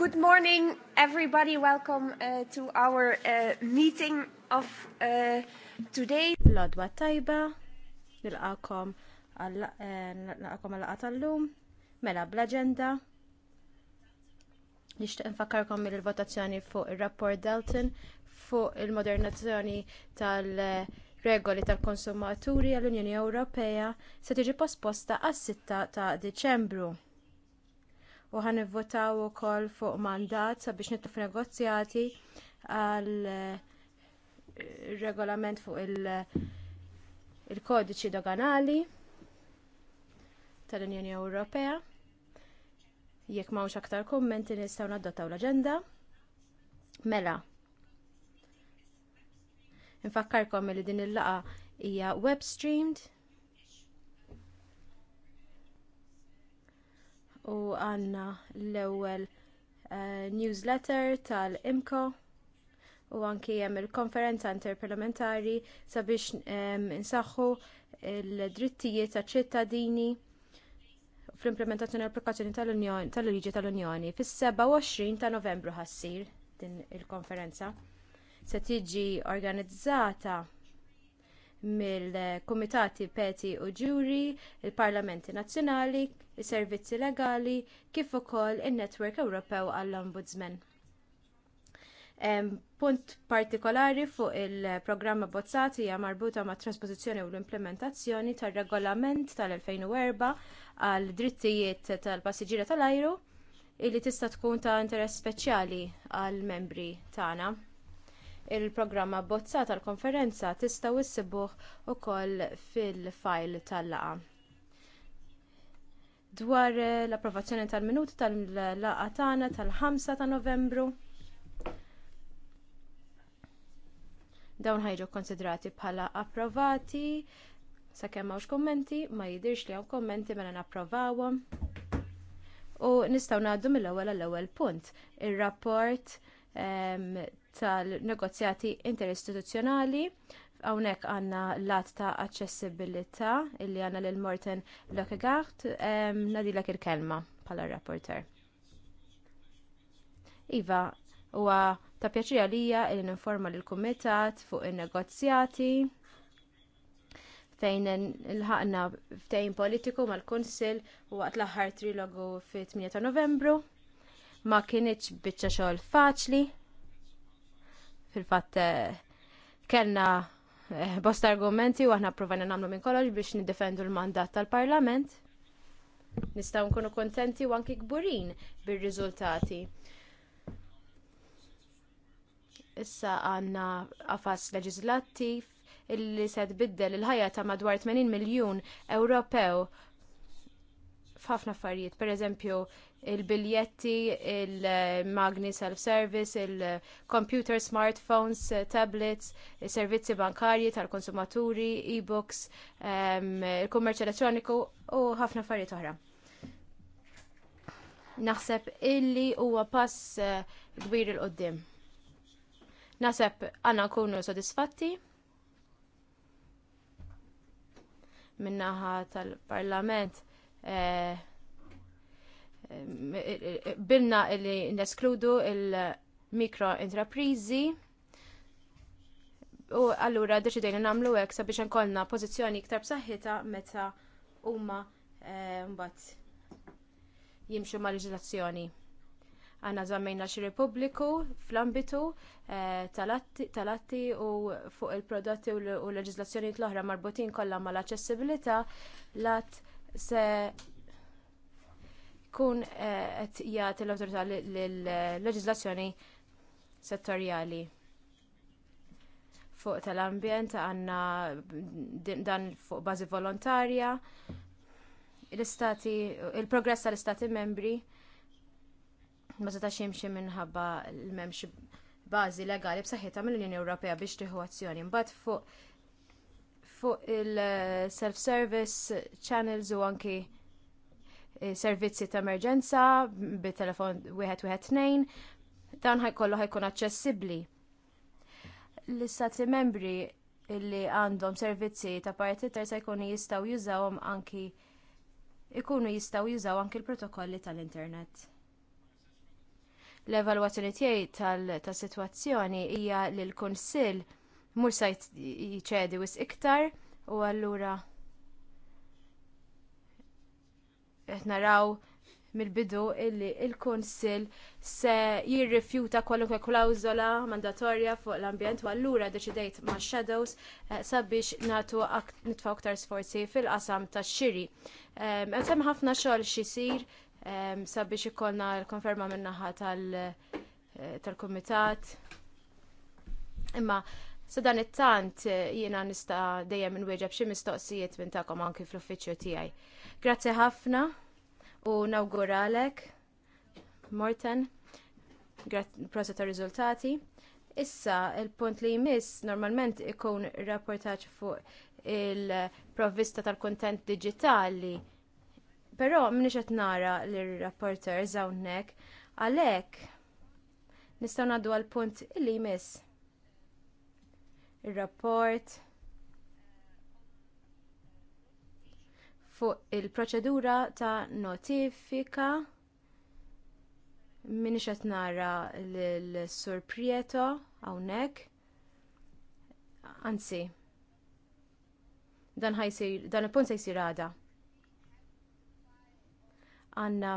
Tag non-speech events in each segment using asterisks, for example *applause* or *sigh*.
Good morning, everybody. Welcome uh, to our uh, meeting of uh, today. Lodwa tajba, nilqakom għal eh, tal-lum, mela bl-agenda. Nishtiq nfakkarkom il votazzjoni fuq ir-rapport Dalton fuq il modernazzjoni tal- regoli tal-konsumaturi għall-Unjoni Ewropea se tiġi posposta għas-6 ta' Diċembru u ħan votaw ukoll fuq mandat sabiex nittu f'negozjati għal eh, regolament fuq il-kodiċi il doganali tal-Unjoni Ewropea. Jekk mawx aktar kummenti nistgħu naddottaw l-aġenda. Mela. Infakkarkom li din il-laqa hija web streamed u għandna l-ewwel eh, newsletter tal-IMCO u għanki hemm il-konferenza interparlamentari sabiex insaħħu l-drittijiet taċ ċittadini fl-implementazzjoni l-applikazzjoni tal-Unjoni tal-Liġi tal-Unjoni fis-27 ta' Novembru ħassir din il-konferenza se tiġi organizzata mill-Kumitati Peti u Ġuri, il-Parlamenti Nazzjonali, is-servizzi legali kif ukoll in-Netwerk Ewropew għall-Ombudsman. Punt partikolari fuq il-programma abbozzat hija marbuta mat trasposizzjoni u l-implementazzjoni tar-regolament tal-2004 għal drittijiet tal-passiġġiera tal-ajru illi tista' tkun ta' interess speċjali għall membri tagħna. Il-programma bozzat tal-konferenza tistgħu issibuh ukoll fil-file tal-laqa dwar eh, l-approvazzjoni tal-minuti tal-laqa tagħna tal-5 ta' Novembru. Dawn ħajġu konsidrati bħala approvati sakemm hawnx kummenti, ma jidhirx li hawn kommenti mela napprovawhom. U nistgħu ngħaddu mill-ewwel għall-ewwel punt, ir-rapport ehm, tal-negozjati interistituzzjonali Hawnhekk għandna lat ta' aċċessibilità illi għandna lil Morten Lokegaard nadilek il-kelma bħala rapporter. Iva, huwa ta' pjaċi għalija li ninforma lill kumitat fuq in-negozjati fejn l ħakna ftejn politiku mal konsil u għat l-aħħar trilogu fit-8 ta' Novembru. Ma kienieċ biċċa xogħol faċli. Fil-fatt eh, kellna Eh, bosta argumenti u aħna provajna nagħmlu minn kollox biex niddefendu l-mandat tal-Parlament. Nistgħu nkunu kontenti u anki kburin bir-riżultati. Issa għandna qafas leġislattiv illi se tbiddel il-ħajja ta' madwar 80 miljun Ewropew f'ħafna affarijiet, pereżempju il-biljetti, il-magni self-service, il-computer, smartphones, tablets, is servizzi bankarji tal-konsumaturi, e-books, il-kummerċ elettroniku u ħafna affarijiet oħra naħseb illi huwa pass eh, kbir il qoddim Naħseb għanna nkunu sodisfatti minnaħa tal-parlament Eh, eh, bilna li neskludu il-mikro intraprizi u allura deċidejna namlu hekk sabiex nkollna pożizzjoni iktar b'saħħitha meta huma eh, mbagħad jimxu ma' leġislazzjoni. Għanna żammejna xi Repubbliku fl-ambitu tal-atti u fuq il-prodotti u l-leġislazzjoni l-oħra marbutin kollha mal-aċċessibilità l-att se kun eh, qed jagħti l-awtorità lill-leġiżlazzjoni settorjali. Fuq tal-ambjent għandna dan fuq bażi volontarja, l-istati, il-progress tal-istati membri ma setax jimxi minħabba l-memx bażi legali b'saħħitha mill-Unjoni Ewropea biex tieħu azzjoni. Mbagħad fuq fuq il-self-service channels u anki eh, servizzi ta' emerġenza bit-telefon wieħed wieħed tnejn, dan ħajkollu ħajkun aċċessibbli. L-istati membri illi għandhom servizzi ta' parti terza jkunu jistgħu jużawhom anki ikunu jistgħu jużaw anki l-protokolli tal-internet. L-evalwazzjoni tiegħi tas-sitwazzjoni hija li l-Kunsill mhux se jiċedi wis iktar u allura qed naraw mill-bidu illi il-Kunsill se jirrifjuta kwalunkwe klawżola mandatorja fuq l-ambjent u allura deċidejt ma' shadows eh, sabiex natu nitfaw aktar sforzi fil-qasam tax-xiri. Hemm ħafna xogħol xisir sabiex ikollna l-konferma min-naħa eh, tal-Kumitat. Imma So dan it-tant eh, jiena nista dejjem inwieġeb xi mistoqsijiet minn tagħkom anki fl-uffiċċju tiegħi. Grazzi ħafna u nawguralek Morten, prosa ta' riżultati. Issa, il-punt li jmiss normalment ikun rapportaċ fuq il-provvista tal-kontent digitali. Però minix qed nara l-rapporter zawnek, Għalhekk nistgħu naddu għal-punt li jmiss ir-rapport fuq il-proċedura ta' notifika minix qed nara l-Sur Prieto hawnhekk. Anzi, dan ħajsir dan il-punt se jsir għada. Għandna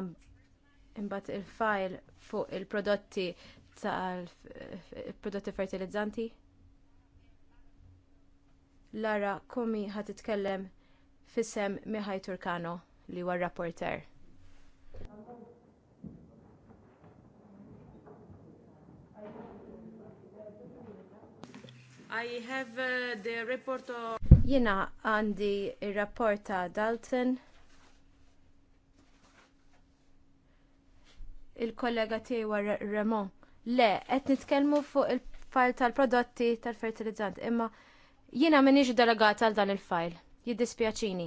imbagħad il-file fuq il-prodotti tal-prodotti fertilizzanti. Lara Komi ħat titkellem fissem Mihaj Turkano li huwa rapporter. I have uh, the report of... Jena għandi il-rapport ta' Dalton. Il-kollega tiegħi war Ramon. Le, qed nitkellmu fuq il-fajl tal-prodotti tal-fertilizzant, imma Jiena minix delegata għal dan il-fajl, jiddispjaċini.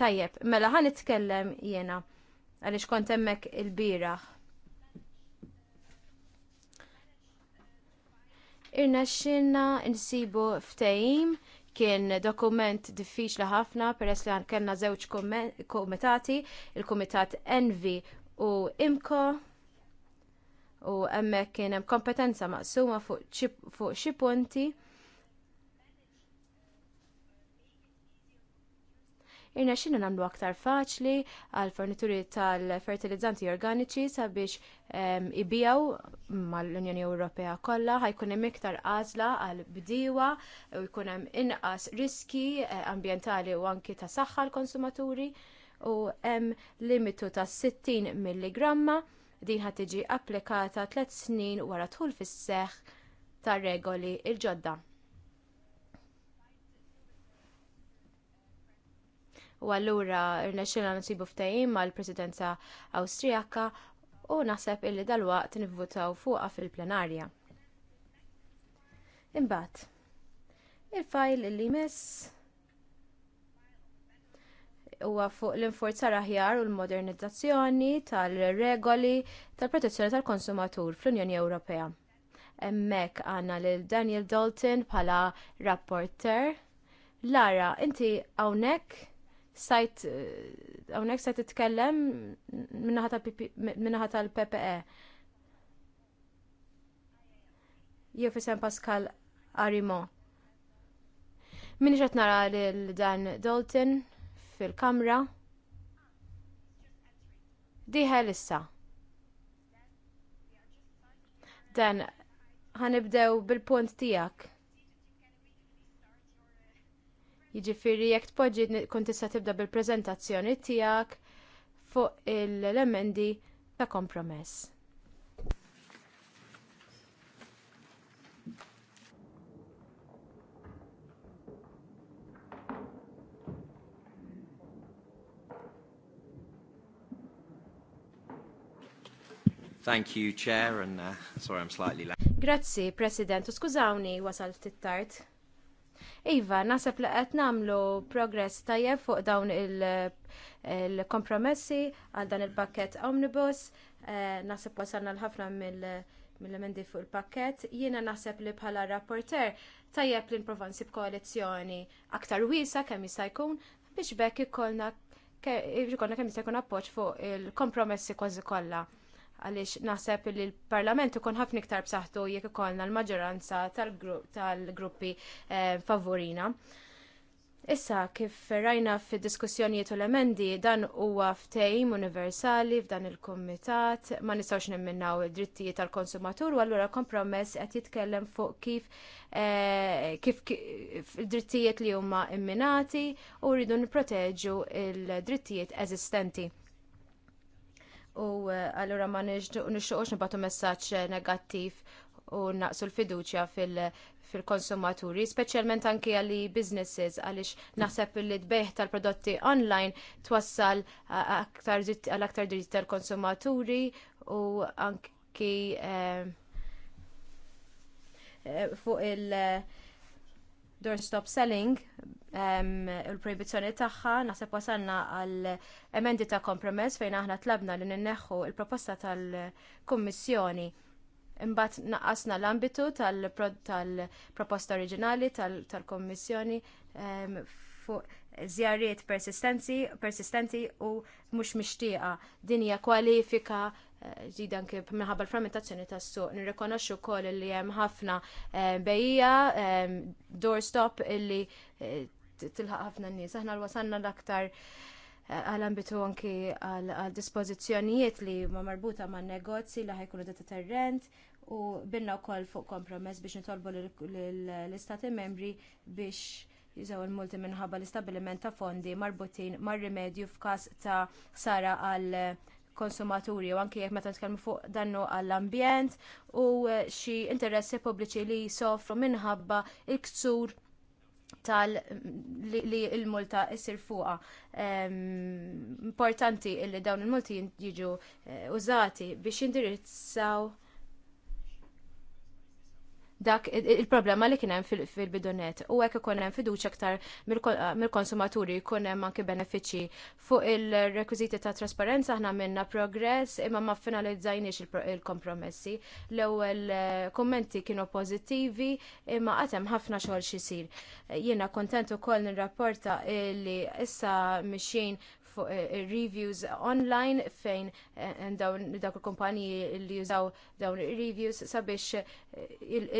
Tajjeb, mela ħan itkellem jiena għaliex kont hemmhekk il-biraħ. Irna xinna nsibu ftehim kien dokument diffiċli ħafna peress li għan kellna żewġ komitati, il-komitat Envi u Imko u hemmhekk kien hemm kompetenza maqsuma fuq xi punti. irna xina namlu aktar faċli għal fornituri tal-fertilizzanti organiċi sabiex ibijaw mal-Unjoni Ewropea kollha ħajkun hemm iktar għażla għal bdiewa u jkun hemm inqas riski eh, ambjentali u anki ta' saħħa l-konsumaturi u hemm limitu ta' 60 mg. din ħad tiġi applikata tliet snin wara tħul fis-seħħ tar regoli l ġodda u allura rnexxilna nsibu ftehim mal-Presidenza Awstrijaka u naħseb illi dalwaqt nivvutaw fuqha fil-plenarja. Imbagħad, il-fajl illi miss huwa fuq l-inforzar aħjar u l-modernizzazzjoni tal-regoli tal-protezzjoni tal-konsumatur fl-Unjoni Ewropea. Hemmhekk għandna lil Daniel Dalton bħala rapporter. Lara, inti hawnhekk sajt eh, hawnhekk t-tkellem minnaħa tal-PPE. Jew fisem Pascal Arimo. Min qed nara lil Dan Dalton fil-kamra. Diħel issa. Dan ħanibdew bil-punt tiegħek. Jiġifieri jekk tpoġġi kont tista' tibda bil-preżentazzjoni tiegħek fuq l-emendi ta' kompromess. Thank you, Chair, and uh, sorry I'm slightly late. Grazzi, President. Skużawni, wasal ftit tard. Iva, naħseb li qed nagħmlu progress tajjeb fuq dawn il-kompromessi għal dan il-pakket omnibus, eh, naħseb wasalna l-ħafna mill-emendi fuq il-pakket, jiena naħseb li bħala rapporter tajjeb li nprova nsib koalizjoni aktar wiesa kemm jista' jkun biex bekk ikollna kemm jista' jkun appoġġ fuq il-kompromessi kważi kollha għaliex naħseb li l-Parlament ikun ħafna iktar b'saħħtu jekk ikollna l-maġġoranza tal-gruppi eh, favorina. Issa, kif rajna fid-diskussjonijiet u l-emendi, dan huwa ftehim universali f'dan il kumitat ma nistgħux nimminnaw id-drittijiet tal-konsumatur, u allura kompromess qed jitkellem fuq kif eh, kif id-drittijiet li huma imminati u rridu nipproteġu il drittijiet eżistenti u eh, allura ma nixxuqx nibatu messaġġ eh, negattiv u naqsu l-fiduċja fil-konsumaturi, speċjalment anki għalli businesses għaliex naħseb li tbeħ tal-prodotti online twassal għal-aktar dritti tal-konsumaturi u anki eh, fuq il- stop selling u l-proibizzjoni tagħha naħseb wasalna għal emendi ta' kompromess fejn aħna tlabna li nneħħu l proposta tal-Kummissjoni imbat naqqasna l-ambitu tal-proposta oriġinali tal-Kummissjoni fuq zjarriet persistenti u mhux mixtieqa. Din hija kwalifika ġdida anke minħabba l-frammentazzjoni tas-suq. Nirrikonoxxu wkoll li hemm ħafna eh, bejja eh, doorstop illi eh, tilħaq ħafna nies. Aħna l-wasanna l-aktar għal-ambitu anki għal-dispozizjonijiet li ma marbuta ma' negozji li ħajkunu data terrent u binna wkoll fuq kompromess biex nitolbu l-istati membri biex jużaw il-multi minħabba l-istabiliment ta' fondi marbutin mar-rimedju f'każ ta' sara għal konsumaturi u anke jekk meta tkellmu fuq dannu għall-ambjent u eh, xi interessi pubbliċi li jsofru minħabba l-ksur tal li il-multa issir fuqa. Importanti li dawn il-multi jiġu eh, użati biex jindirizzaw dak il-problema li kienem fil-bidonet u għek ikonem fiduċa ktar mill-konsumaturi ikonem anki benefiċi fuq il-rekwiziti ta' trasparenza ħna minna progress imma ma finalizzajniex il-kompromessi l ewwel eh, kommenti kienu pozittivi imma għatem ħafna xogħol xisir. Jiena kontent ukoll nirrapporta li issa mixin Eh, eh, reviews online fejn eh, dawn dawk il-kumpaniji li jużaw dawn reviews sabiex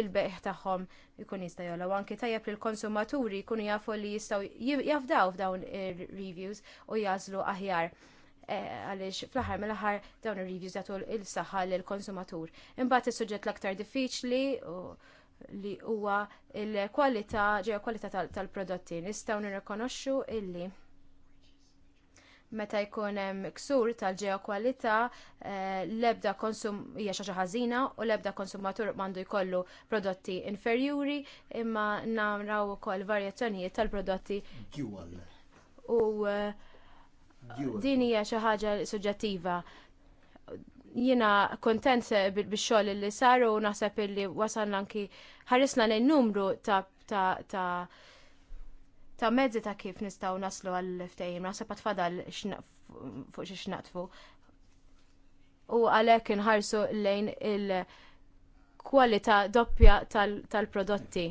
il-beħ tagħhom ikun jista' jolla anke tajjeb li l-konsumaturi jkunu jafu li jistgħu jafdaw f'dawn ir-reviews u jażlu aħjar għaliex fl-aħħar mill-aħħar dawn ir-reviews jagħtu l-saħħa lill-konsumatur. Imbagħad is-suġġett l-aktar diffiċli li huwa l-kwalità ġew kwalità tal-prodotti. Nistgħu nirrikonoxxu illi meta jkun hemm ksur tal-ġeja kwalità eh, l-ebda konsum hija xi ħażina u l-ebda konsumatur m'għandu jkollu prodotti inferjuri imma naraw ukoll varjazzjonijiet tal-prodotti U eh, din hija xi ħaġa suġġettiva. Jiena kontent bix-xogħol li sar u naħseb illi wasalna anki ħarisna lejn numru ta' ta' mezzi ta' kif nistaw naslu għal-ftejim, nasab għatfadal fuq xie xnaqtfu. U għalek nħarsu lejn il-kwalità doppja tal-prodotti.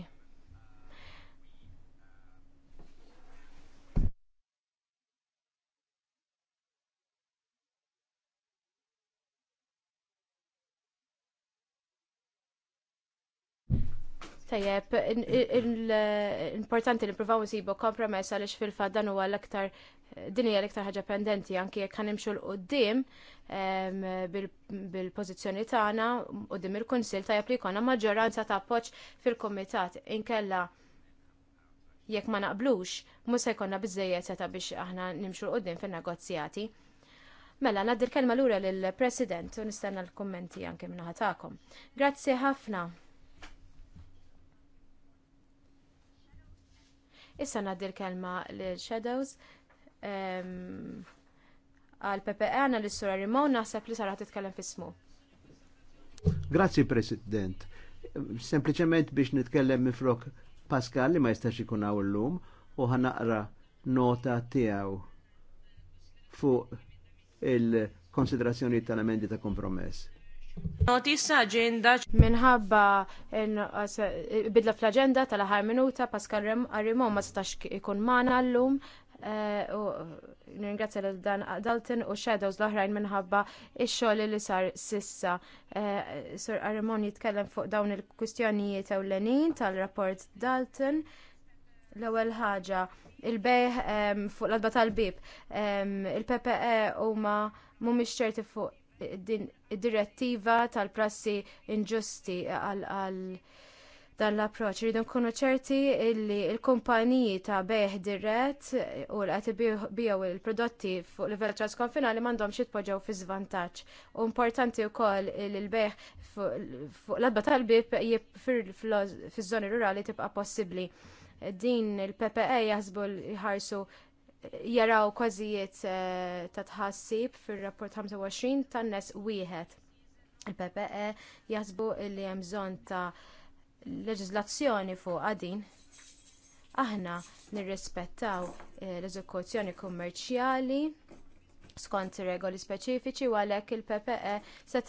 Tajjeb, importanti li provaw nsibu kompromess għaliex fil fad dan huwa l-aktar din hija l-iktar ħaġa pendenti anki jekk ħanimxu l qudiem bil-pożizzjoni tagħna qudiem il-Kunsill tajjeb li jkollna maġġoranza ta' appoġġ fil-kumitat inkella jekk ma naqblux mhux se jkollna biżejjed seta' biex aħna nimxu l qudiem fin-negozjati. Mela, naddir kelma lura lill-President u nistenna l-kommenti anke minna ħatakom. Grazzi ħafna. Issa ngħaddi l-kelma l-Shadows għal PPE għana l sura Rimon naħseb li sarat titkellem fismu. Grazzi President. Sempliċement biex nitkellem mifrok Pascal li ma jistax ikun hawn lum u ħanaqra nota tiegħu fuq il-konsiderazzjoni tal-emendi ta' kompromess. Notissa agenda. Minħabba bidla fl-agenda tal-ħar minuta Pascal Arimon ma setax ikun mana l-lum. Eh, Nringrazzja l dan Dalton u Shadows l-oħrajn minħabba ix-xogħol li sar sissa. Eh, Sur Arimon jitkellem fuq dawn il-kwistjonijiet ewlenin tal-rapport Dalton. L-ewwel ħaġa il-bejħ fuq l-adba tal-bib. Il-PPE huma mhumiex ċerti fuq din id-direttiva tal-prassi inġusti għal dan l-approċ. Rridu nkunu ċerti li l-kumpaniji ta' beħ dirett u l-għati bijaw il-prodotti fuq livell transkonfinali mandom jitpoġġew fi zvantaġġ. U importanti wkoll li l-beħ fuq l-adba tal-bib fi żoni rurali tibqa' possibbli. Din il ppa e jaħsbu jħarsu jaraw kważijiet eh, ta' tħassib fir-rapport 25 tan-nes wieħed. Il-PPE jaħsbu li hemm bżonn ta' leġiżlazzjoni fuq għadin. Aħna nirrispettaw eh, l-eżekuzzjoni kummerċjali skont regoli speċifiċi u għalhekk il-PPE se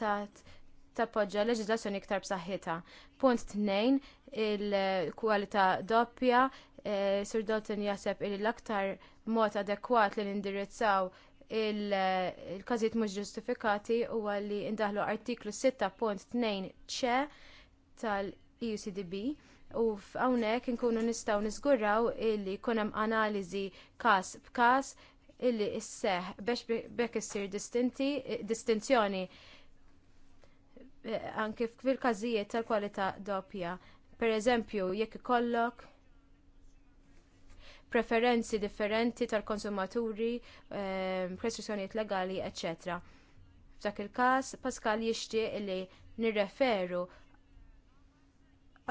tappoġġa leġiżlazzjoni iktar b'saħħitha. Punt tnejn il-kwalità doppja eh, Sir Dalton jaħseb li l-aktar mod adekwat li nindirizzaw il-każijiet mhux ġustifikati huwa li ndaħlu artiklu 6.2 ċe tal-EUCDB u f'hawnhekk inkunu nistgħu niżguraw illi jkun hemm analiżi każ b'każ illi isseħ biex bekk issir distinzjoni eh, anke fil-każijiet tal-kwalità doppja. Pereżempju, jekk ikollok preferenzi differenti tal-konsumaturi, ehm, prestrizjonijiet legali, etc. F'dak il-każ, Pascal jixtieq li nirreferu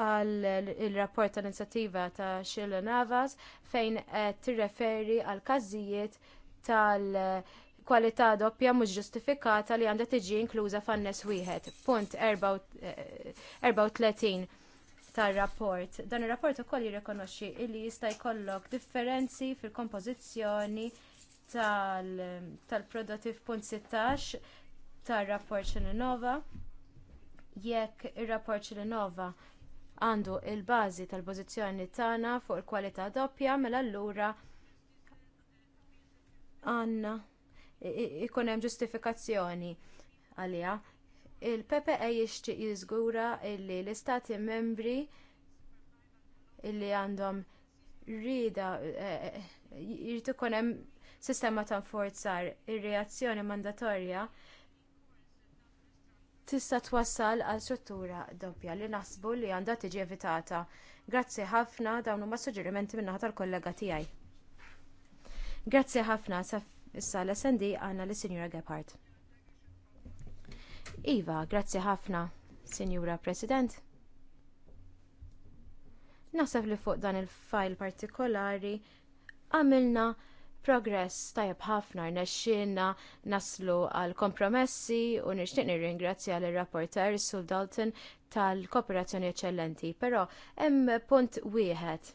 għal il-rapport tal-inizjattiva ta' Xillo Navas fejn qed tirreferi għal każijiet tal-kwalità doppja mhux ġustifikata li għandha tiġi inkluża f'annes wieħed. Punt 34 eh, tar-rapport. Dan ir-rapport ukoll jirrikonoxxi li jista' jkollok differenzi fil-kompożizzjoni tal-prodotti f'punt 16 tar-rapport Xelinova. Jekk ir-rapport Xelinova għandu l bażi tal-pożizzjoni tagħna fuq il-kwalità doppja, mela allura għandna ikun hemm ġustifikazzjoni għaliha il ppa e jixtieq jiżgura li l-istati membri li għandhom rida e, e, jrid ikun hemm sistema ta' forzar ir-reazzjoni mandatorja tista' twassal għal struttura doppja li naħsbu li għandha tiġi evitata. Grazzi ħafna dawn huma suġġerimenti min-naħa tal-kollega tiegħi. Grazzi ħafna sa issa l-SND għandna lis sinjura Gephardt. Iva, grazzi ħafna, Sinjura President. Nasab li fuq dan il-fajl partikolari għamilna progress tajab ħafna rnexxielna naslu għal kompromessi u nixtieq nirringrazzja l rapporter Sul Dalton tal-kooperazzjoni eċċellenti, però hemm punt wieħed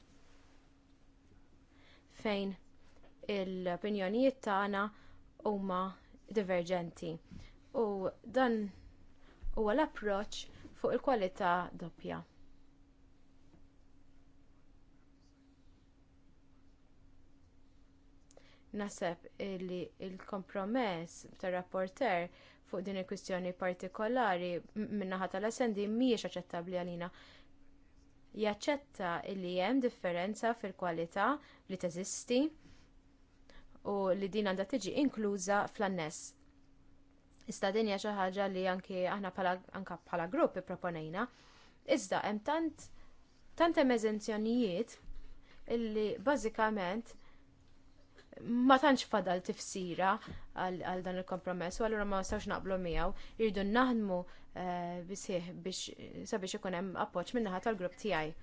fejn il opinjonijiet tagħna huma diverġenti. U dan huwa l-approċċ fuq il-kwalità doppja. Naħseb li l kompromess tar rapporter fuq din il-kwistjoni partikolari min-naħa tal-assendi mhijiex aċċettabbli għalina. Jaċċetta li hemm differenza fil-kwalità li teżisti u li din għandha tiġi inkluża fl-anness Iżda din hija xi ħaġa li anki aħna anke bħala grupp ipproponejna. Iżda hemm tant tant hemm eżenzjonijiet illi bażikament ma tantx fadal tifsira għal dan il-kompromess u allura ma nistgħux naqblu miegħu irridu naħdmu eh, bisih biex sabiex ikun hemm appoġġ min-naħa tal-grupp tiegħi.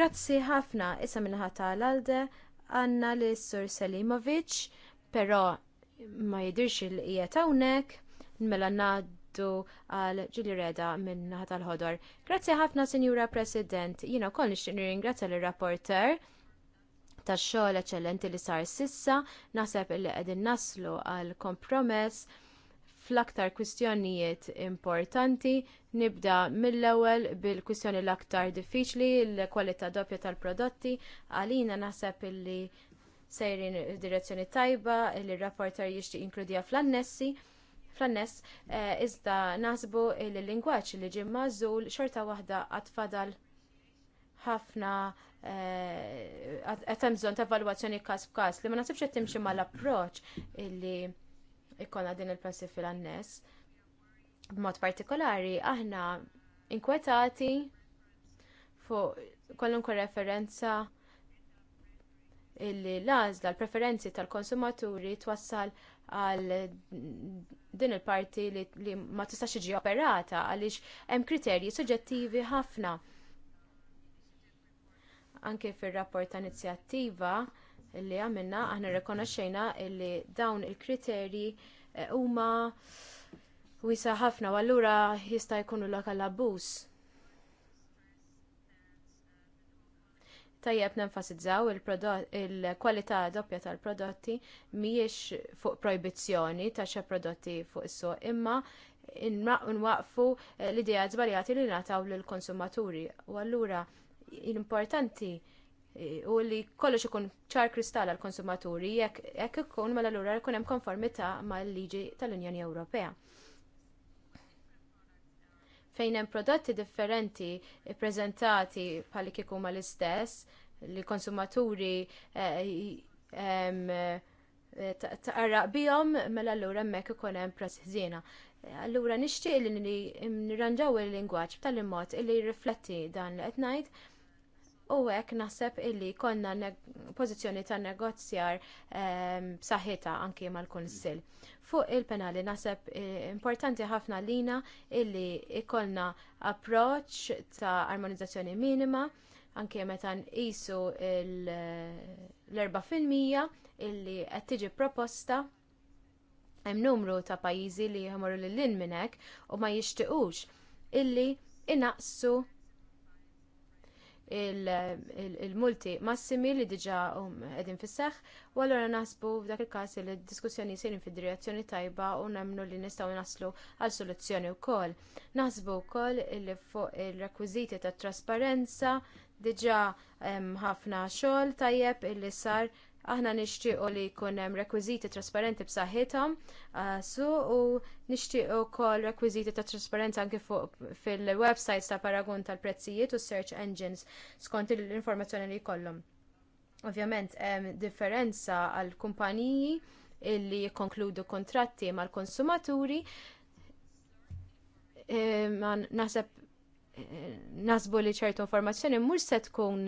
Grazzi ħafna issa min-naħa tal-Alde għandna lis sur Selimovic, però ma jidirx il-qiegħed hawnhekk mela ngħaddu għal ġili Reda minn naħat tal-ħodor. Grazzi ħafna, Sinjura President. jina wkoll nixtieq nirringrazzja l rapporter tax-xogħol eċċellenti li sar sissa, naħseb li qegħdin naslu għal kompromess fl-aktar kwistjonijiet importanti nibda mill-ewwel bil-kwistjoni l-aktar diffiċli l-kwalità doppja tal-prodotti għalina naħseb illi sejrin direzzjoni tajba li r-rapporter jixtieq inkludija fl-annessi fl anness eh, iżda naħsbu l lingwaġġ li ġie mażul xorta waħda għatfadal ħafna eh, għatem bżonn ta' valwazzjoni każ f'każ, li ma nasibx qed timxi mal approċċ li ikonna din il passi fil-annes. B'mod partikolari, aħna inkwetati fuq kollunku referenza illi l-għażla l-preferenzi tal-konsumaturi twassal għal din il-parti li, ma tistax iġi operata għaliex hemm kriterji suġġettivi ħafna. Anke fir-rapport ta' inizjattiva li għamilna aħna rekonoxxejna li dawn il-kriterji eh, huma wiesa ħafna u allura jista' jkunu lokal abbuż Tajjeb nenfasizzaw il-kwalità doppja tal-prodotti mhijiex fuq projbizzjoni ta' xe prodotti fuq is-suq imma nwaqfu eh, l-idea żbaljati li nataw lill konsumaturi U allura l-importanti eh, u li kollox ikun ċar kristall għall konsumaturi jekk ikun mela allura jkun hemm konformità mal-liġi tal-Unjoni Ewropea fejn hemm prodotti differenti ppreżentati bħal kif huma l-istess li konsumaturi eh, eh, taqraq bihom mela allura hemmhekk ikun hemm prezz ħżiena. Allura nixtieq li nirranġaw il-lingwaġġ b'tali mod li jirrifletti dan li qed ngħid u hekk naħseb illi konna pożizzjoni ta' negozjar ehm, b'saħħitha anki mal-Kunsill. Fuq il-penali naħseb eh, importanti ħafna lina illi jkollna approċċ ta' armonizzazzjoni minima anke meta nqisu l-4 fil-mija illi qed tiġi proposta hemm numru ta' pajjiżi li jmorru lil hinn minn hekk u ma jixtiequx illi inaqsu il-multi massimi li diġa qegħdin um, fis-seħħ, u allura naħsbu f'dak il-każ li d-diskussjoni jsirin fid-direzzjoni tajba u nemmnu li nistgħu naslu għal soluzzjoni wkoll. Naħsbu wkoll li fuq ir-rekwiżiti tat trasparenza diġa ħafna xogħol tajjeb illi sar Aħna nixtiequ li jkun hemm rekwiżiti trasparenti b'saħħithom uh, su u nixtiequ wkoll rekwiżiti ta' trasparenza anke fuq fil-websites ta' paragun tal-prezzijiet u search engines skont l-informazzjoni li jkollhom. Ovvjament hemm differenza għal kumpaniji illi jikkonkludu kontratti mal-konsumaturi eh, naħseb nasbu li ċertu informazzjoni mhux se tkun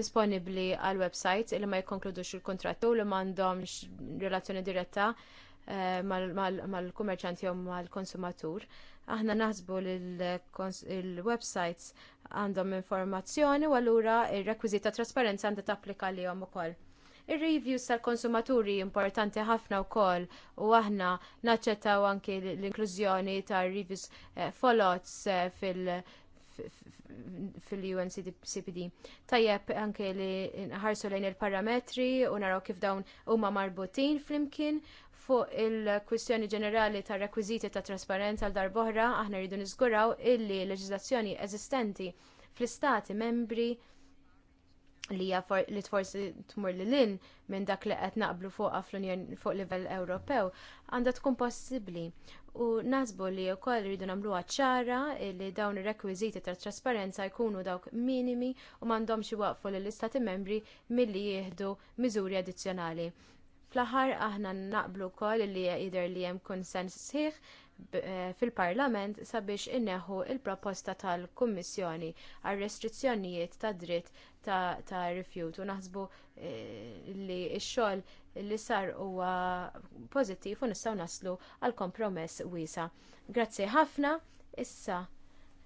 disponibbli għal websites li ma jikkonkludux il-kontratt u li m'għandhomx relazzjoni diretta eh, mal-kummerċanti jew mal-konsumatur. Aħna naħsbu li l-websites għandhom informazzjoni u allura ir-rekwiżit ta' trasparenza għandha tapplika lihom ukoll. Ir-reviews tal-konsumaturi importanti ħafna wkoll u aħna naċċettaw anki l-inklużjoni ta' reviews eh, folots eh, fil- fil-UNCPD. Tajjeb anke li nħarsu lejn il-parametri u naraw kif dawn huma marbutin flimkien fuq il-kwistjoni ġenerali tar rekwiżiti ta' trasparenza għal darboħra aħna rridu niżguraw illi leġiżlazzjoni eżistenti fl-istati membri li li tforsi tmur li lin minn dak li qed naqblu fuq fuq livell Ewropew għandha tkun possibbli u nasbu li wkoll rridu nagħmluha ċara li dawn ir-rekwiżiti tat trasparenza jkunu dawk minimi u m'għandhomx iwaqfu lill istati membri milli jieħdu miżuri addizzjonali. Fl-aħħar aħna naqblu wkoll li jidher li hemm konsens sħiħ eh, fil-Parlament sabiex inneħu l proposta tal-Kummissjoni għal restrizzjonijiet tad dritt ta', ta rifjut u naħsbu eh, li x-xogħol li sar huwa pożittiv u nistgħu naslu għal kompromess wiesa. Grazzi ħafna. Issa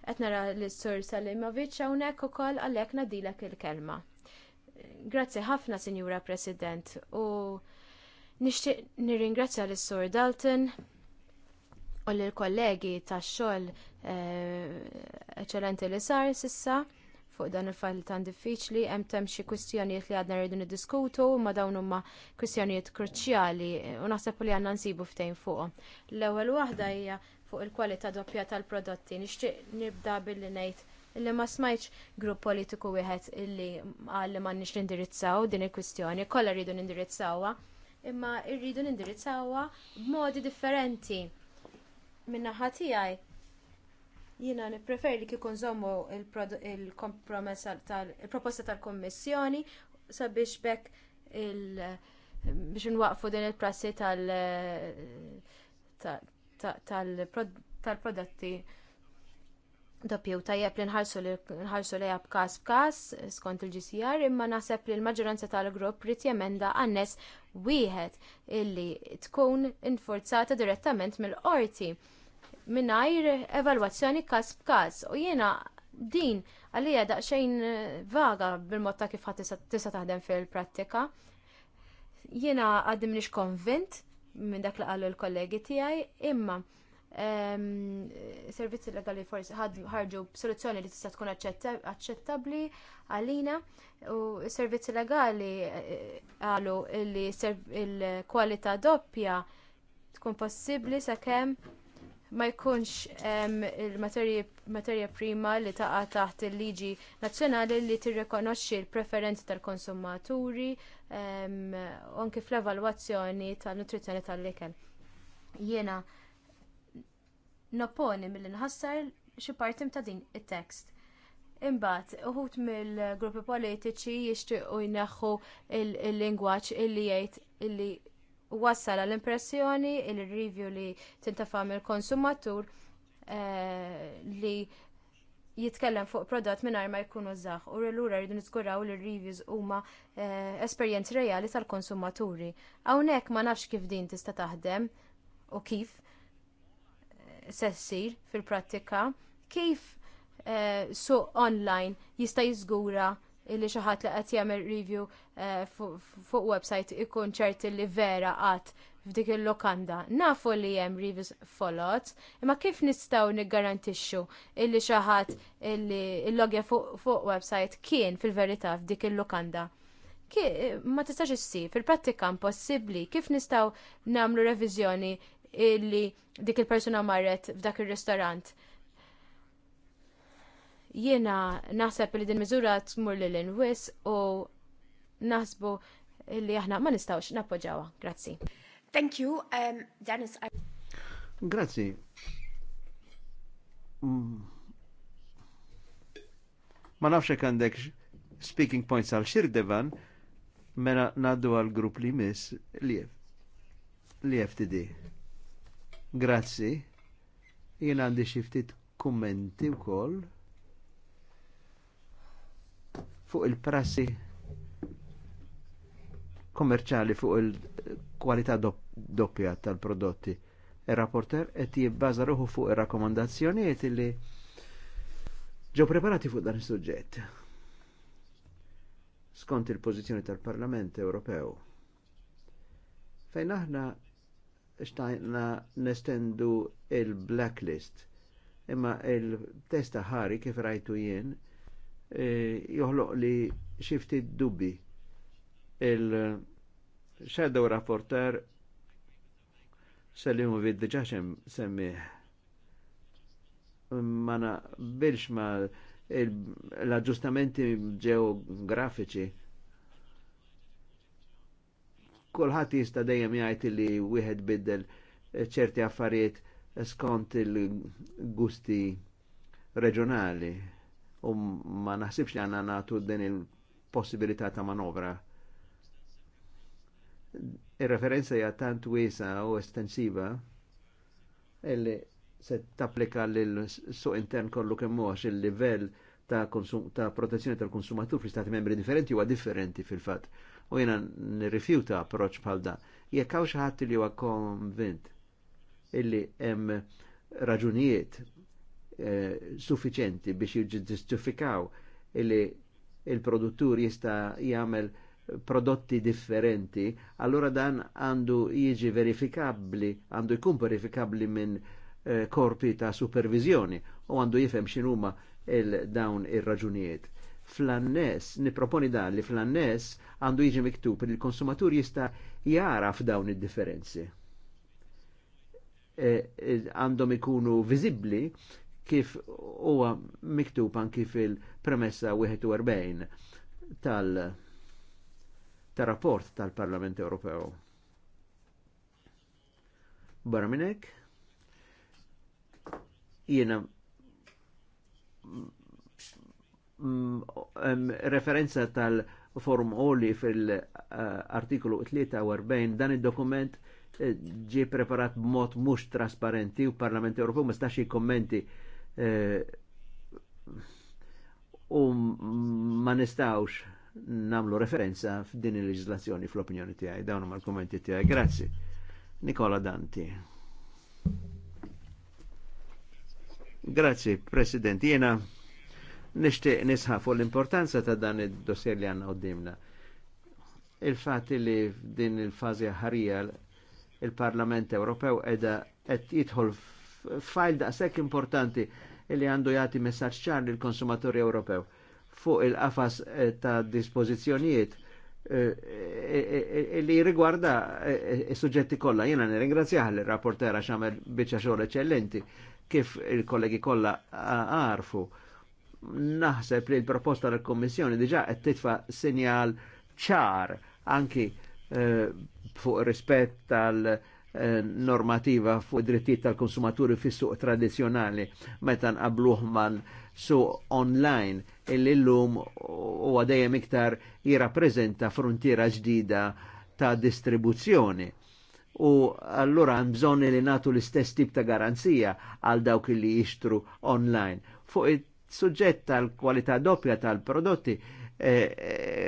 qed nara l-Sur Salimovic hawnhekk ukoll għalhekk nadilek il-kelma. Grazzi ħafna, Sinjura President, u nixtieq nirringrazzja lis sur Dalton u lill kollegi tax xogħol eh, eċċellenti li sar sissa fuq dan il-fajl tan diffiċli, hemm temm xi kwistjonijiet li għadna rridu niddiskutu, ma dawn huma kwistjonijiet kruċjali u naħseb li għandna nsibu ftejn fuqhom. L-ewwel waħda hija fuq il-kwalità doppja tal-prodotti. Nixtieq nibda billi ngħid illi ma smajtx grupp politiku wieħed illi qal li m'għandniex nindirizzaw din il-kwistjoni, kollha rridu nindirizzawha, imma rridu nindirizzawha b'modi differenti. Min-naħa tiegħi Jiena nippreferi li kikun zommu il-proposta tal kummissjoni sabiex bekk il- biex nwaqfu din il-prassi tal-prodotti doppju tajjeb li nħarsu lejha b'każ b'każ skont il-GCR imma naħseb li l-maġġoranza tal-grupp rrit jemenda għannes wieħed illi tkun infurzata direttament mill-qorti mingħajr evalwazzjoni każ b'każ. U jiena din għalija daqsxejn eh, vaga bil-mod ta' kif tista' taħdem fil-prattika. Jiena għaddim nix konvint minn dak li qalu l-kollegi tiegħi, imma ehm, servizzi legali forsi ħarġu soluzzjoni li tista' tkun aċċettabbli għalina u servizzi legali eh, qalu li il-kwalità doppja tkun possibbli sakemm ma jkunx il-materja prima li taqa taħt il-liġi nazzjonali li tirrekonoxxi l-preferenzi tal-konsumaturi anke fl-evalwazzjoni tal-nutrizzjoni tal-ikel. Jiena nopponi mill nħassar xi partim ta' din it-tekst. Imbagħad uħud mill-gruppi politiċi jixtiequ jneħħu il-lingwaġġ illi jgħid illi wassal l-impressjoni il-review li tintafam il-konsumatur eh, li jitkellem fuq prodott mingħajr ma jkunu użax u l-lura rridu niżguraw li reviews huma eh, esperjenzi reali tal-konsumaturi. Hawnhekk ma nafx kif din tista' taħdem u kif eh, se ssir fil-prattika, kif suq online jista' jiżgura illi xi ħadd li qed jagħmel review eh, fuq website ikun ċerti li vera qatt f'dik il-lokanda. Nafu li hemm reviews folot, imma kif nistgħu niggarantixxu illi xi ħadd il-logja fuq website kien fil-verità f'dik il-lokanda? ma tistax issi, fil-prattika impossibbli, kif nistgħu nagħmlu reviżjoni illi dik il-persuna marret f'dak ir il ristorant Jiena naħseb li din miżura tmur lil inwis u naħsbu li aħna ma nistgħux nappoġġawha. Grazzi. Thank you, um, Dennis. I... Grazzi. Ma nafx hekk għandek speaking points għal devan, mena naddu għal grupp li miss li li FTD. Grazzi. Jien għandi xi ftit kummenti wkoll fuq il-prassi kommerċali fuq il-kwalità doppja tal-prodotti. Il-rapporter qed jibbaża ruħu fuq ir-rakkomandazzjonijiet li ġew preparati fuq dan is-suġġett. Skont il-pożizzjoni tal-Parlament Ewropew. Fejn aħna xtajna nestendu il-blacklist imma il-testa ħari kif rajtu jien E, joħloq li xifti dubbi. Il-shadow rapporter sellimu vid diġa semmiħ. mana bilx ma l-aġġustamenti geografiċi kolħat jista' dejjem jgħid li wieħed biddel ċerti affarijiet skont il-gusti reġjonali u ma naħsibx li għanna natu din il-possibilità ta' manovra. Il-referenza hija tant wiesa u estensiva illi se tapplika lil suq intern kollu kemm huwa il-livell ta', ta protezzjoni tal-konsumatur fl stati membri differenti huwa differenti fil-fatt. U jiena nirrifjuta approċċ bħal dan. Jekk hawn xi ħadd li huwa konvint illi hemm raġunijiet Eh, suffiċenti biex jiġġustifikaw li il-produttur jista' jagħmel prodotti differenti, allora dan għandu jiġi verifikabbli, għandu jkun verifikabbli minn eh, korpi ta' supervizjoni u għandu jifhem x'inhuma il-dawn ir-raġunijiet. Fl-annes, niproponi dan li fl-annes għandu jiġi miktub li l-konsumatur jista' jaraf dawn id-differenzi. Eh, għandhom ikunu viżibbli kif huwa miktub anki fil-premessa 41 tal rapport tal-Parlament Ewropew. Barra minnek, jena referenza tal-forum oli fil artiklu 43 dan il-dokument eh, ġi preparat b'mod mhux trasparenti u Parlament Ewropew ma stax kommenti Eh, u ma nistawx namlu referenza f'din il-leġislazzjoni fl-opinjoni tiegħi. Dawn huma l tiegħi. Grazzi. Nikola Danti. Grazzi, President. Jena nishtiq nisħafu l-importanza ta' dan id-dossier li għanna għoddimna. Il-fat li din il-fazi ħarija il-Parlament Ewropew edha qed jidħol fajl daqshekk importanti li għandu jagħti messaġġ ċar lill konsumaturi Ewropew fuq il-qafas eh, ta' dispożizzjonijiet eh, eh, li rigwarda il-sujġetti kolla. Jena nirringrazzjah l-rapporter għax għamel biċċa xogħol eċċellenti kif il-kollegi kolla għarfu. Naħseb li l-proposta tal-Kommissjoni diġa qed titfa' sinjal ċar anki fuq rispett tal- Eh, normativa fuq drittijiet tal-konsumaturi fis suq tradizjonali meta nqabluh mal suq online illi llum huwa dejjem iktar jirrappreżenta frontiera ġdida ta' distribuzzjoni. U allura hemm bżonn li nagħtu l-istess tip ta' garanzija għal dawk li jixtru online. Fuq it-suġġett tal-kwalità doppja tal-prodotti, Eh,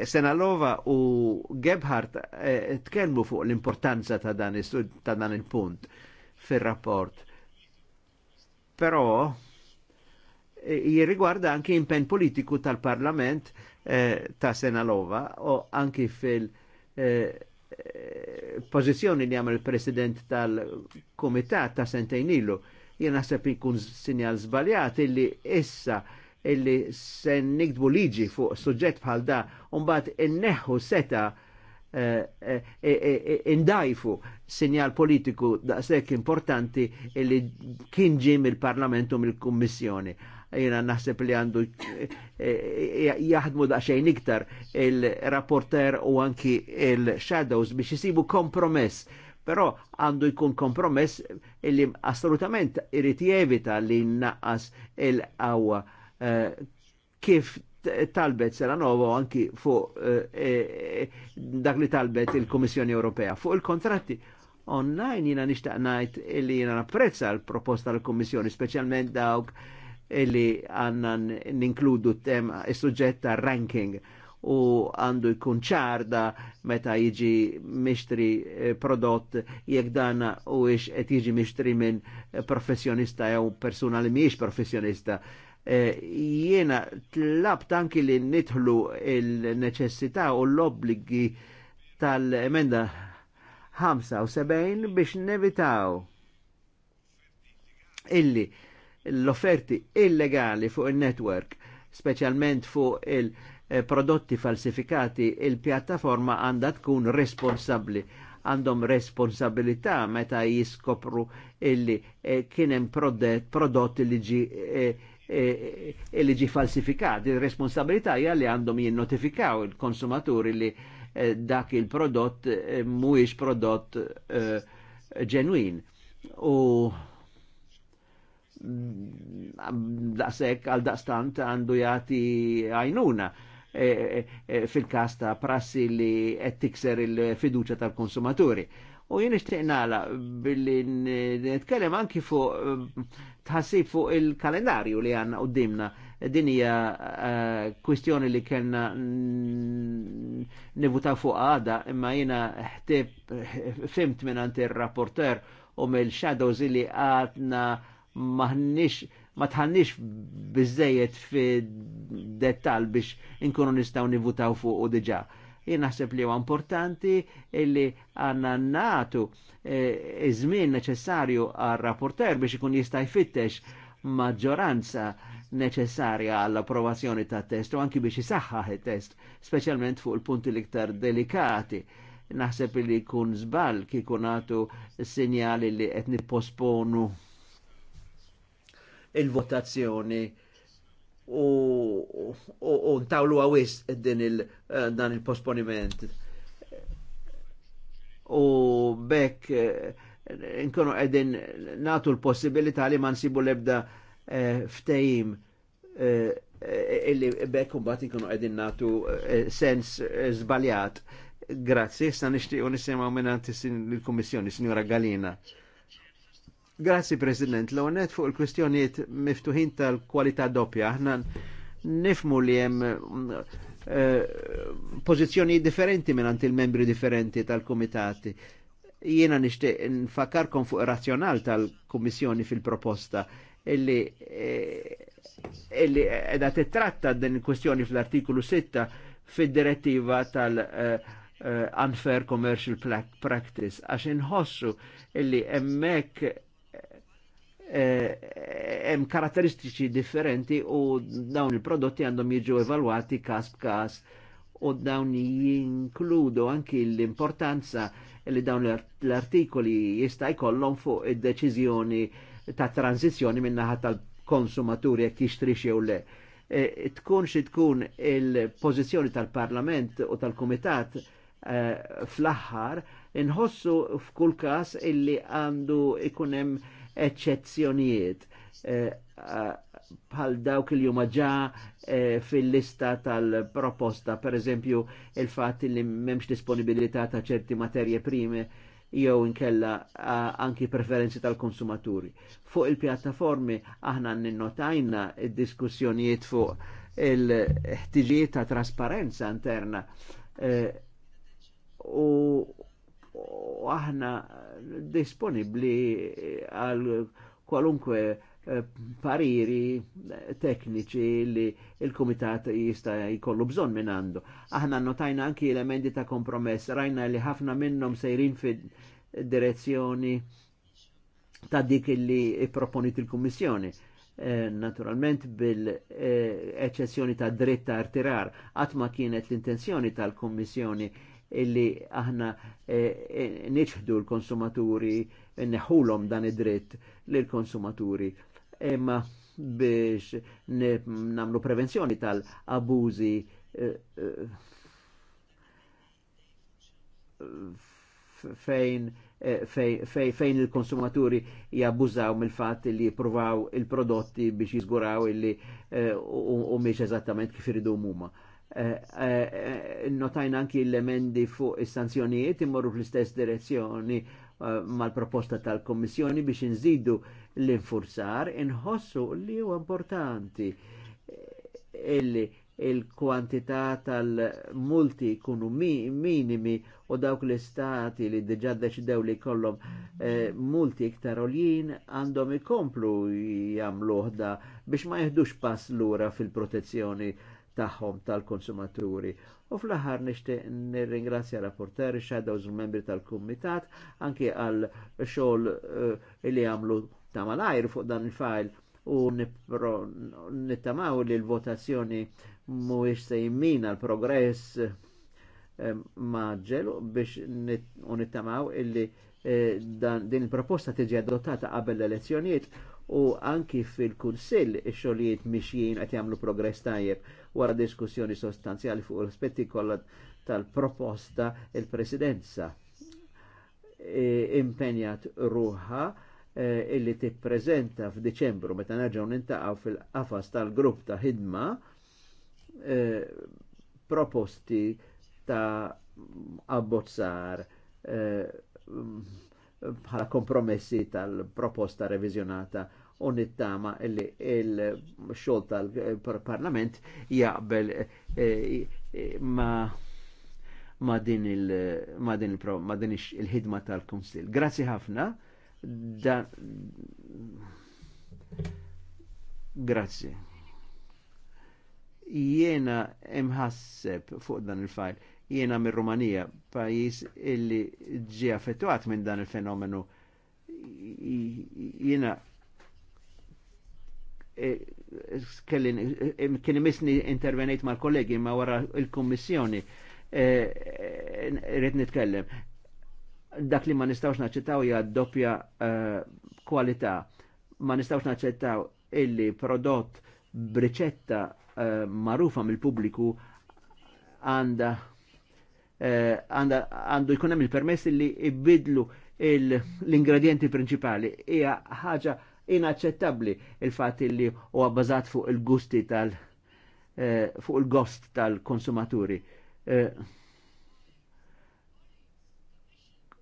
eh, Senalova u Gebhardt eh, tkellmu fuq l-importanza ta' dan ta' dan il-punt fir-rapport. Però jirrigwarda anki impenn politiku tal-Parlament ta' Senalova u anki fil- pożizzjoni li għamil president tal-Komitat ta' Sentejnilu ilu, ikun sinjal żbaljat illi issa illi se nikdbu liġi fuq suġġett bħal da mbagħad inneħu seta eh, eh, eh, indajfu sinjal politiku da sekk importanti illi kien ġie mill-Parlament u mill kommissjoni Jena naħseb li għandu jaħdmu daqsxejn iktar il-rapporter u anki il-shadows biex isibu kompromess Però għandu jkun kompromess illi assolutament irrit jevita li naqas il għawa Eh, kif talbet novo anki fuq eh, eh, dak li talbet il-Komissjoni Ewropea fuq il-kontratti online jina nishtaq najt illi jina napprezza l-proposta l komissjoni specialment dawk illi għannan ninkludu tem il-sujġett ranking u għandu jkun ċarda meta jiġi mixtri prodott jekk dana u ix qed jiġi mixtri minn professjonista jew persuna li mhijiex professjonista. Eh, jiena tlabt anki li nidħlu il-neċessità u l-obbligi tal-emenda 75 biex nevitaw illi l-offerti illegali fuq il-network, specialment fuq il-prodotti falsifikati, il-pjattaforma għandha tkun responsabli għandhom responsabilità meta jiskopru illi eh, kienem prodotti li ġi eh, E, e, il ġi falsifikat. Il-responsabilità hija li għandhom jinnotifikaw il-konsumaturi li e, dak il-prodott mhuwiex prodott ġenwin. U daqsek għal daqstant għandu jati għajnuna fil-kas ta' prassi li qed tikser il-fiduċa tal-konsumaturi. U jien nixtieq nagħla billi nitkellem anki fuq tħassib fuq il-kalendarju li għanna u dimna. Din hija eh, kwistjoni li kellna nivuta fuq għada, imma jina ħtib fimt minn għant il-rapporter u mill-shadows li għadna maħnix ma tħannix bizzejiet fi dettal biex inkunu nistaw nivutaw fuq u diġa jinaħseb naħseb li huwa importanti illi għanna natu eh, iż-żmien neċessarju għar-rapporter biex ikun jista' jfittex maġġoranza neċessarja għall-approvazzjoni ta' test u anki biex jisaħħaħ it-test, speċjalment fuq il-punti l-iktar delikati. Naħseb li kun zbal kikun għatu sinjali li qed posponu il-votazzjoni u ntawlu għawis din il eh, dan il-posponiment. U bekk eh, nkunu għedin natu l-possibilità li man sibu lebda eh, ftejim illi bekk un bat nkunu għedin natu sens zbaljat. Grazie, sta nishtiqo nisimaw minnant il-Kommissjoni, Signora Galina. Grazzi President, l-onet fuq il-kwistjonijiet miftuħin tal-kwalità doppja, aħna nifmu li hemm eh, pożizzjoni differenti minn il-membri differenti tal-komitati. Jiena nishti nfakarkom fuq razzjonal tal-Kummissjoni fil-proposta illi eh, illi edha t-tratta din il-kwestjoni fl-artikolu 6 fil direttiva tal- eh, unfair commercial practice għax inħossu illi emmek Eh, hemm karatteristiċi differenti u dawn il-prodotti għandhom jiġu evalwati kas b'kas u dawn jinkludu anki l-importanza li dawn l-artikoli jista' jkollhom fuq id-deċiżjoni ta' tranzizjoni naħa tal-konsumaturi jekk jixtri xew le. Eh, tkun xi tkun il-pożizzjoni tal-Parlament u tal-Kumitat eh, fl-aħħar inħossu f'kull każ illi għandu ikun hemm eccezzjonijiet eh, bħal dawk il juma ġa eh, fil-lista tal-proposta, per eżempju il-fat li memx disponibilità ta' ċerti materje prime jew inkella anki preferenzi tal-konsumaturi. Fuq il-pjattaformi aħna ninnotajna id-diskussjonijiet fuq il-ħtiġijiet ta' trasparenza interna eh, u aħna disponibli għal kwalunkwe eh, pariri tekniċi li il-komitat jista jkollu bżon minn għandu. Aħna notajna anki elementi ta' kompromess, rajna li ħafna minnhom sejrin fi direzzjoni ta' dik li proponit il-Kummissjoni. Eh, naturalment bil-eċezzjoni eh, ta' dritta artirar, għatma kienet l-intenzjoni tal-Kommissjoni illi aħna eh, eh, niċħdu l-konsumaturi, neħulom dan id-dritt lill-konsumaturi. Imma biex namlu prevenzjoni tal-abużi eh, fejn fej, fej, fej il-konsumaturi jabbużaw mill-fatt li jipruvaw il-prodotti biex jizguraw illi u u miex eżattament kif iridu huma. Eh, eh, eh, notajna anki l-emendi fuq is-sanzjonijiet imorru fl-istess direzzjoni mal-proposta tal-Kommissjoni biex nżidu l-infurzar, inħossu li huwa importanti illi il-kwantità tal-multi kunu minimi u dawk l-istati li diġà deċidew li kollom multi iktar oljien għandhom ikomplu jamluħda biex ma jihdux pass lura fil-protezzjoni tagħhom tal-konsumaturi. U fl-aħħar nixtieq nirringrazzja rapporteri shadows u membri tal-kumitat anke għal xogħol eh, li għamlu ta' malajr fuq dan il-fajl u nittamaw li l-votazzjoni mhuwiex se jimmina l-progress ma' eh, maġġel biex u nittamaw illi eh, din il-proposta tiġi adottata qabel l-elezzjonijiet u anki fil-Kunsill ix-xogħlijiet mixjin qed jagħmlu progress tajjeb wara diskussjoni sostanzjali fuq l-aspetti kollha tal-proposta il-presidenza e, impenjat ruħa e, illi tippreżenta f'Diċembru meta nerġgħu nintaqgħu fil-qafas tal-grupp ta' ħidma e, proposti ta' abbozzar e, bħala kompromessi tal-proposta revizjonata u nittama il-xol tal-parlament jaqbel eh, eh, ma ma din il-ħidma tal-Kunsil. Grazzi ħafna. Grazzi. Jiena imħasseb fuq dan il-fajl. Jiena mir rumanija pajis illi ġi affettuat minn dan il-fenomenu. Jiena kien imisni intervenejt mal-kollegi ma wara il-kommissjoni e, rrit nitkellem. Dak li ma nistawx naċċettaw hija doppja e, kwalità. Ma nistawx naċċettaw illi prodott briċetta e, marufa mill-pubbliku għanda għanda għandu jkun hemm il-permess li ibidlu l-ingredienti prinċipali. Hija ħaġa inaċċettabbli il-fatt li huwa bbażat fuq il-gusti tal- eh, fuq il-gost tal-konsumaturi. Eh,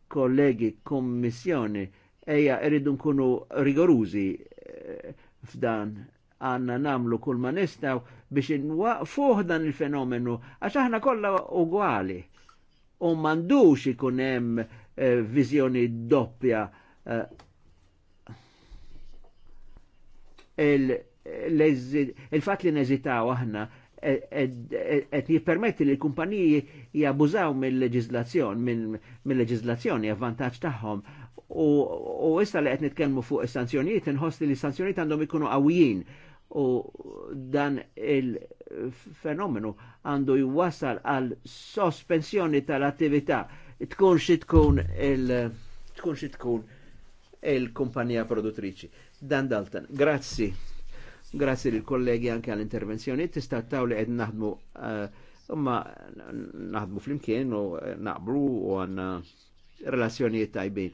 kollegi, kommissjoni, eja irridu nkunu rigorużi eh, f'dan għanna namlu kull ma nistaw biex nwaqfuħ dan il-fenomenu, għax aħna kollha ugwali. U mandux ikun hemm eh, viżjoni doppja eh, il-fat li neżitaw aħna e- e- e- et jippermetti li l-kumpaniji jabużaw mill-leġizlazzjon, mill-leġizlazzjoni avvantaġġ tagħhom u issa li qed nitkellmu fuq is-sanzjonijiet inħoss li s-sanzjonijiet għandhom ikunu għawijin. u dan il-fenomenu għandu jwassal għal sospensjoni tal-attività tkun xitkun tkun xi tkun il-kumpanija produttriċi. Dan Dalton. Grazzi. Grazzi lil kollegi anke għall intervenzjoni tista' taw li qed naħdmu eh, imma naħdmu flimkien u naqbru u għandna relazzjonijiet tajbin.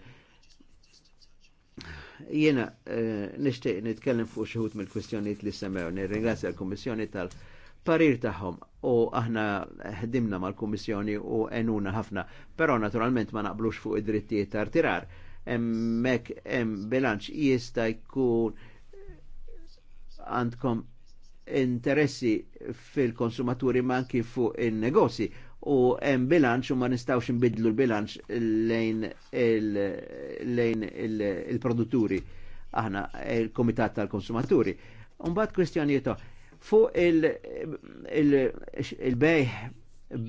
Jena eh, nishtiq nitkellem fuq xi mill-kwistjonijiet li semmew. Nirringrazzja l-Kummissjoni tal-parir tagħhom u aħna ħdimna mal-Kummissjoni u enuna ħafna, però naturalment ma naqblux fuq id-drittijiet tar-tirar emmek em bilanċ jista jkun għandkom interessi fil-konsumaturi ma anki fuq il-negozi u hemm bilanċ u ma nistawx nbidlu l-bilanċ lejn il-produtturi aħna il-komitat tal-konsumaturi. Umbat kwestjonijiet fuq il-bejħ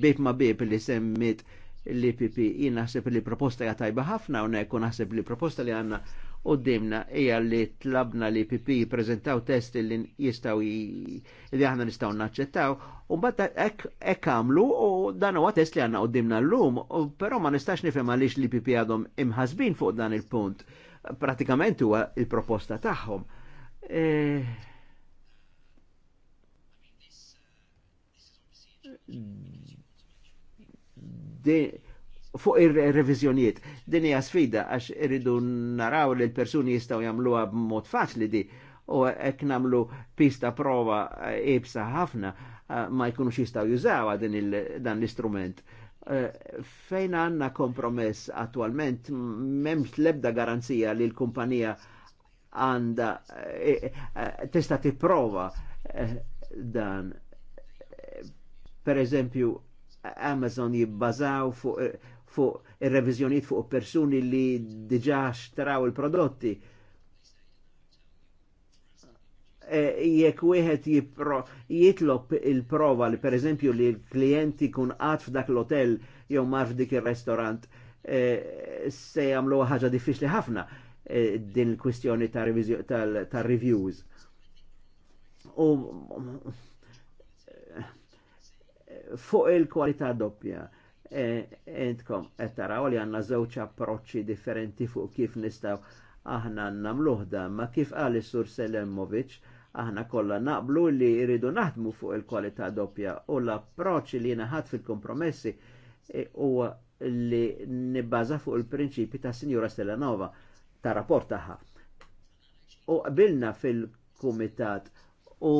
bib ma bib li semmit li PP jien naħseb li proposta ja tajba ħafna unna jkun naħseb li proposta li għandna qoddimna ija li tlabna li PP jippreżentaw test li jistgħu li aħna nistgħu naċċettaw u mbagħad hekk għamlu u dan huwa test li għandna qoddimna llum, però ma nistax nifem għaliex li PP għadhom imħazbin fuq dan il-punt. Pratikament huwa il-proposta tagħhom. E fuq ir revizjoniet Din hija sfida għax irridu naraw li l-persuni jistgħu jagħmluha b'mod faċli di u hekk nagħmlu pista prova ebsa eh, ħafna eh, ma jkunux jistgħu jużawha din dan l-istrument. Eh, fejn għandna kompromess attualment m'hemmx l-ebda garanzija li l-kumpanija għanda tista' tipprova dan per eżempju Amazon jibbazaw fuq fu ir revizjoniet fuq persuni li diġà xtraw il-prodotti. E, jekk wieħed jitlob il-prova li eżempju li l-klient kun għad f'dak l-hotel jew mar f'dik il restorant e, se jagħmlu ħaġa diffiċli ħafna e, din il-kwistjoni tal reviews Ta u fuq il-kwalità doppja. E, entkom qed taraw li għandna żewġ approċċi differenti fuq kif nistaw aħna namluħda, ma kif qal sur Selemovic, aħna kollha naqblu li jridu naħdmu fuq il-kwalità doppja u l-approċċ li naħat fil-kompromessi e, u li nibbaza fuq il-prinċipi ta' Sinjura Stellanova ta' rapport tagħha. U qabilna fil-kumitat u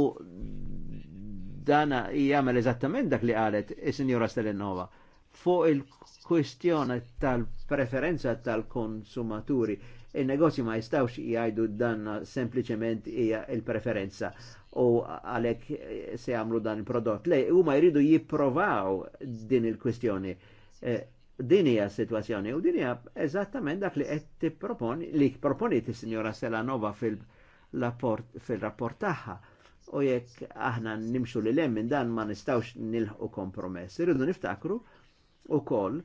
dana jgħamil eżattament dak li għalet il sinjora Stellinova fuq il-kwistjoni tal-preferenza tal-konsumaturi. Il-negozji ma jistawx jgħajdu dan sempliciment il-preferenza u għalek se għamlu dan il-prodott. Lej, u ma jridu jiprovaw din il-kwistjoni. Eh, din hija situazzjoni u din hija eżattament dak li qed tipproponi li proponiet is-Sinjora Selanova fil-rapport fil tagħha u jekk aħna nimxu li lemmin minn dan ma nistawx nilħu kompromess. Irridu niftakru u koll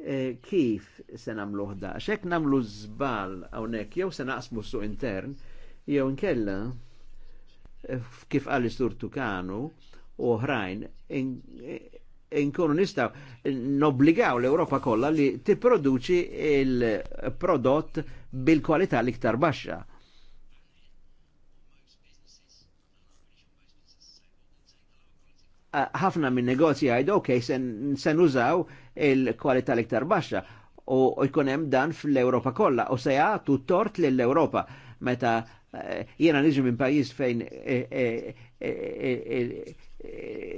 eh, kif se namlu ħda. Xek namlu zbal għawnek, jew se naqsmu su intern, jew nkella eh, kif għalli sur Tukanu u oħrajn, inkunu nistaw nobligaw l-Europa kollha li tipproduċi il-prodott bil-kwalità l-iktar baxxa ħafna minn negozji għajdu, ok, se nużaw il-kwalità l-iktar baxxa u jkunem hemm dan fl europa kollha u seja tuttort tort lill meta eh, jiena niġi minn pajjiż fejn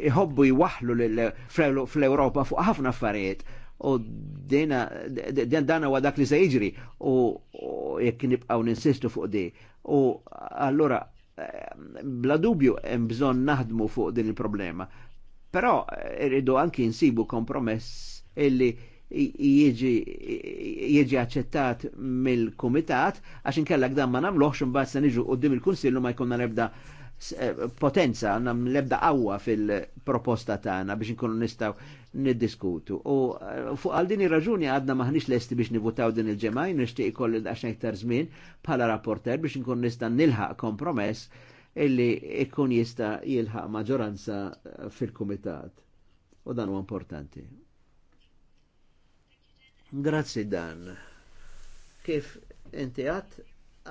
jħobbu eh, eh, jwahlu fl europa fuq ħafna affarijiet u dina dan u dak li se jġri u jek nibqaw ninsistu fuq di. U allora bla dubju hemm bżonn naħdmu fuq din il-problema Però eh, rridu anki nsibu kompromess illi jieġi accettat mill-komitat għax inkellak dan ma namluħx imbagħad se niġu qudiem il-kunsillu ma jkunna nebda eh, potenza, għanna lebda qawwa fil-proposta tagħna biex nkunu nistgħu niddiskutu. U eh, fuq għal din ir-raġuni għadna maħniex lesti biex nivutaw din il-ġemaj, nixtieq ikolli għaxna iktar żmien bħala rapporter biex nkun nista' nilħaq kompromess illi ikun jista jilħaq maġoranza eh, fil-kumitat. U dan u importanti. Grazzi dan. Kif inti għat,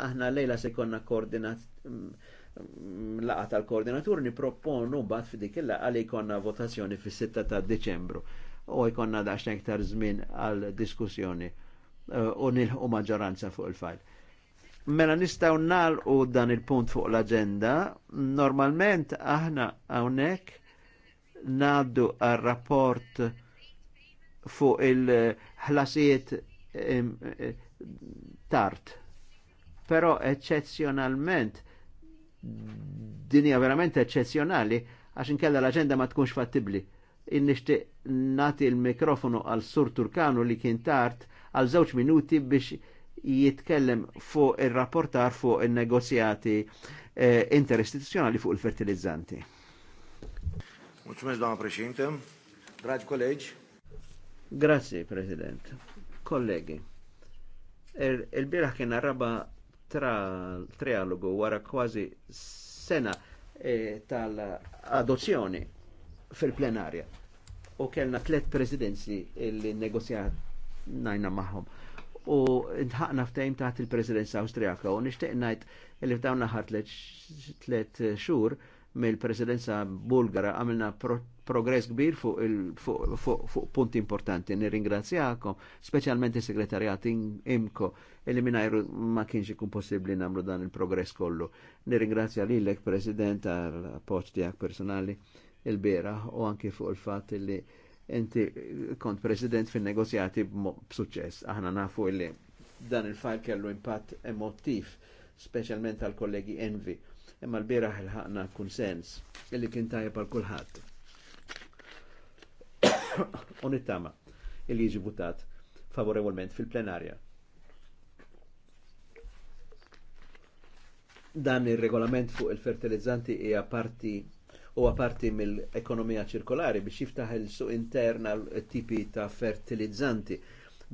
aħna lejla se konna koordinat mm, laqa tal-koordinatur niproponu bat f'dik il-laqa li konna votazzjoni fis-6 ta' Deċembru u jkonna daċna iktar żmien għal diskussjoni eh, u nilħu maġġoranza fuq il-fajl Mela nistaw u dan il-punt fuq l-agenda, normalment aħna hawnhekk naddu għal rapport fuq il-ħlasijiet tard. Però eccezjonalment, dinja verament eccezjonali, għax inkella l-agenda ma tkunx fattibli. Innishti nati il-mikrofonu għal Sur Turkanu li kien tard għal żewġ minuti biex jitkellem fuq il-rapportar fuq il-negozjati eh, interistituzjonali fuq il-fertilizzanti. Mulțumesc, doamna președinte. Dragi colegi. Grazie, President. Kollegi. Il-biraħ kien arraba tra trialogu wara kważi sena eh, tal-adozzjoni fil-plenarja u kellna tlet presidenzi il-negozjat najna maħom u ntħaqna f'tejm taħt il-Presidenza Awstrijaka u nixtieq ngħid li f'dawn naħar tliet xhur mill-Presidenza Bulgara għamilna progress kbir fuq fu, fu, fu, punti importanti. Nirringrazzjakom, specialment il segretarjat imko illi minajru ma kienx ikun possibli namlu dan il-progress kollu. Nirringrazzja lilek, President, għal appoġġ tiegħek personali il-bera u anki fuq il-fatt fat li Inti kont president fin negozjati b'suċċess. Aħna nafu illi dan il-fajl kellu impatt emotiv, specialment għal kollegi Envi. Imma l-biraħ il-ħakna kunsens illi kien tajjeb għal kulħadd. Unittama *coughs* illi jiġi votat favorevolment fil-plenarja. Dan il-regolament fuq il-fertilizzanti hija parti u parti mill-ekonomija ċirkolari biex jiftaħ il-suq interna tipi ta' fertilizzanti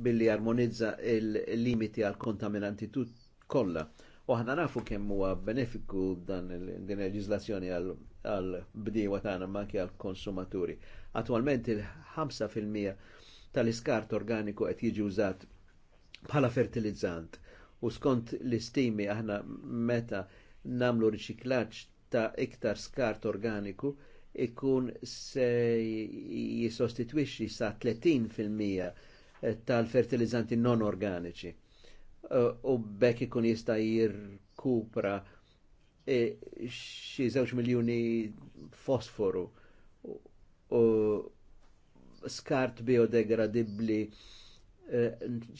billi armonizza il-limiti għal kontaminanti tut kollha. U aħna nafu kemm huwa benefiku dan din leġislazzjoni għal bdiewa tagħna manki għal konsumaturi. Attualment il-5% tal-iskart organiku qed jiġi użat bħala fertilizzant. U skont l-istimi aħna meta namlu riċiklaġġ ta' iktar skart organiku ikun se jissostitwixxi sa' 30% tal-fertilizzanti non organiċi. U bekk ikun jista' jirkupra e, xi żewġ miljuni fosforu u skart biodegradibbli e,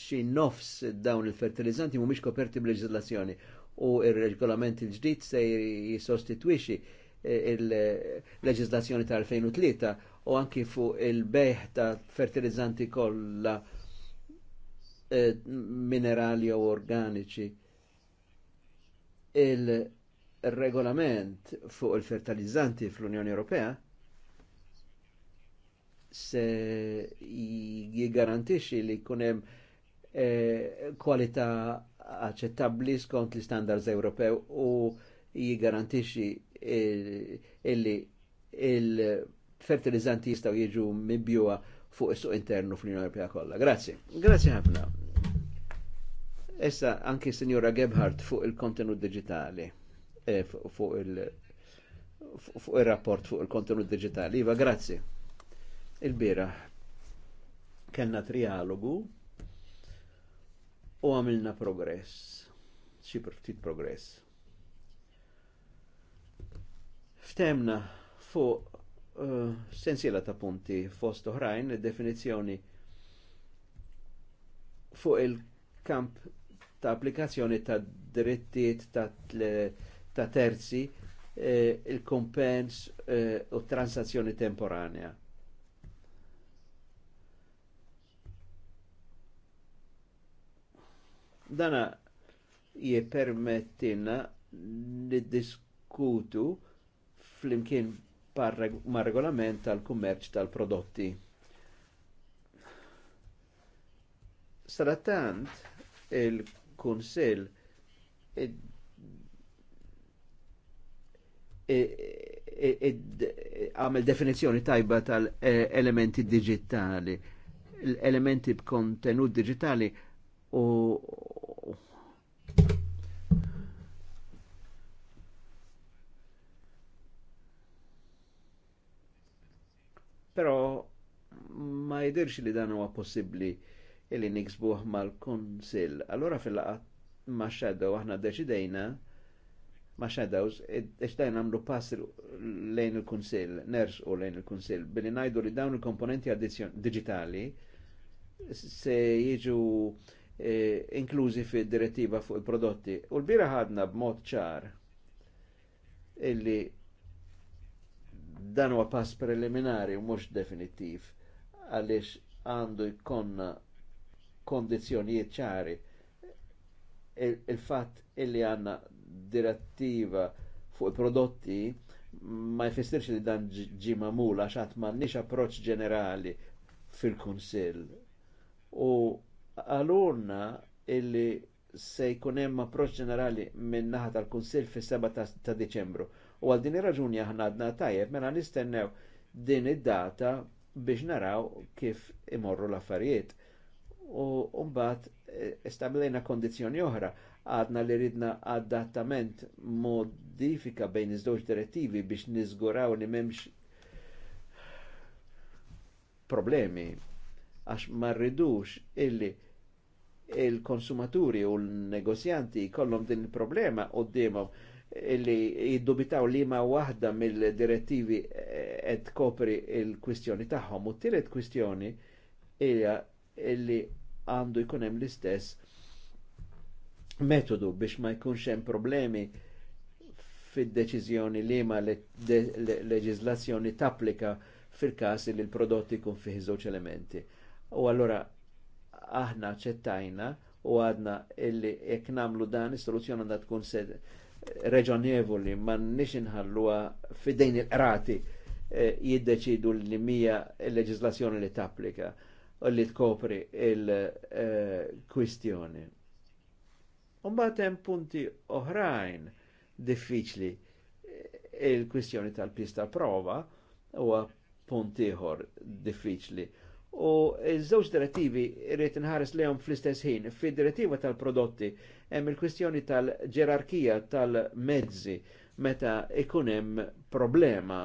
xi nofs dawn il-fertilizzanti mhumiex koperti bl-leġiżlazzjoni u il-regolament il-ġdid se jisostitwixi eh, il-leġizlazzjoni ta' 2003 u anki fuq il-beħ ta' fertilizzanti kollha eh, minerali u organiċi. Il-regolament fuq il-fertilizzanti fl-Unjoni Ewropea se jgarantixi li kunem eh, kwalità aċċettabbli skont l istandards Ewropew u jiggarantixxi illi il-fertilizzanti jistgħu jiġu mibjuwa fuq is-suq internu fl-Unjoni Ewropea kollha. Grazzi. Grazzi ħafna. Issa anki Sinjora Gebhardt fuq il-kontenut digitali, e, fuq il- fuq il-rapport fuq il-kontenut diġitali. Iva, grazzi. Il-bira kellna trialogu u għamilna progress, xi ftit progress. Ftemna fuq uh, sensiela ta' punti fost oħrajn definizzjoni fuq il-kamp ta' applikazzjoni ta' drittiet ta, ta', terzi, eh, il-kompens eh, u eh, transazzjoni temporanea Dana jipermettina niddiskutu fl-imkien ma' regolament tal-kummerċ tal-prodotti. Salatant il-Kunsill għamel definizjoni tajba tal-elementi digitali, l-elementi b'kontenut digitali u jidirx li dan huwa possibbli illi niksbuh mal konsil Allura fil-laqat ma' Shadow aħna deċidejna ma' Shadows deċidejna għamlu pass lejn il-Kunsill, ners u lejn il-Kunsill, billi najdu li dawn il-komponenti digitali se jiġu eh, inklużi fid direttiva fuq il-prodotti. U l-bira ħadna b'mod ċar illi dan huwa pass preliminari u mhux definittiv għaliex għandu jkonna kondizjonijiet ċari il-fatt il illi għanna direttiva fuq il-prodotti ma jfistirx li dan ġi mamul għax għat nix approċ ġenerali fil-Kunsill. U għalurna illi se jkun hemm approċ ġenerali minn naħa tal-Kunsill fis-7 ta' Deċembru. U għal din ir-raġuni aħna għadna tajjeb mela nistennew din id-data biex naraw kif imorru l-affarijiet. U mbagħad eh, stabilejna kondizzjoni oħra, għadna li ridna adattament modifika bejn iż-żewġ direttivi biex niżguraw li m'hemmx problemi għax ma rridux illi il-konsumaturi u l-negozjanti kollom din il-problema u d-demom illi jiddubitaw li ma waħda mill-direttivi eh, ed kopri il-kwistjoni tagħhom. U t-tielet kwistjoni hija illi għandu jkun hemm l-istess metodu biex ma jkunx hemm problemi fid-deċiżjoni li ma leġiżlazzjoni tapplika fil-każ li l-prodotti jkun fih żewġ elementi. U allora aħna ċettajna u għadna illi jekk namlu dan is-soluzzjoni għandha tkun reġonevoli ma nix inħalluha fidejn il-qrati eh, jiddeċidu li mija il-leġislazzjoni li tapplika u li tkopri il-kwistjoni. Eh, Umbat hemm punti oħrajn diffiċli il-kwistjoni tal-pista prova huwa punt diffiċli. U ż-żewġ direttivi rrit nħares lehom fl-istess ħin. Fid-direttiva tal-prodotti hemm il-kwistjoni tal-ġerarkija tal-mezzi meta ikun hemm problema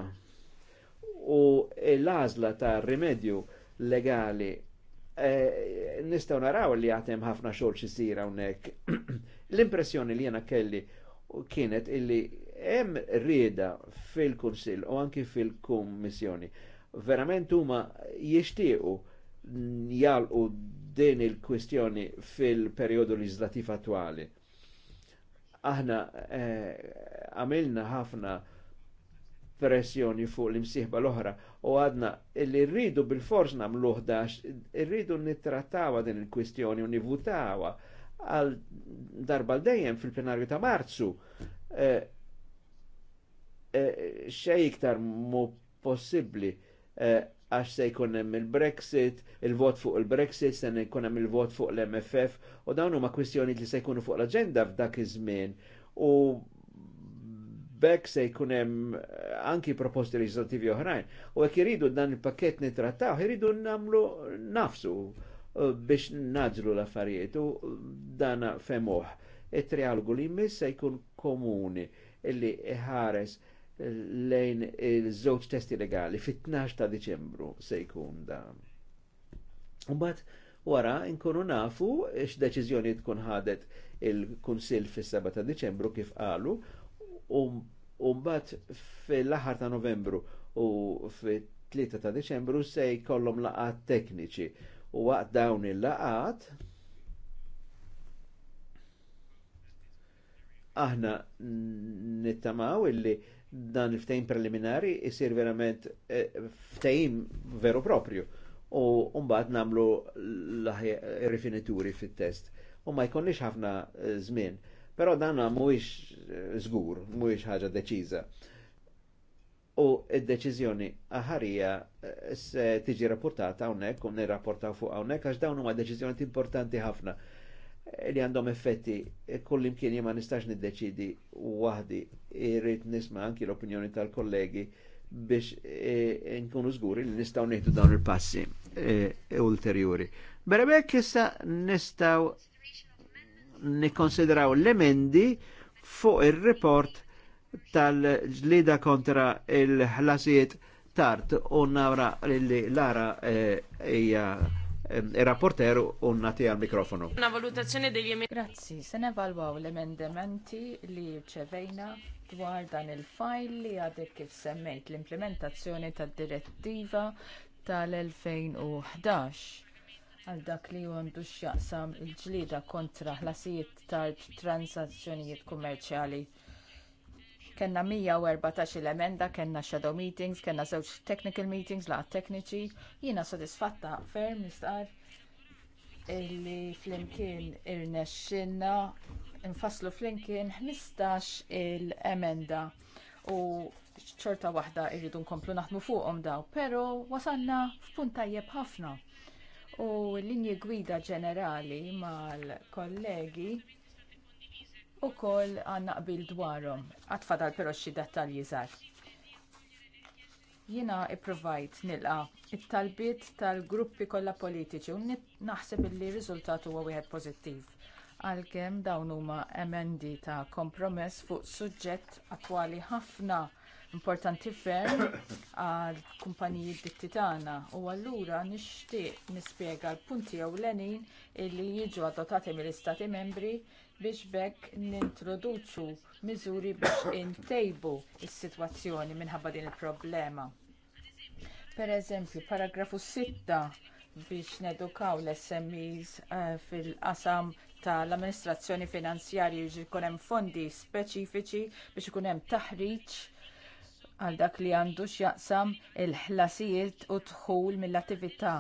u l-għażla ta' rimedju legali eh, nistgħu naraw li għatem ħafna xogħol xisir hawnhekk. *clears throat* L-impressjoni li jena kelli kienet illi hemm rieda fil-Kunsill u anki fil-Kummissjoni verament huma jixtiequ jalqu din il-kwistjoni fil-periodu legislativ attuali. Aħna eh, għamilna eh, ħafna pressjoni fuq l-imsieħba l-oħra u għadna li rridu bil-fors namluħ dax, rridu nittrattawa din il-kwistjoni u nivutawa għal darba dejjem fil-plenarju ta' marzu. Eh, eh, iktar mu possibli eh, għax se jkun hemm il-Brexit, il-vot fuq il-Brexit, se jkun hemm il-vot fuq l-MFF, u dawn huma kwistjoni li se jkunu fuq l-aġenda f'dak iż-żmien. U bekk se jkun hemm eh, anki proposti leġislattivi oħrajn. U jekk iridu dan il-pakket nitrattaw, iridu nagħmlu nafsu eh, biex naġlu l-affarijiet u dana femoħ. it trialgu li jmiss se jkun komuni illi ħares lejn il-żewġ testi legali fit-12 ta' Diċembru se jkun dan. Mbagħad wara nkunu nafu x-deċizjoni tkun ħadet il-Kunsill fis-7 ta' Diċembru kif qalu u um- mbagħad fil-aħħar ta' Novembru u fit-3 ta' Diċembru se jkollhom laqat tekniċi u waqt dawn il-laqat aħna nittamaw illi dan il-ftejn preliminari jisir verament eh, ftejn veru propju u mbagħad namlu rifinituri fit-test. U ma jkollniex ħafna eh, żmien, però dan mhuwiex eh, żgur, mhuwiex ħaġa deċiża. U id-deċiżjoni aħarija se tiġi rapportata hawnhekk u nirrapportaw fuq hawnhekk għax dawn huma deċiżjoni importanti ħafna li għandhom effetti e kull imkien ma nistax niddeċidi waħdi irrit nisma' anki l-opinjoni tal-kollegi biex e, e, nkunu zguri li nistgħu nieħdu dawn il-passi e, ulterjuri. Berebek issa nistaw nikkonsidraw l-emendi fuq ir-report tal-ġlida kontra il-ħlasijiet tard u nara li l-ara hija il-rapporter eh, unnati al mikrofonu. Una valutazzjoni degli emendamenti. Grazzi, se nevalwaw l-emendamenti li ċevejna dwar dan il-fajl li għadek kif semmejt l-implementazzjoni tad direttiva tal-2011 għal dak li għandu xjaqsam il-ġlida kontra ħlasijiet tal-transazzjonijiet kummerċjali Kenna 114 emenda, kellna shadow meetings, kellna żewġ technical meetings, laqgħat tekniċi, jiena sodisfatta ferm nistar illi flimkien irnexxinna nfasslu flimkien 15 il-emenda u ċorta waħda irridu nkomplu naħdmu fuqhom daw, però wasalna f'punt tajjeb ħafna. U l-linji gwida ġenerali mal-kollegi u għandna għanna qbil dwarom. Għatfadal pero xi dettalji żgħar. Jiena ipprovajt nilqa it-talbiet tal-gruppi kollha politiċi u naħseb li riżultat huwa wieħed pożittiv għalkemm dawn huma emendi ta' kompromess fuq suġġett attwali ħafna importanti ferm għal kumpaniji ditti tagħna u allura nixtieq nispjega l-punti ewlenin illi jiġu adottati mill-Istati membri biex bekk nintroduċu miżuri biex *coughs* intejbu s-sitwazzjoni minħabba din il-problema. Pereżempju, paragrafu 6 biex nedukaw l-SMEs uh, eh, fil-qasam tal-amministrazzjoni finanzjarji biex ikun hemm fondi speċifiċi biex ikun hemm taħriġ għal dak li għandu x'jaqsam il-ħlasijiet u dħul mill-attività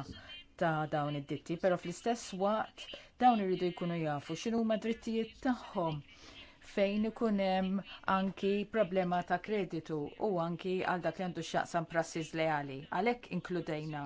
ta' dawn id-ditti, però fl-istess waqt Dawn iridu jkunu jafu x'inhu huma drittijiet tagħhom fejn ikun hemm anki problema ta' kreditu u anki għal dak li għandu x'jaqsam prassis leali. Għalhekk inkludejna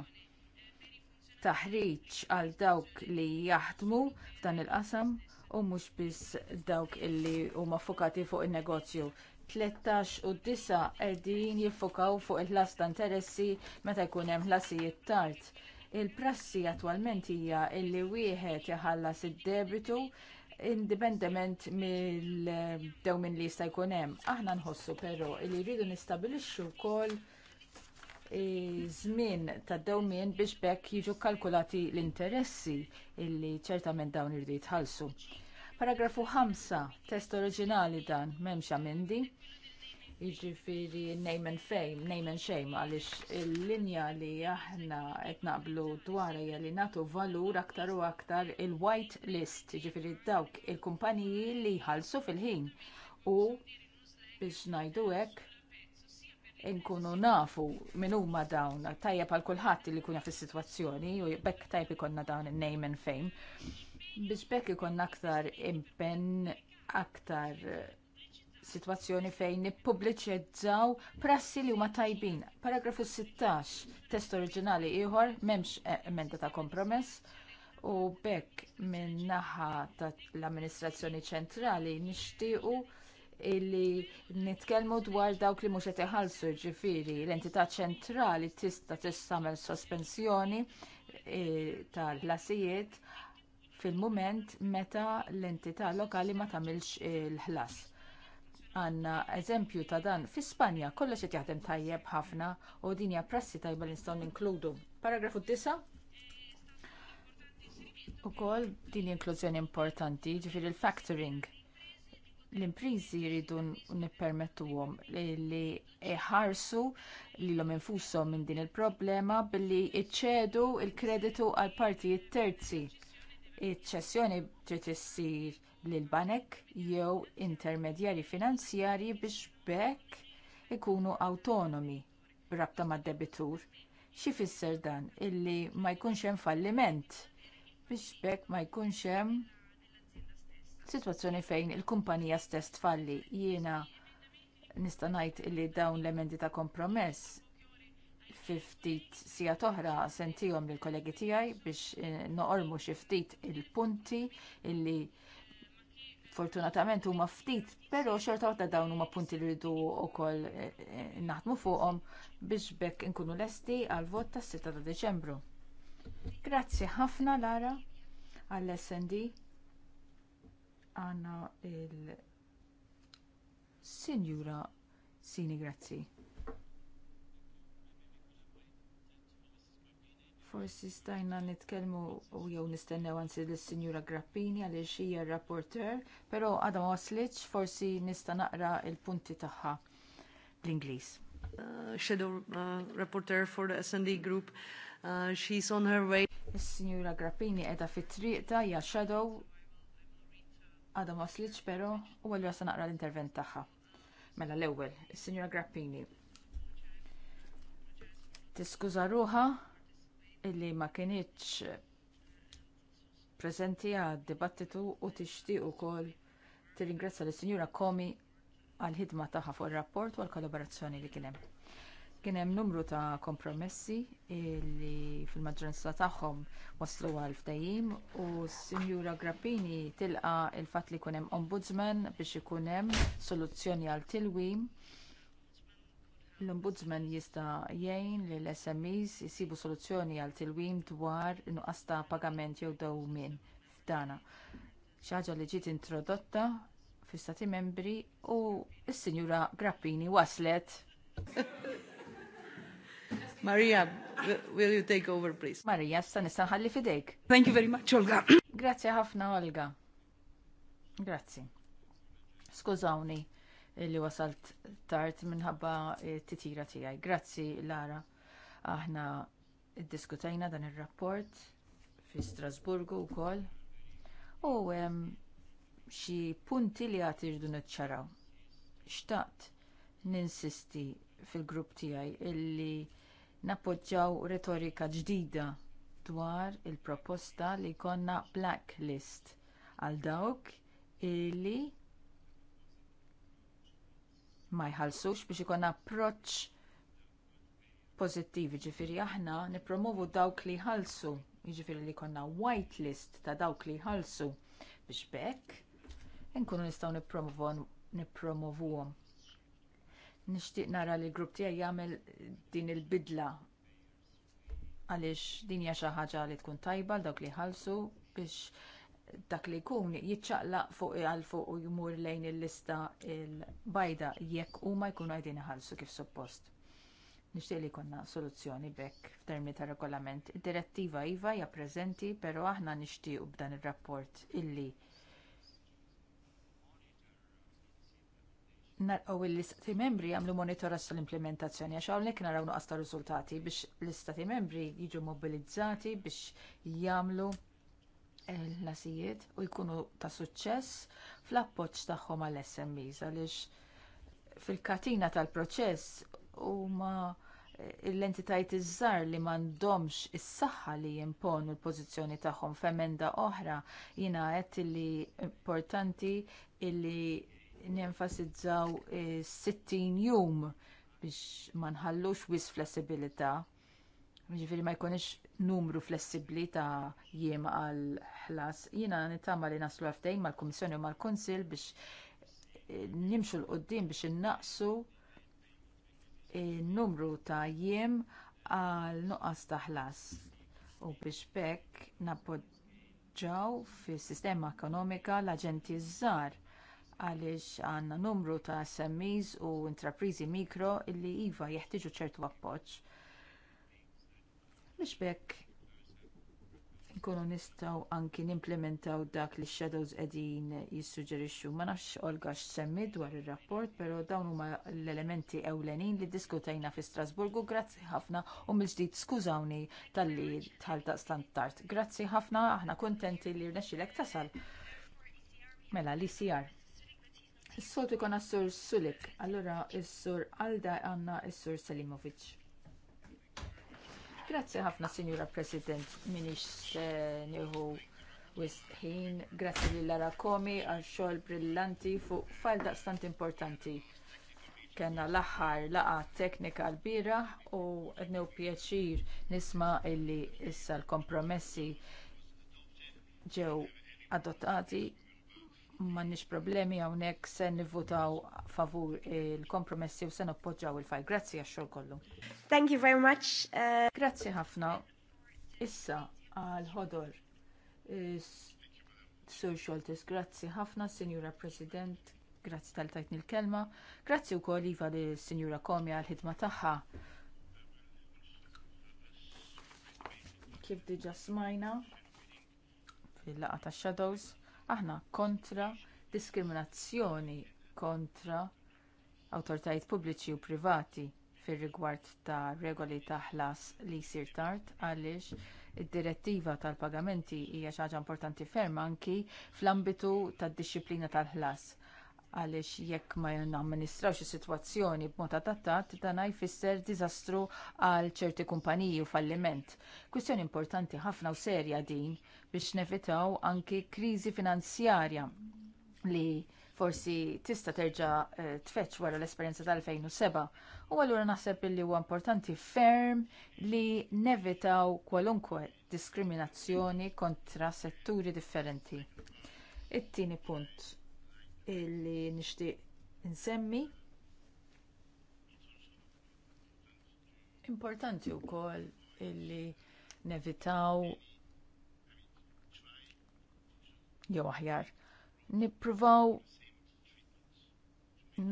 taħriġ għal dawk li jaħdmu f'dan il-qasam u mhux biss dawk illi huma ffukati fuq in negozju 13 u 9 qegħdin jiffokaw fuq il-ħlas ta' interessi meta jkun hemm ħlasijiet tard. Il-prassi attwalment hija li wieħed iħallas id-debitu indipendement mill dewmien li jista' jkun hemm. Aħna nħossu però li jridu nistabilixxu wkoll żmien ta' dewmien biex bekk jiġu kkalkulati l-interessi illi ċertament dawn irridu jitħallsu. Paragrafu 5, test oriġinali dan, m'hemmx amendi jiġifieri name and fame, name and shame, għaliex il-linja li aħna qed naqblu dwar hija li nagħtu valur aktar u aktar il-white list, jiġifieri dawk il-kumpaniji li jħallsu fil-ħin u biex ngħidu hekk inkunu nafu minn huma dawn tajjeb għal kulħadd li jkun fis-sitwazzjoni u bekk tajjeb ikonna dawn in-name and fame. Biex bekk ikonna aktar impenn aktar situazzjoni fejn nippubbliċizzaw prassi li huma tajbin. Paragrafu 16, test oriġinali ieħor m'hemmx eh, emenda ta' kompromess u bekk minn naħa tal-amministrazzjoni ċentrali nixtiequ illi nitkellmu dwar dawk li mhux qed iħallsu ġifieri l-entità ċentrali tista' tissamel sospensjoni eh, tal-ħlasijiet fil mument meta l-entità lokali ma tagħmilx il-ħlas għandna eżempju ta' dan fi Spanja kollox qed jaħdem tajjeb ħafna u din hija prassi tajba li nistgħu ninkludu. Paragrafu 9. Ukoll din inklużjoni importanti, ġifieri il-factoring. L-imprizi jridu nippermettuhom li iħarsu lilhom infushom minn din il-problema billi iċċedu l kreditu għal partijiet terzi. Iċ-ċessjoni trid issir lil banek jew intermedjarji finanzjarji biex bekk ikunu awtonomi b'rabta mad-debitur. Xi fisser dan illi ma jkunx hemm falliment biex bekk ma jkunx hemm sitwazzjoni fejn il-kumpanija stess tfalli jiena nista' ngħid illi dawn l-emendi ta' kompromess fi ftit sija toħra sentihom lill kollegi tiegħi biex eh, noqormu xi ftit il-punti illi fortunatament huma ftit, però xorta waħda dawn huma punti li rridu wkoll eh, eh, naħdmu fuqhom biex bekk inkunu lesti għal vot tas-6 ta' Deċembru. Grazzi ħafna Lara għall sd għanna il-Sinjura Sini Grazzi. Forsi stajna nitkellmu u jew nistennew għansi l sinjura Grappini għaliex hija rapporter, pero għada ma waslitx forsi nista' naqra il-punti tagħha l inglis Uh, shadow uh, reporter for the S&D group. Uh, she's on her way. Is-Sinjura Grappini qiegħda fit-triq ta' hija shadow għada ma waslitx pero u għallu se naqra l-intervent tagħha. Mela l-ewwel, is-Sinjura Grappini. Tiskuża ruha illi ma kinitx preżenti għad dibattitu u tixtieq ukoll tirringrazzja lis sinjura Komi għall ħidma tagħha fuq ir-rapport u għall kollaborazzjoni li kien hemm. Kien hemm numru ta' kompromessi li fil-maġġoranza tagħhom waslu għal ftehim u s-Sinjura Grappini tilqa il-fatt li jkun hemm ombudsman biex ikun hemm soluzzjoni għal tilwim L-Ombudsman jista jgħin li l-SMEs jisibu soluzzjoni għal tilwim dwar nuqqas ta' pagament jew dawmin f'dana. ħaġa li ġiet introdotta fi stati membri u s-Sinjura Grappini waslet. *laughs* Maria, will you take over, please? Maria, sta nistanħalli fidejk. Thank you very much, Olga. Grazie ħafna, Olga. Grazie. Skużawni li wasalt tard minħabba titira tiegħi. Grazzi Lara. Aħna diskutajna dan ir-rapport fi Strasburgu wkoll. U hemm xi punti li għad irdu niċċaraw. Xtaqt ninsisti fil-grupp tiegħi illi nappoġġjaw retorika ġdida dwar il-proposta li jkollna blacklist għal dawk illi ma jħallsux biex ikun approċċ pożittiv, ġifiri aħna nippromovu dawk li jħallsu, jiġifieri li jkollna white list ta' dawk li jħallsu biex bekk inkunu nistgħu nippromovuhom. Nixtieq nara li l-grupp tiegħi jagħmel din il-bidla għaliex din hija xi ħaġa li tkun tajba dawk li jħallsu biex dak li jkun jiċċaqlaq fuq għal fuq u jmur lejn il-lista il-bajda jekk huma jkunu qegħdin iħallsu kif suppost. Nixtieq li jkollna soluzzjoni bekk f'termi ta' regolament. Id-direttiva iva hija preżenti, però aħna nixtiequ b'dan ir-rapport illi narqaw il-istati membri jagħmlu monitoraġġ tal-implementazzjoni għax hawnhekk naraw nuqqas ta' riżultati biex l-istati membri jiġu mobilizzati biex jagħmlu l-nasijiet u jkunu ta' suċċess fl appoġġ tagħhom għall smes għaliex fil-katina tal-proċess huma eh, l-entitajiet iż-żar li m'għandhomx is-saħħa li jimponu l-pożizzjoni tagħhom f'emenda oħra jiena qed li importanti illi nenfasizzaw 60 jum biex ma nħallux wis flessibilità. Jiġifieri ma jkunx numru flessibbli ta' jiem għal ħlas. Jiena nittama li naslu għaftejn mal-Kummissjoni u mal-Konsil biex eh, nimxu l-qoddim biex innaqsu eh, numru ta' jiem għal nuqqas ta' ħlas u biex bekk nappoġġaw fis sistema ekonomika l-aġenti żgħar għaliex għandna numru ta' SMEs u intrapriżi mikro illi iva jeħtieġu ċertu appoġġ Biex bekk nkunu nistgħu anki nimplementaw dak li shadows qegħdin jissuġġerixxu. Ma nafx Olga x'semmi dwar ir-rapport, però dawn huma l-elementi ewlenin li ddiskutejna fi Strasburgu. Grazzi ħafna u mill-ġdid skużawni talli tħaltaq stantart. Grazzi ħafna, aħna kuntenti li rnexxilek tasal. Mela, li sijar. Is-soltu kon is-sur Sulik, allura is-sur Alda għandna is-sur Selimovic. Grazzi ħafna, Signora President, minix nieħu wisħin. Grazzi li Lara Komi għal xogħol brillanti fuq fajl daqstant importanti. Kenna l-aħħar laqa teknika l-bira u għednew pjaċir nisma illi issa l-kompromessi ġew adottati m'għandniex problemi hawnhekk se nivvutaw favur il-kompromessi u se noppoġġaw il faj Grazzi għax kollu. Thank you very much. Uh... Grazzi ħafna. Issa għal ħodor. Sur Xoltis, grazzi ħafna, Sinjura President, grazzi tal-tajtni l-kelma, grazzi wkoll Iva li Sinjura Komi għal-ħidma tagħha. Kif diġa smajna fil laqgħa ta' shadows Aħna kontra diskriminazzjoni kontra awtoritajiet pubbliċi u privati fir-rigward ta' regoli ta' ħlas li jsir tard għaliex id-direttiva tal-pagamenti hija xi ħaġa importanti ferm anki fl-ambitu tad-dixxilpina tal-ħlas għaliex jekk ma namministrawx is-sitwazzjoni b'mod adattat dan jfisser diżastru għal ċerti kumpaniji u falliment. Kwistjoni importanti ħafna u serja din biex nevitaw anki kriżi finanzjarja li forsi tista terġa eh, tfeċ wara l-esperjenza tal-2007. U allura naħseb li huwa importanti ferm li nevitaw kwalunkwe diskriminazzjoni kontra setturi differenti. It-tieni punt illi nixtieq insemmi. Importanti wkoll illi nevitaw jew aħjar nippruvaw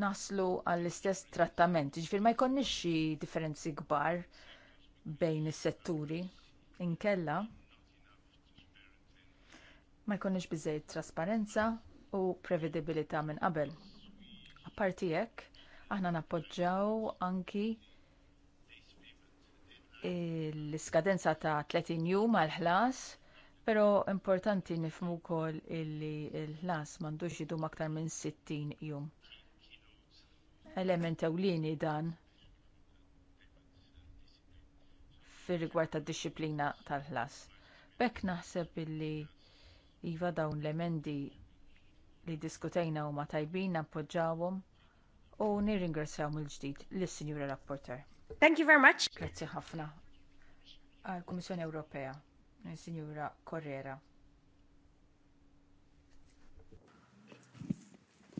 naslu għall-istess trattament. Ġifir ma jkonniex xi differenzi kbar bejn is-setturi inkella ma jkonniex biżejjed trasparenza u prevedibilità minn qabel. Apparti hekk, aħna nappoġġjaw anki l-iskadenza ta' 30 jum għal ħlas, però importanti nifhmu wkoll illi l-ħlas m'għandux jidum aktar minn 60 jum. Element ewlieni dan fir-rigward tad-dixxiplina tal-ħlas. B'hekk naħseb illi iva dawn l-emendi li diskutejna huma tajbin appoġġawhom u nirringrazzjaw mill-ġdid lis-Sinjura Rapporter. Thank you very much. Grazzi ħafna għall-Kummissjoni Ewropea, Sinjura Correra.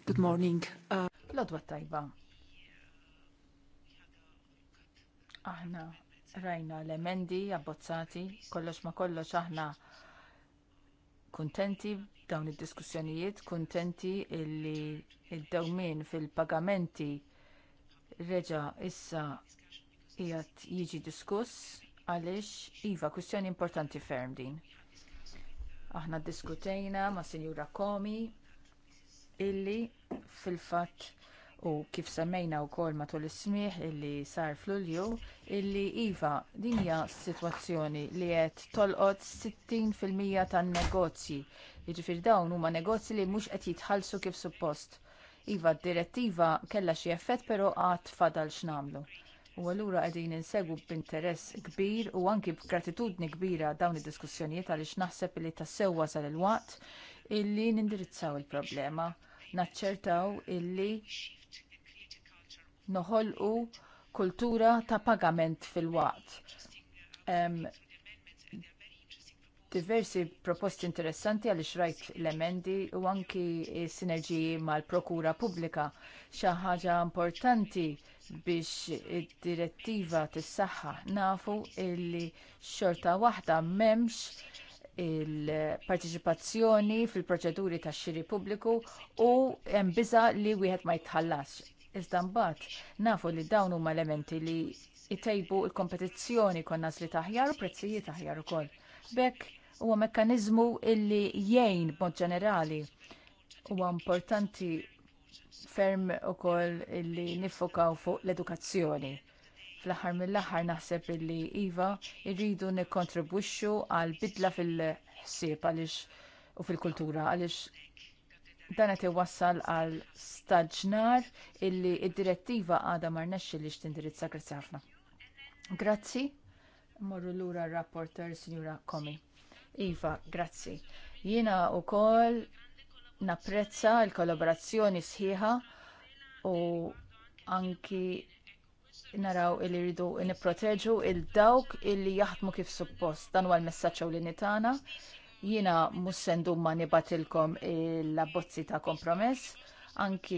Good morning. Uh, L-odwa tajba. Aħna rajna l-emendi abbozzati, kollox ma kollox aħna kontenti dawn id-diskussjonijiet, kontenti illi id-dawmin fil-pagamenti reġa issa jgħat jiġi diskuss għalix iva kwistjoni importanti ferm din. Aħna diskutejna ma' Sinjura Komi illi fil-fat u kif semmejna wkoll matul is-smieħ illi sar f'Lulju illi iva din hija sitwazzjoni li qed tolqot 60% tan-negozji. Jiġifieri dawn huma negozji li mhux qed jitħallsu kif suppost. Iva d-direttiva kellha xi effett però għad fadal x'namlu. U allura qegħdin insegwu b'interess kbir u anki b'gratitudni kbira dawn id-diskussjonijiet għaliex naħseb li tassewwa sal il-waqt illi nindirizzaw il-problema. Naċċertaw illi noħolqu kultura ta' pagament fil-waqt. Um, diversi proposti interessanti għaliex rajt l-emendi u anki sinerġiji mal-prokura pubblika. Xi ħaġa importanti biex id-direttiva tissaħħa nafu illi xorta waħda m'hemmx il parteċipazzjoni fil-proċeduri tax xiri pubbliku u hemm biża' li wieħed ma jitħallasx. Iżda mbagħad nafu li dawn huma elementi li jtejbu l kompetizzjoni konna li taħjar u prezzijiet aħjar ukoll. B'hekk huwa mekkaniżmu li jgħin b'mod ġenerali huwa importanti ferm ukoll li niffokaw fuq l-edukazzjoni fl-aħħar mill-aħħar naħseb illi iva irridu nikkontribwixxu għal bidla fil-ħsieb għaliex u fil-kultura għaliex dan qed iwassal għal staġnar illi id-direttiva għadha ma rnexxi li x'tindirizza grazzi ħafna. Grazzi. Morru lura rapporter Sinjura Komi. Iva, grazzi. Jiena wkoll napprezza l-kollaborazzjoni sħiħa u anki naraw illi rridu nipproteġu il-dawk illi jaħdmu kif suppost. Dan huwa l-messaġġ ewlieni tagħna Jina mussendum ma nibatilkom l-abbozzi ta' kompromess anki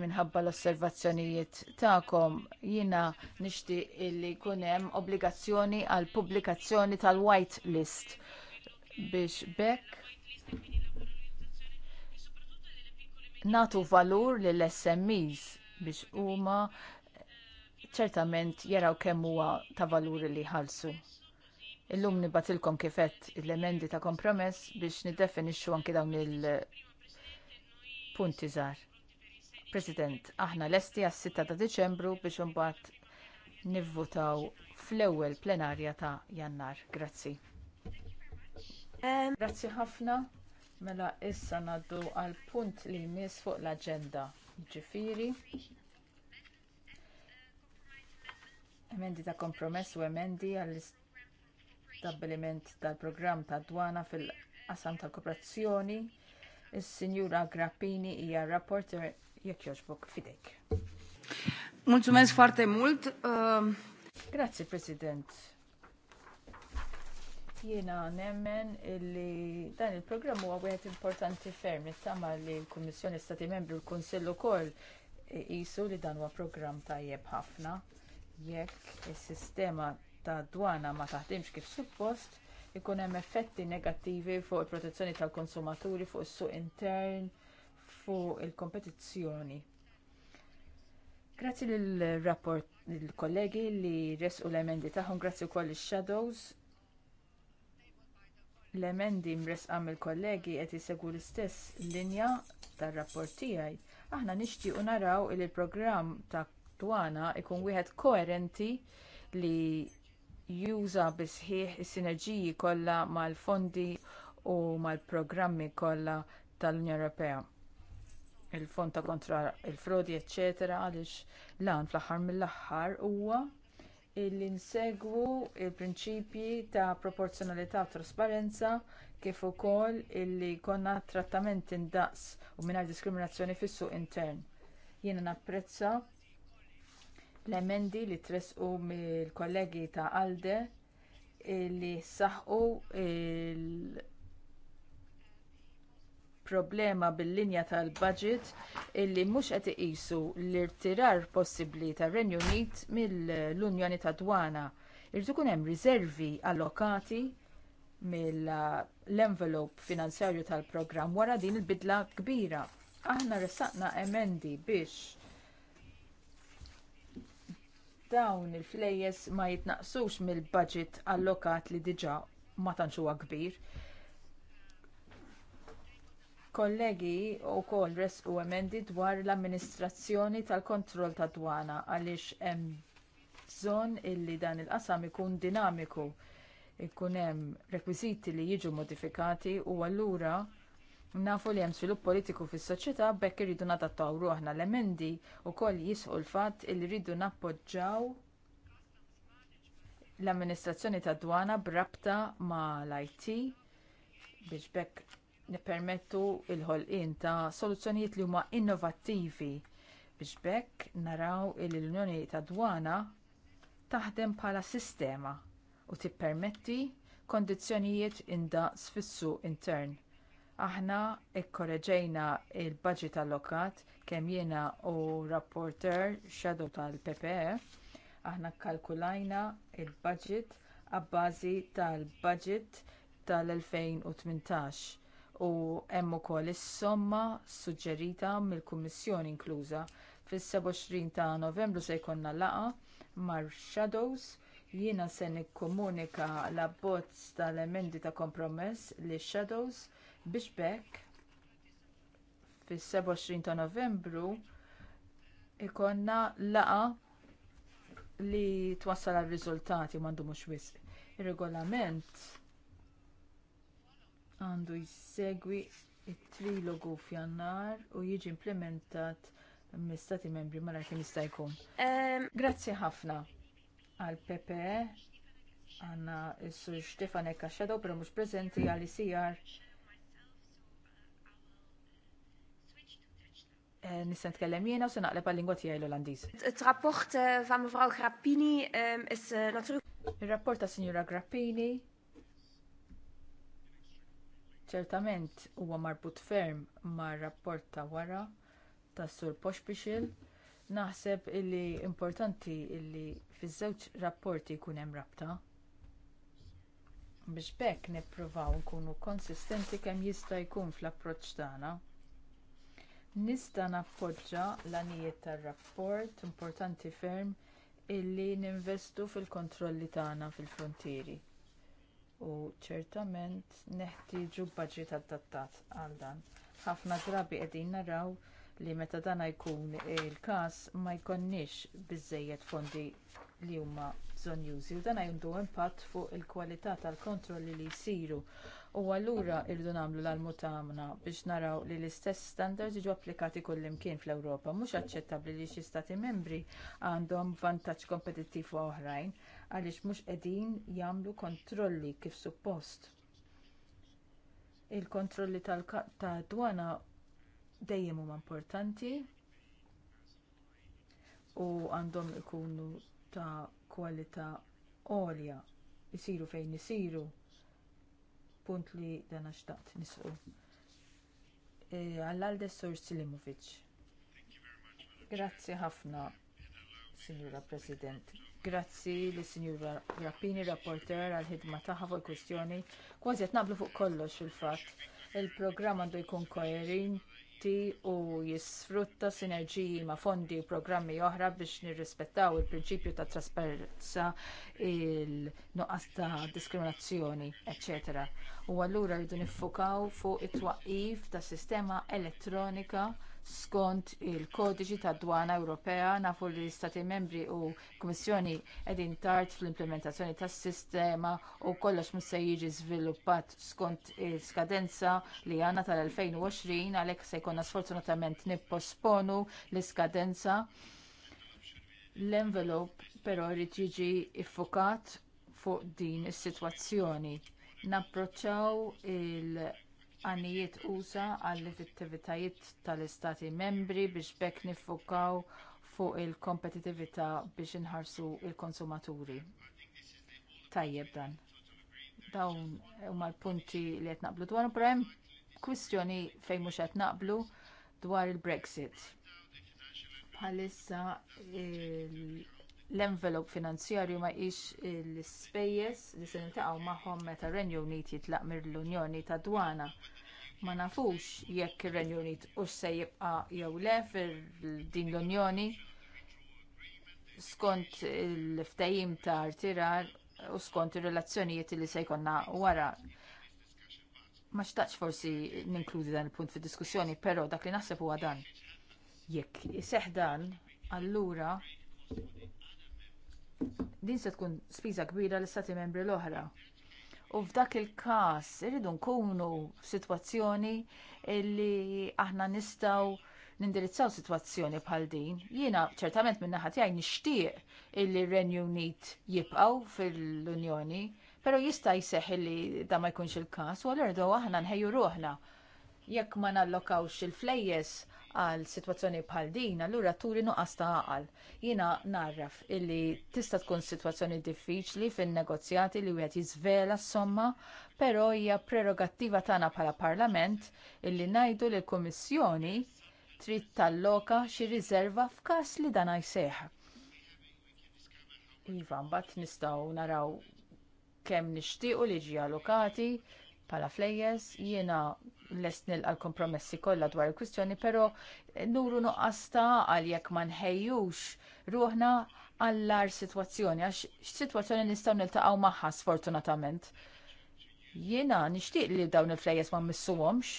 minħabba l-osservazzjonijiet ta'kom jina nishti illi kunem obbligazzjoni għal pubblikazzjoni tal-white list biex bekk natu valur lill-SMEs biex huma ċertament jaraw kemm huwa ta' valur li ħalsu. Illum nibatilkom kifet l-emendi ta' kompromess biex niddefinixxu anki dawn il-punti żgħar. President, aħna lesti għas-6 ta' Diċembru biex imbagħad nivvutaw fl-ewwel plenarja ta' Jannar. Grazzi. Grazzi ħafna. Mela issa ngħaddu għal punt li jmiss fuq l-aġenda. Ġifiri, emendi ta' kompromess u emendi għall stabbiliment tal-programm tad-dwana fil-qasam tal-kooperazzjoni. Is-Sinjura Grappini hija rapporter jekk jogħġbok fidejk. Mulțumesc foarte mult. Grazie, President. Jiena nemmen illi dan il-programm huwa wieħed importanti ferm nittama li l-Kummissjoni Stati Membri u l-Kunsill ukoll qisu li dan huwa programm tajjeb ħafna jekk is-sistema ta' dwana ma taħdimx kif suppost, ikun hemm effetti negattivi fuq il-protezzjoni tal-konsumaturi, fuq is-suq intern, fuq il-kompetizzjoni. Grazzi lill-rapport kollegi li resqu l-emendi tagħhom, grazzi wkoll ix-shadows. L-emendi mresqa mill-kollegi qed isegwu l-istess linja tar-rapport tiegħi. Aħna nixtiequ naraw li l-programm ta' dwana ikun wieħed koerenti li juża bisħieħ is-sinerġiji kollha mal-fondi u mal-programmi kollha tal-Unja Ewropea. Il-fond ta' kontra il-frodi, eċetera, għaliex lan fl-aħħar mill-aħħar huwa li nsegwu l prinċipji ta' proporzjonalità u trasparenza kif ukoll illi jkollna trattament indaqs u mingħajr diskriminazzjoni fis-suq intern. Jiena napprezza L-emendi li tresqu mill-kollegi ta' Alde li saħqu il- problema bil-linja tal-budget illi mhux qed iqisu l-irtirar possibbli tar-Renju Unit mill-Unjoni tad Dwana. Irid ikun hemm riservi allokati mill-envelope finanzjarju tal-programm wara din il-bidla kbira. Aħna ressaqna emendi biex dawn il-flejjes ma jitnaqsux mill-budget allokat li diġà ma tantx huwa kbir. Kollegi wkoll resqu emendi dwar l-amministrazzjoni tal-kontroll tad dwana għaliex hemm bżonn illi dan il-qasam ikun dinamiku ikun hemm rekwiżiti li jiġu modifikati u allura Nafu li hemm svilupp politiku fis-soċjetà bekk irridu nadattaw ruħna l-emendi wkoll jisqu l-fatt li rridu nappoġġjaw l-amministrazzjoni tad dwana brabta mal it biex bekk nippermettu l ħolqien ta' soluzzjonijiet li huma innovattivi biex bekk naraw li l-Unjoni tad Dwana taħdem bħala sistema u tippermetti kondizzjonijiet inda fis-suq intern Aħna ikkoreġejna l budget allokat kemm jiena u rapporter shadow tal-PPE. Aħna kkalkulajna l budget għabbażi tal-budget tal-2018 u hemm ukoll is-somma suġġerita mill-Kummissjoni inkluża. Fis-27 ta' Novembru se jkollna laqgħa mar-Shadows jiena se nikkomunika l-abbozz tal-emendi ta' kompromess li shadows biex fis-27 ta' Novembru ikonna laqgħa li twassal għal riżultati m'għandu mhux wisq. Ir-regolament għandu jsegwi t trilogu f'jannar u jiġi implementat mill membri mara kien jista' jkun. Grazzi ħafna għal pepe għandna s-sur Stefanek għaxħedaw, pero mhux preżenti għal ICR Eh, Nista' nitkellem jiena u se naqleb għal-lingwa tiegħi l-Olandiż. il rapport ta' eh, mevrouw Grappini eh, is natuur. Ir-rapport ta' Sinjura Grappini ċertament huwa marbut ferm mar-rapport ta' wara tas Sur Poxpixil. Naħseb illi importanti illi fiż-żewġ rapporti jkun hemm rabta biex bekk nippruvaw nkunu konsistenti kemm jista' jkun fl-approċċ tagħna Nista nappoġġa l-għanijiet tar-rapport importanti ferm illi ninvestu fil-kontrolli tagħna fil-frontieri. U ċertament neħtieġu budget adattat għal dan. Ħafna drabi qegħdin naraw li meta dan jkun il-każ ma jkollniex biżżejjed fondi li huma bżonn jużi u dan għandu impatt fuq il-kwalità tal-kontrolli li jsiru U allura irridu nagħmlu l-almutana biex naraw li l-istess standards jiġu applikati kullimkien fl-Ewropa. Mhux aċċettabbli li xi stati membri għandhom vantaġġ kompetittiv oħrajn għaliex mhux qegħdin jagħmlu kontrolli kif suppost. Il-kontrolli tal-dwana dejjem huma importanti u għandhom ikunu ta' kwalità għolja jisiru fejn isiru punt li dan xtaqt nisqu. E, Għall-għalde Sur Silimovic. Grazzi ħafna, Signora President. Grazzi li Signora Grappini, rapporter, għal-ħidma taħħa fuq il-kwestjoni. Kważi qed naqblu fuq kollox il-fatt. Il-programm għandu jkun koerin prodotti u jisfrutta sinerġiji ma' fondi u programmi oħra biex nirrispettaw il-prinċipju ta' trasparenza, il-nuqqas ta' diskriminazzjoni, etc. U allura rridu niffokaw fuq it-twaqif ta' sistema elettronika skont il-kodiċi tad dwana Ewropea nafu li l-Istati membri u Kummissjoni qegħdin tard fl-implementazzjoni tas sistema u kollox mhux se jiġi żviluppat skont il-skadenza li għandna tal-2020 għalhekk se jkollna sfortunatament nipposponu l-iskadenza. L-envelope però jrid jiġi iffukat fuq din is-sitwazzjoni. Napproċċaw il- għanijiet uża għall attivitajiet tal-istati membri biex bekk niffukaw fuq il-kompetitività biex inħarsu l konsumaturi Tajjeb dan. Dawn huma l-punti li qed naqblu dwar però hemm kwistjoni fejn mhux qed naqblu dwar il-Brexit. Bħalissa l-envelop finanzjarju ma jiex l-spejjes li se niltaqgħu magħhom meta r-Renju Unit jitlaq mill-Unjoni ta' Dwana. Ma nafux jekk ir-Renju Unit u se jibqa' jew le fil-din l-Unjoni skont il-ftajim ta' artirar u skont ir-relazzjonijiet li se jkollna wara. Ma xtaqx forsi ninkludi dan il-punt fid diskussjoni, però dak li naħseb huwa dan. Jekk iseħħ dan, allura din se tkun spiża kbira l-istati membri l-oħra. U f'dak il-każ irridu nkunu f'sitwazzjoni li aħna nistgħu nindirizzaw sitwazzjoni bħal din. Jiena ċertament minn naħa tiegħi nixtieq illi r-Renju Unit jibqgħu fil-Unjoni, però jista' jseħħ li da ma jkunx il-każ u allura aħna nħejju ruħna jekk ma nallokawx il-flejjes għal sitwazzjoni bħal din, allura turi nuqqas ta' għal. Jina narraf illi tista' tkun sitwazzjoni diffiċli fin-negozjati li wieħed jiżvela s-somma, però hija prerogattiva tagħna bħala Parlament illi ngħidu lill l-Kummissjoni trid talloka xi riserva f'każ li dan jseħ. Iva, mbagħad nistgħu naraw kemm nixtiequ li ġi allokati, pala flejjes, jiena lest għal kompromessi kollha dwar il-kwistjoni, però nuru nuqqas ta' għal jekk ma nħejjux ruħna għallar situazzjoni, għax situazzjoni nistaw niltaqgħu maħħa sfortunatament. Jiena nixtieq li dawn il-flejjes ma missuhomx,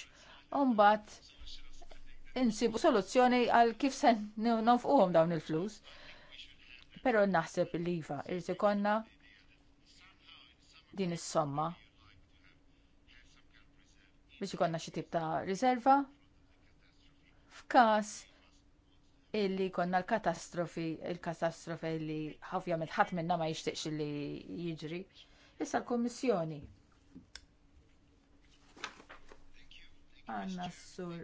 mbagħad insibu soluzzjoni għal kif se nofquhom dawn il-flus. Pero naħseb li iva, irti konna din is-somma biex ikonna xi tip ta' riserva f'każ illi konna l-katastrofi, il-katastrofi li ħafjament ħadd minna ma jixtieqx li jiġri. Issa l-Kummissjoni. Għanna s-sur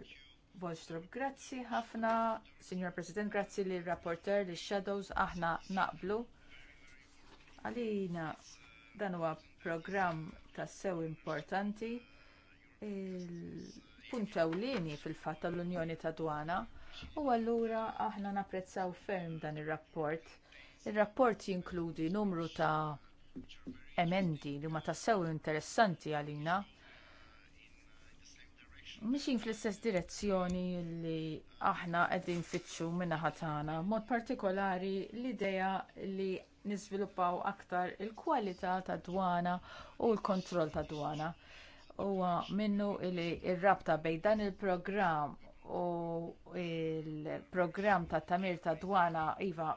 Bolstrop, grazzi ħafna, Signor President, grazzi li rapporter li Shadows aħna naqblu. Għalina dan huwa programm tassew importanti il-punt ewlieni fil-fatt tal-Unjoni ta' Dwana u allura aħna napprezzaw ferm dan ir-rapport. Ir-rapport jinkludi numru ta' emendi li ma tassew interessanti għalina Mixin fl-istess direzzjoni li aħna qegħdin fitxu min-naħa tagħna, mod partikolari l-idea li niżviluppaw aktar il-kwalità tad dwana u l-kontroll tad dwana huwa minnu li r-rabta bejn dan il-programm u l programm ta' tamir ta' dwana iva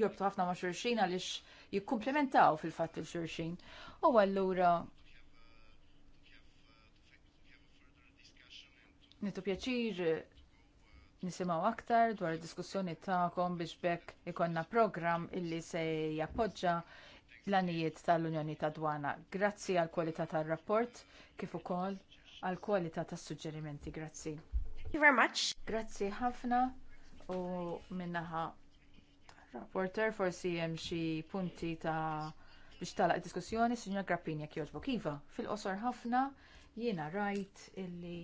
jorbtu ħafna ma' xulxin għaliex jikkumplementaw fil-fatt il-xulxin. U allura nitu pjaċir nisimaw aktar dwar id diskussjoni tagħkom biex bekk ikonna program illi se jappoġġa l-anijiet tal-Unjoni tad Dwana. Grazzi għall kwalità tar rapport kif ukoll għall kwalità tas suġġerimenti. Grazzi. Thank you very much. Grazzi ħafna u minnaħa rapporter forsi hemm xi punti ta' biex talaq id diskussjoni, Sinjor Grappini jekk jogħġbok. Iva, fil-qosor ħafna jiena rajt illi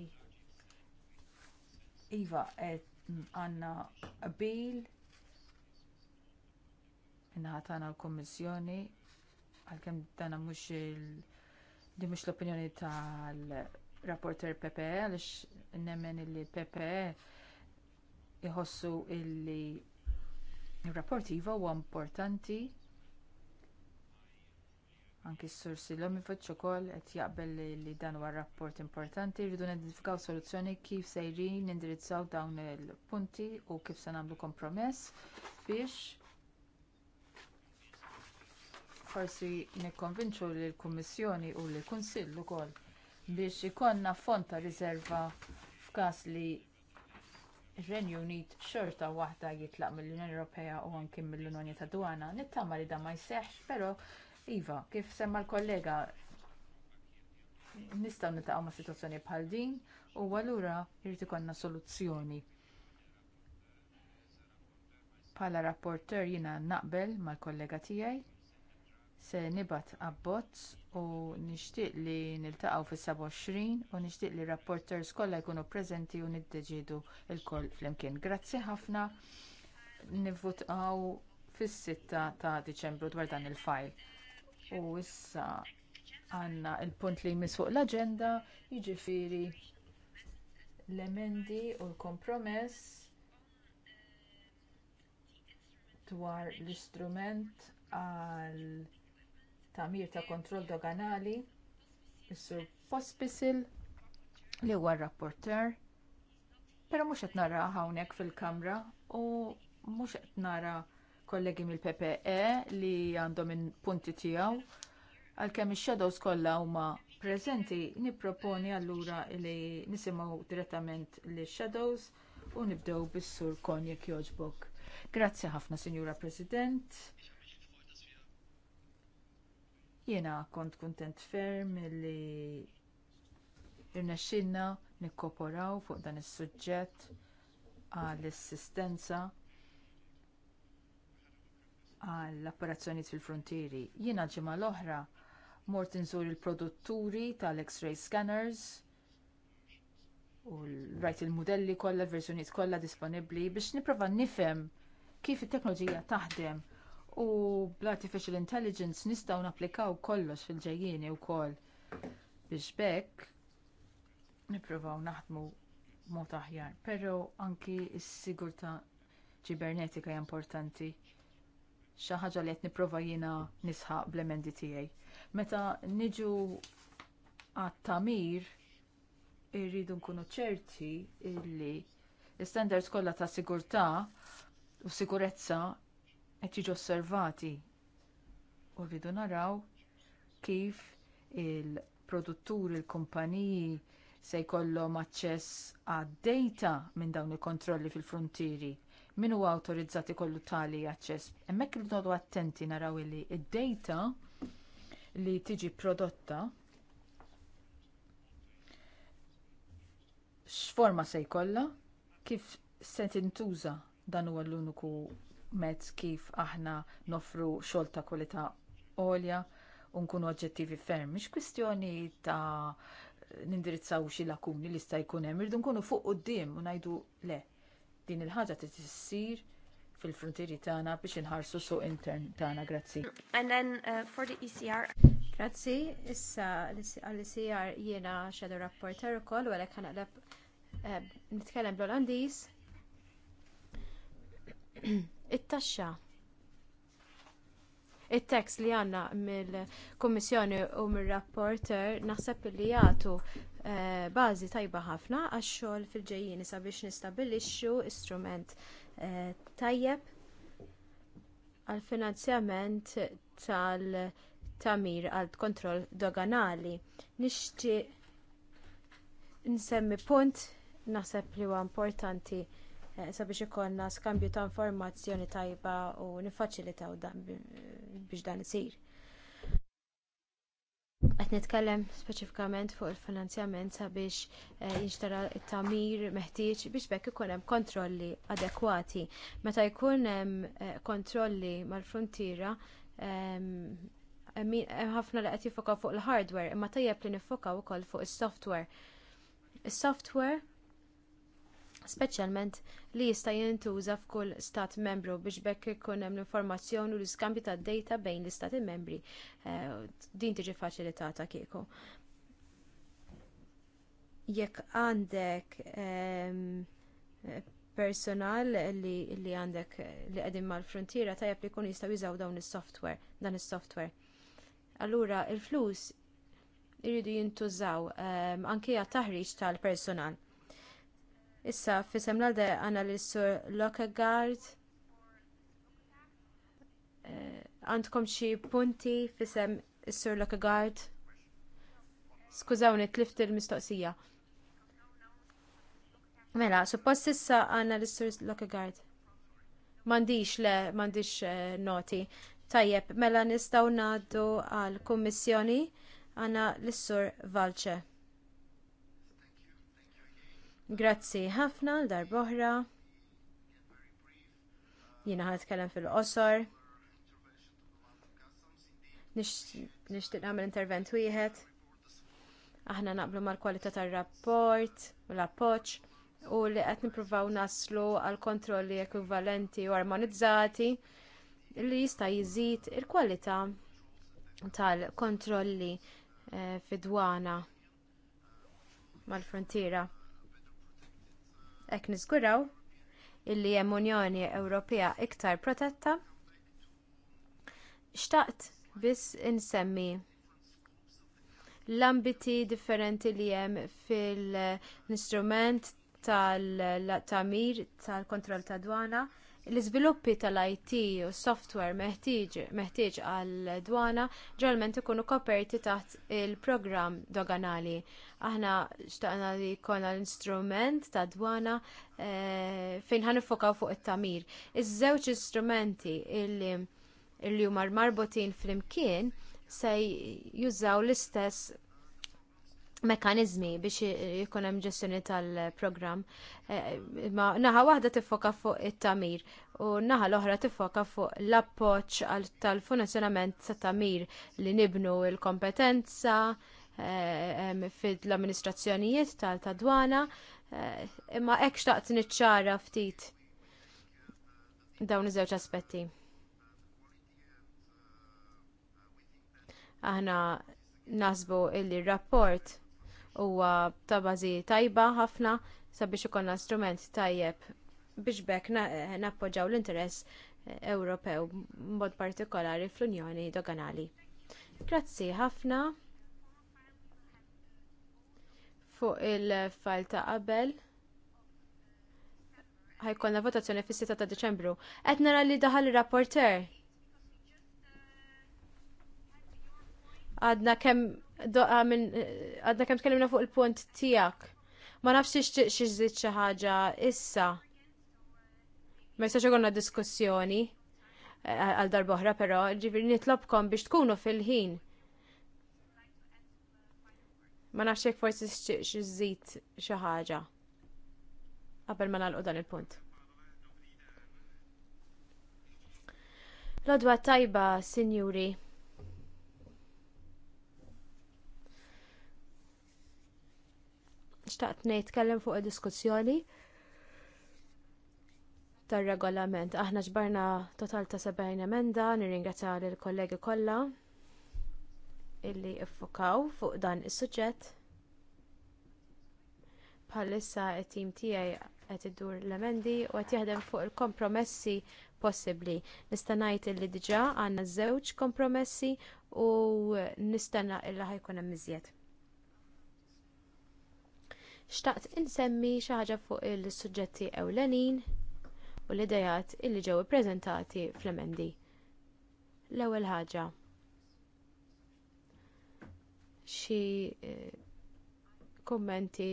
Iva għandna qbil minnaħa tagħna l-Kummissjoni għalkemm dana mhux di mhux l-opinjoni tal-rapporter Pepe, għaliex nemmen li Pepe jħossu illi il-rapport iva huwa importanti anki s-sur Silom jifot kol qed jaqbel li dan huwa rapport importanti rridu nidifikaw soluzzjoni kif sejrin nindirizzaw dawn il-punti u kif se nagħmlu kompromess biex forsi nikkonvinċu lill kummissjoni u lill kunsill ukoll biex ikollna fond ta' riserva f'każ li Renju Unit xorta waħda jitlaq mill-Unjoni Ewropea u anki mill-Unjoni ta' Dwana, nittama li dan ma jseħħx, però iva, kif semma l-kollega nistgħu nitaqgħu ma' sitwazzjoni bħal din u allura jrid ikollna soluzzjoni. Bħala rapporteur jiena naqbel mal-kollega tiegħi se nibat abbozz u nixtieq li niltaqgħu fis-27 u nixtieq li rapporters kollha jkunu preżenti u niddeċidu lkoll flimkien. Grazzi ħafna Nivvotaw fis-6 ta' Diċembru dwar dan il-fajl. U issa għandna l punt li jmiss fuq l-aġenda jiġifieri l-emendi u l-kompromess dwar l-istrument għal tamir ta' kontroll doganali, is-sur Pospisil li huwa r-rapporter, però mhux qed nara hawnhekk fil-kamra u mhux qed nara kollegi mill-PPE li għandhom punti tiegħu għalkemm ix-shadows kollha huma preżenti nipproponi allura li nisimgħu direttament lix shadows u nibdew bis-sur Konjek jogħġbok. Grazzi ħafna, Signora President. Jiena kont kuntent ferm li irnexxinna nikkoporaw fuq dan is-suġġett għall-assistenza għall operazzjonijiet fil-frontieri. Jiena ġimgħa l-oħra mort inżur il-produtturi tal-X-ray scanners u rajt il-modelli kollha, l-verżjonijiet kollha disponibbli biex nipprova nifhem kif it-teknoloġija taħdem u bl-artificial intelligence nistgħu napplikaw kollox fil-ġejjieni wkoll biex bekk nippruvaw naħdmu mod aħjar. Però anki s-sigurtà ċibernetika hija importanti xi ħaġa li qed nipprova jiena nisħaq bl-emendi tiegħi. Meta niġu għat-tamir irridu nkunu ċerti illi l istandards kollha ta' sigurtà u sigurezza qed jiġu osservati u rridu naraw kif il-produtturi, il-kumpaniji se jkollhom aċċess għad-data minn dawn il-kontrolli fil-frontieri. Min huwa awtorizzat ikollu tali aċċess. Hemmhekk irid nodu attenti naraw li id-data li tiġi prodotta x'forma se jkollha, kif se tintuża dan huwa l-uniku mezz kif aħna nofru xogħol ta' kwalità għolja u nkunu oġġettivi ferm. Mhix kwistjoni ta' nindirizzaw xi lakuni li sta' jkun hemm, irdu nkunu fuq quddiem u ngħidu le. Din il-ħaġa trid issir fil-frontieri tagħna biex inħarsu suq intern tagħna. Grazzi. And then uh, for the ECR. Grazzi, issa għall-ECR jiena shadow rapporter ukoll u għalhekk ħanaqleb eh, nitkellem bl-Olandiż it-taxxa. it text li għandna mill-Kummissjoni u mir-rapporter naħseb li jagħtu eh, bażi tajba ħafna għax-xogħol fil-ġejjieni sabiex nistabbilixxu istrument eh, tajjeb għall finanzjament tal-tamir għal kontroll doganali. Nixtieq nsemmi punt naħseb li huwa importanti Eh, sabiex ikollna skambju ta' informazzjoni tajba u nifaċilitaw dan biex dan isir. Qed nitkellem speċifikament fuq il-finanzjament sabiex eh, jinxtara t tamir meħtieġ biex bekk ikun hemm kontrolli adekwati. Meta jkun hemm eh, kontrolli mal-frontiera hemm ħafna li qed jiffokaw fuq il-hardware imma tajjeb li niffokaw ukoll fuq is-software. Is-software speċjalment li jista' jintuża f'kull stat membru biex bekk ikun hemm l-informazzjoni u l-iskambju tad-dejta bejn l-istati membri. Eh, din tiġi faċilitata kieku. Jekk għandek ehm, personal li, għandek li qegħdin mal-frontiera tajjeb li jkun jistgħu jużaw dawn is-software, dan is-software. Allura, il-flus jridu jintużaw um, anke għat taħriġ tal-personal. Issa, fisem l-għalde għana l-sur Lockegaard. Eh, għandkom xi punti fisem l-sur Lockegaard? Skużawni, t-lift il-mistoqsija. Mela, suppost issa għana l-sur Lockegaard. Mandiċ le, mandiċ eh, noti. Tajjeb, mela nistaw naddu għal kummissjoni għana l-sur Valce. Grazzi ħafna l darboħra. Jina kellem fil-qosor. Nixtieq nagħmel intervent wieħed. Aħna naqblu mal-kwalità tar-rapport u l-appoġġ u li qed nippruvaw naslu għal kontrolli ekvivalenti u armonizzati li jista' jiżid il-kwalità tal-kontrolli eh, fidwana mal-frontiera hekk niżguraw illi hemm Unjoni Ewropea iktar protetta. Xtaqt biss insemmi l-ambiti differenti li hemm fil-instrument tal-tamir tal-kontroll tad dwana L-iżviluppi tal-IT u s software meħtieġ għal dwana ġalment ikunu koperti taħt il-programm doganali. Aħna xtaqna li jkollna l-instrument ta' dwana eh, fejn ħan fuq it-tamir. Iż-żewġ istrumenti il-li marbutin marbotin flimkien se jużaw l-istess mekanizmi biex jikun hemm ġestjoni tal-programm. Eh, eh, ma naħa waħda tiffoka fuq it-tamir u naħa l-oħra tiffoka fuq l-appoġġ tal-funzjonament ta' tamir li nibnu l-kompetenza eh, l amministrazzjonijiet tal-tadwana imma hekk xtaqt niċċara ftit dawn iż-żewġ aspetti. Aħna nasbu illi rapport huwa ta' bażi tajba ħafna sabiex ikollna strument tajjeb biex bekk eh, nappoġġaw l-interess eh, Ewropew b'mod partikolari fl-Unjoni Doganali. Grazzi ħafna fuq il fall ta' qabel ħajkolna votazzjoni fis-6 ta' Deċembru. Qed nara li daħal ir-rapporter. Għadna kemm doqa ah, minn għadna kem tkellimna fuq il-punt tiegħek. Ma nafx ixtieq xi żid xi ħaġa issa. Ma jistax għonna diskussjoni eh, għal darba oħra però, ġifieri nitlobkom biex tkunu fil-ħin. Ma nafx jekk forsi xi żid xi ħaġa qabel ma nagħlqu dan il-punt. Lodwa tajba, sinjuri. xtaqt nejtkellem fuq id-diskussjoni tar-regolament. Aħna ġbarna total ta' 70 emenda, nirringrazzja lill kollegi kollha illi iffokaw fuq dan is-suġġett. Bħalissa it-tim tiegħi qed iddur l-emendi u qed jaħdem fuq il-kompromessi possibbli. Nista' il li diġà għandna żewġ kompromessi u nistenna illi ħajkun hemm iżjed xtaqt insemmi xi ħaġa fuq il-suġġetti ewlenin u l-idejat illi ġew ippreżentati fl-emendi. L-ewwel ħaġa xi eh, kummenti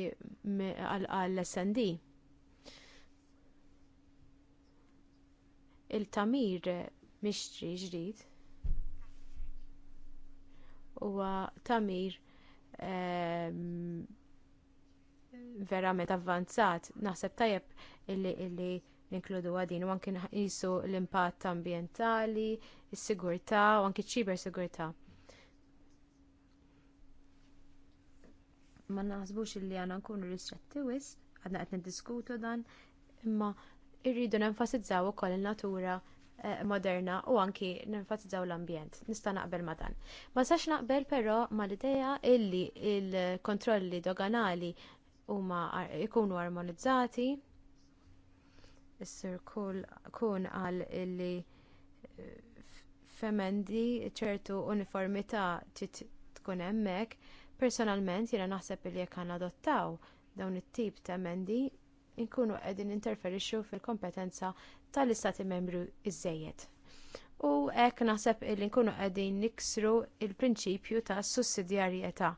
għall-SND. Il-tamir mixtri ġdid huwa tamir um, verament avvanzat, naħseb tajjeb illi, illi ninkludu għadin, u anke nqisu l-impatt ambjentali, is-sigurtà u anki ċiber sigurtà. Ma naħsbux illi għana nkunu ristretti wisq, għadna qed niddiskutu dan, imma irridu nenfasizzaw ukoll il natura eh, moderna u anki nenfatizzaw l-ambjent. Nista' naqbel ma dan. Ma sax naqbel però mal idea illi l il kontrolli doganali huma ikunu armonizzati. Is-sur kun għal illi eh, femendi ċertu uniformità tkun hemmhekk, personalment jiena naħseb li jekk adottaw dawn it-tip ta' emendi nkunu qegħdin interferixxu fil-kompetenza tal-istati membri iżejjed. U hekk naħseb li nkunu qegħdin niksru l prinċipju ta' sussidjarjetà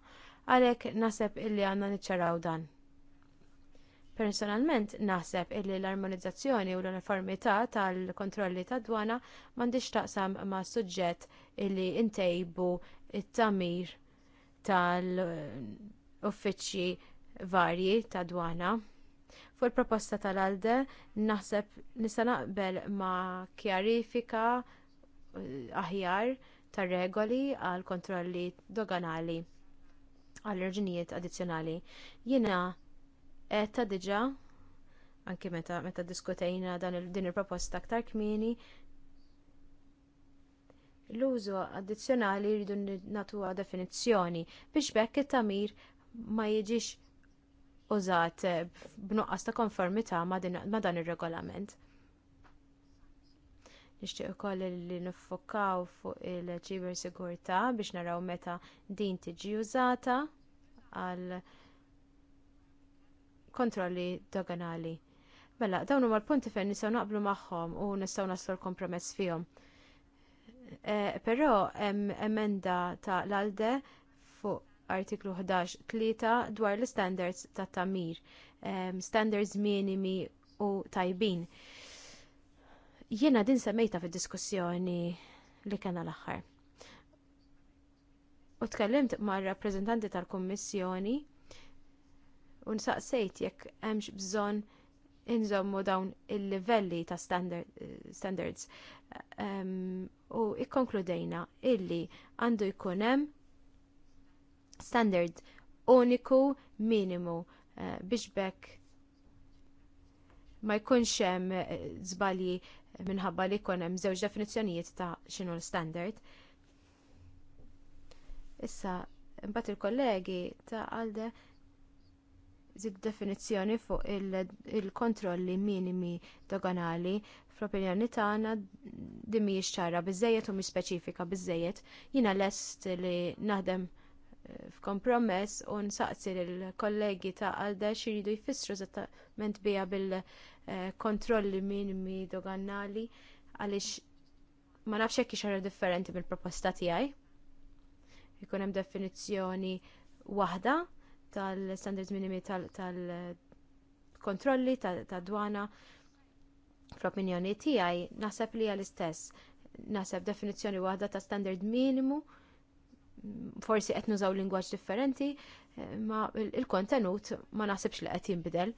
għalhekk naħseb illi għandna niċċaraw dan. Personalment naħseb illi l-armonizzazzjoni u l-uniformità tal-kontrolli tad dwana m'għandix taqsam ma' suġġett illi ntejbu t tamir tal-uffiċċji varji tad dwana. Fu l proposta tal-Alde naħseb nista' naqbel ma' kjarifika aħjar tar regoli għall kontrolli doganali għall raġunijiet addizzjonali. Jiena ta' diġa, anki meta, meta diskutejna dan din il-proposta aktar kmieni, l-użu addizzjonali jridu nagħtuha definizzjoni biex bekk it-tamir ma jiġix użat eh, b'nuqqas ta' konformità ma' dan ir-regolament. Nixtieq ukoll li niffokaw fuq il-ċiber sigurtà biex naraw meta din tiġi użata għal kontrolli doganali. Mela, dawn huma l-punti fejn nistgħu naqblu magħhom u nistgħu naslu l-kompromess fihom. E, Però hemm emenda ta' l-alde fuq artiklu 11-3 dwar l istandards ta' tamir, e, standards minimi u tajbin. Jiena din semmejta fid diskussjoni li kena l aħħar U tkellimt mar rappreżentanti tal kummissjoni u nsaqsejt jekk hemmx bżonn inżommu dawn il-livelli ta' eh, standards. Um, u ikkonkludejna illi għandu jkun hemm standard uniku minimu uh, biex bekk ma jkunx hemm eh, żbalji minħabba li jkun hemm żewġ definizzjonijiet ta' x'inhu l-standard. Issa, mbagħad il-kollegi ta' għalde żid definizzjoni fuq il-kontrolli minimi doganali fl-opinjoni tagħna din mhijiex ċara biżżejjed u mhix speċifika biżżejjed. Jiena lest li naħdem eh, f'kompromess u nsaqsi lill kollegi ta' għalda xiridu jfissru eżattament biha bil-kontrolli eh, minimi doganali għaliex ma nafx hekk xara differenti mill-proposta tiegħi. Jkun hemm definizzjoni waħda tal-standards minimi tal-kontrolli tad-dwana. Fl-opinjoni tiegħi naħseb li hija l-istess. Naħseb definizzjoni waħda ta' standard minimu forsi qed nużaw lingwaġġ differenti, ma il-kontenut ma naħsibx li qed jinbidel.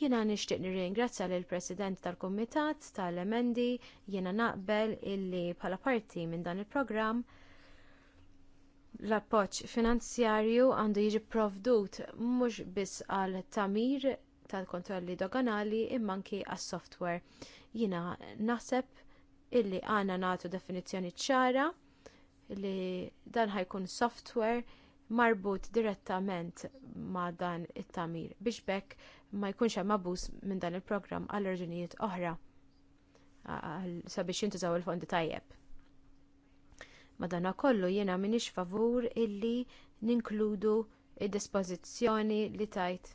Jiena nixtieq nirringrazzja lill president tal-Kumitat tal-Emendi, jiena naqbel illi bħala parti minn dan il-programm L-appoġġ finanzjarju għandu jiġi provdut mhux biss għal tamir tal-kontrolli doganali imma anki għas-software. Jiena naħseb illi għandna nagħtu definizzjoni ċara li dan ħajkun software marbut direttament ma' dan it-tamir biex bekk ma jkunx hemm abbuż minn dan il-programm għal raġunijiet oħra sabiex jintużaw il-fondi tajjeb. Madankollu jiena m'iniex favur illi ninkludu id-dispożizzjoni li tajt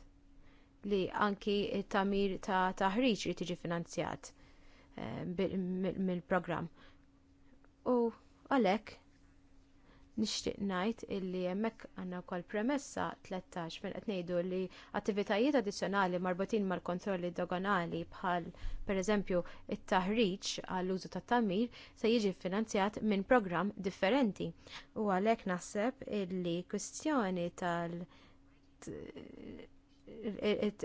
li anki t tamir ta' taħriġ li tiġi finanzjat mill-programm. U għalhekk Nixtieq ngħid illi hemmhekk għandna wkoll premessa 13 fejn qed ngħidu li attivitajiet addizzjonali marbutin mal-kontrolli doganali bħal pereżempju it taħriġ għall użu tat tagħmir se jiġi finanzjat minn programm differenti. U għalhekk naħseb illi kwistjoni tal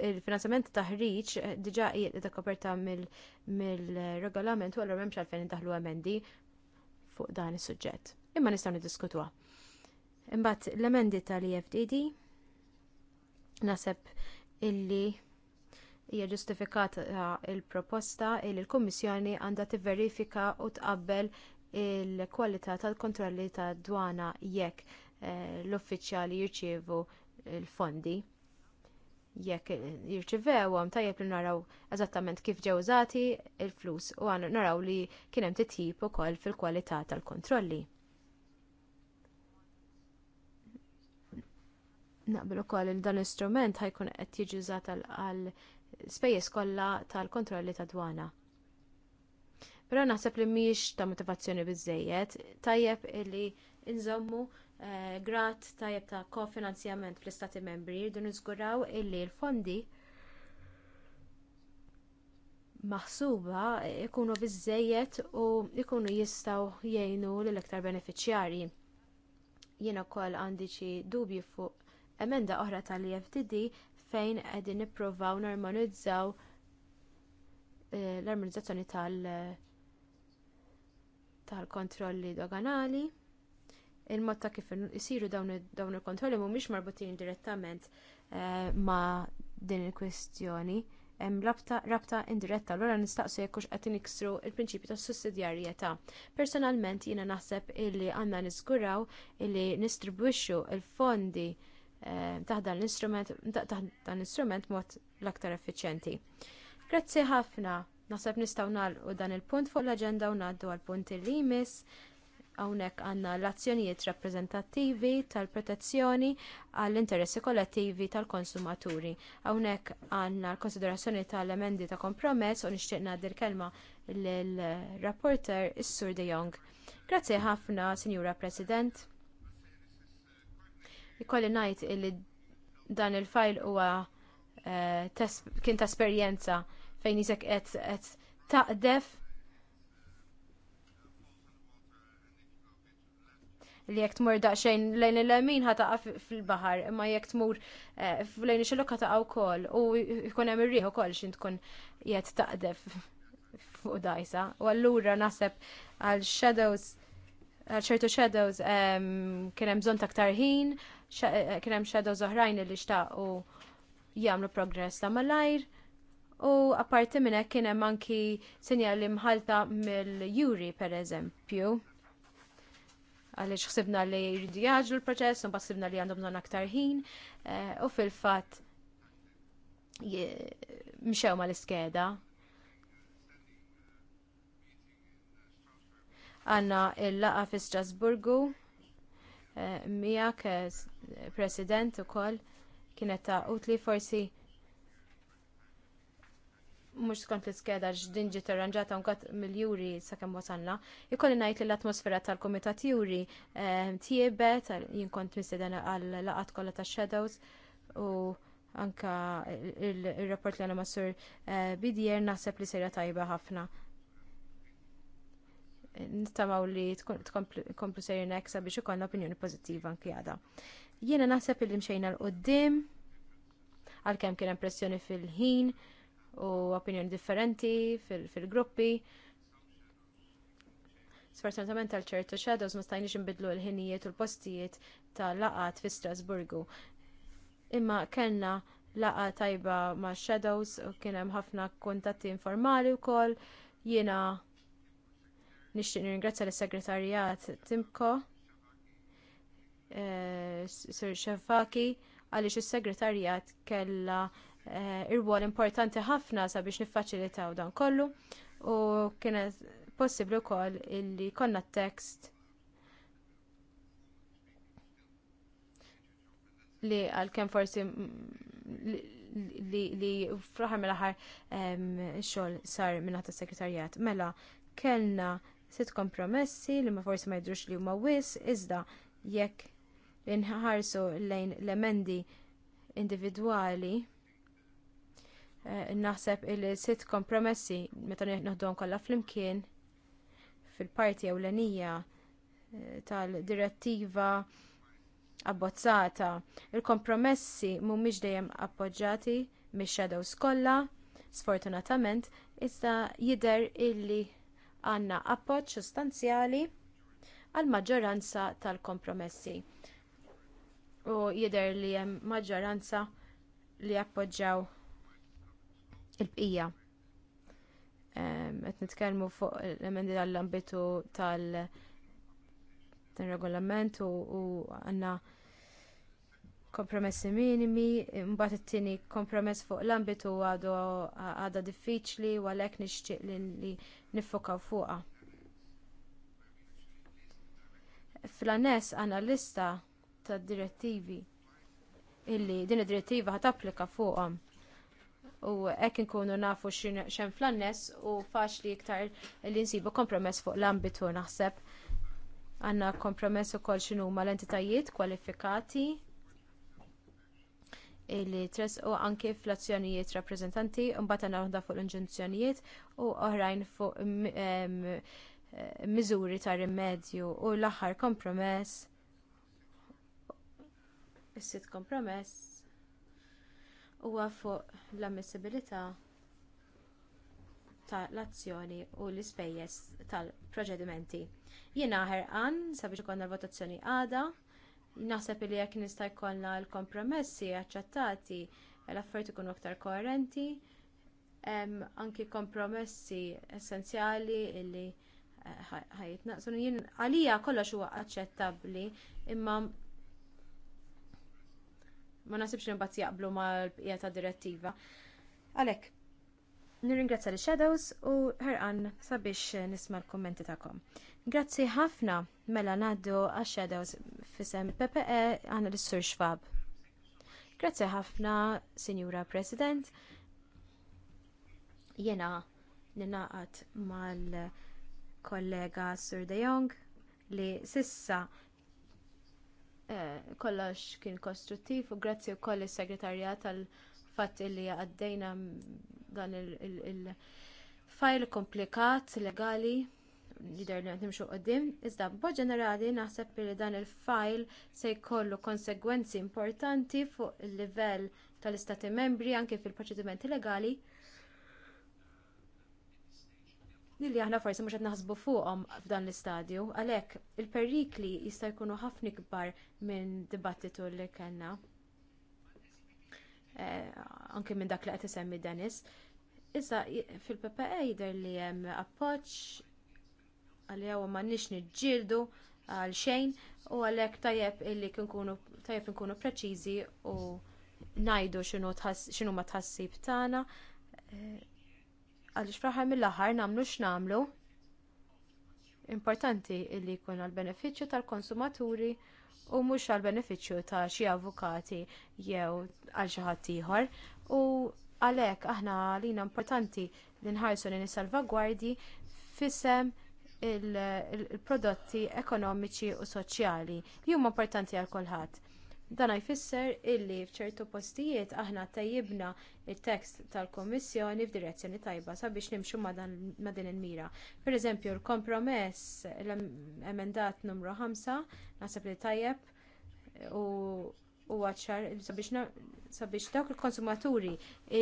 il-finanzjament taħriġ diġa qiegħda koperta mill-regolament u allura m'hemmx għalfejn emendi fuq dan is-suġġett imma nistgħu niddiskutuha. Imbagħad l-emendi tal-EFDD naseb illi hija ġustifikata il-proposta li il l-Kummissjoni għandha tivverifika u tqabbel il-kwalità tal-kontrolli tad dwana jekk eh, l-uffiċjali jirċievu l fondi jekk jirċivewhom tajjeb li naraw eżattament kif ġew il l flus u għan naraw li kien hemm titjib ukoll fil-kwalità tal-kontrolli. Naqbel ukoll il dan l-istrument ħajkun qed jiġi użat għal spejjeż kollha tal-kontrolli ta' dwana. Però naħseb li mhijiex ta' motivazzjoni bizzejiet, tajjeb illi nżommu eh, grat tajjeb ta' kofinanzjament fl-istati membri jirdu niżguraw illi l-fondi maħsuba ikunu biżżejjed u ikunu jistgħu jgħinu lill iktar benefiċjarji. Jena kol għandi xi dubji fuq emenda oħra tal-EFTD fejn qegħdin nippruvaw normalizzaw eh, l-armonizzazzjoni tal-kontrolli doganali il-mod ta' kif isiru dawn il-kontrolli mhumiex marbutin direttament eh, ma' din il-kwestjoni hemm rabta indiretta allura nistaqsu jekk hux qed iniksru l-prinċipju tas sussidjarjetà. Personalment jiena naħseb illi għandna niżguraw illi nistribwixxu l fondi il taħdan eh, l taħdan l-istrument mod l-aktar effiċjenti. Grazzi ħafna. Naħseb nistgħu nagħlqu dan il-punt fuq l-aġenda u ngħaddu għal punt li jmiss hawnhekk għandna l-azzjonijiet rappreżentattivi tal-protezzjoni għall-interessi kollettivi tal-konsumaturi. Hawnhekk għandna l-konsiderazzjoni tal-emendi ta' kompromess u nixtieq ngħaddi l-kelma lill-rapporter is-Sur De Jong. Grazzi ħafna, Sinjura President. Ikolli ngħid illi dan il-fajl huwa eh, kien ta' esperjenza fejn isek qed taqdef li jek tmur daqxejn lejn il-lemin ħataqa fil-bahar, imma jek tmur eh, lejn ixilok ħata għaw kol, u jkun hemm irriħu kol xin tkun jett taqdef *laughs* fuq dajsa. U allura naseb għal shadows, għal ċertu shadows ehm, kien hemm bżonn ta' ktar ħin, Eh, eh, kien hemm shadows oħrajn li xtaqu jagħmlu progress ta' malajr. U apparti minn hekk kien hemm anki sinjali mħalta mill-juri pereżempju għaliex ħsibna li jridu jaġlu l-proċess, un sibna li għandhom non aktar ħin, eh, u fil-fat mxew ma l-iskeda. Għanna il-laqa fi Strasburgu Eh, miegħek eh, President ukoll kienet ta' utli forsi mhux skont l-iskeda x'din ġiet un unkat mil juri sakemm wasalna. Ikolli ngħid li l-atmosfera tal komitat Juri eh, tiebet jien kont sedena għal laqat kollha tax-shadows u anka il-rapport li għana massur bidjer naħseb li sejra tajba ħafna nittamaw li tkomplu sejri neksa biex konna opinjoni pozittiva anki għada. Jiena naħseb li mxejna l-qoddim, għalkemm kien impressjoni fil-ħin u opinjoni differenti fil-gruppi. Sfortunatament għal ċertu shadows ma stajniex nbidlu l-ħinijiet u l-postijiet tal-laqat fi Strasburgu. Imma kellna laqa tajba ma' shadows u kien hemm ħafna kuntatti informali wkoll jiena Nixtieq nirringrazzja l-Segretarjat Timko, eh, Sir Shafaki għaliex is-Segretarjat kellha eh, irwol importanti ħafna sabiex niffaċilitaw dan kollu u kienet possibbli wkoll illi konna t tekst li għalkemm forsi li fraħar mill-aħħar xogħol sar minn tas segretarjat. Mela kellna sitt kompromessi li ma forsi ma jidrux li huma wis, iżda jekk inħarsu lejn l-emendi individwali eh, naħseb il-sitt kompromessi meta naħduhom kollha flimkien fil-parti ewlenija eh, tal-direttiva abbozzata. Il-kompromessi mhumiex dejjem appoġġjati mix-shadows kollha, sfortunatament, iżda jidher illi għandna appoġġ sostanzjali għall maġġoranza tal-kompromessi. U jidher li hemm maġġoranza li appoġġjaw il-bqija. Qed nitkellmu fuq l-emendi tal-ambitu tal-regolament u għandna kompromessi minimi, mbagħad it-tieni kompromess fuq l-ambitu għadu għadha diffiċli u għalhekk nixtieq li niffokaw fuqha. fl anness għandna lista tad direttivi illi din id-direttiva ħat applika fuqhom u hekk inkunu nafu xem fl u faċli iktar li nsibu kompromess fuq l-ambitu naħseb għandna kompromess ukoll x'inhuma l-entitajiet kwalifikati li tresqu anke fl-azzjonijiet rappreżentanti mbagħad naħda fuq l-inġunzjonijiet u oħrajn fuq miżuri ta' rimedju u l-aħħar kompromess is-sit kompromess huwa fuq l-ammissibilità tal-azzjoni u l-ispejjeż tal-proċedimenti. Jiena ħerqan sabiex ikollna l-votazzjoni għada Naħseb li jekk nista' jkollna l-kompromessi aċċettati l-affarijiet ikunu aktar koerenti, hemm anki kompromessi essenzjali li eh, ħajtnaqsu jien għalija kollox huwa aċċettabbli imma ma nasibx imbagħad jaqblu mal-bqija ta' direttiva. Għalhekk, Nirringrazzja li Shadows u ħerqan sabiex nisma l-kommenti tagħkom. Grazzi ħafna mela ngħaddu għax Shadows fisem PPE għandna l-Sur Schwab. Grazzi ħafna, Sinjura President. Jena ninaqat mal-kollega Sur De Jong li sissa eh, kollox kien kostruttiv u grazzi wkoll is segretarja tal-fatt li għaddejna dan il file komplikat legali li li nimxu qoddim, iżda bo ġenerali naħseb li dan il file se jkollu konsegwenzi importanti fuq il-livell tal-istati membri anke fil-proċedimenti legali li aħna forsi mhux qed naħsbu fuqhom f'dan l-istadju, għalhekk il-perikli jista' jkunu ħafna kbar minn dibattitu li kellna. Eh, anke minn dak li qed isemmi Dennis. Iżda fil ppa e jidher li hemm appoġġ għal għaw m'għandniex niġġieldu għal xejn u għalhekk tajjeb illi nkunu tajjeb nkunu preċiżi u ngħidu x'inhu ma tħassib tagħna eh, għaliex fl-aħħar mill-aħħar nagħmlu x'nagħmlu. Importanti illi jkun għall benefiċċju tal-konsumaturi u mhux għall benefiċċju ta' xi avukati jew għal xi ħadd ieħor u għalhekk aħna għalina importanti li nħarsu li nissalvagwardji f'isem il-prodotti ekonomiċi u soċjali li huma importanti għal kulħadd. Dan jfisser illi f'ċertu postijiet aħna tajjibna il-tekst tal kummissjoni f'direzzjoni tajba sabiex nimxu ma' din il-mira. Pereżempju l-kompromess l-emendat numru 5 naħseb li tajjeb u huwa ċar sabiex dawk il-konsumaturi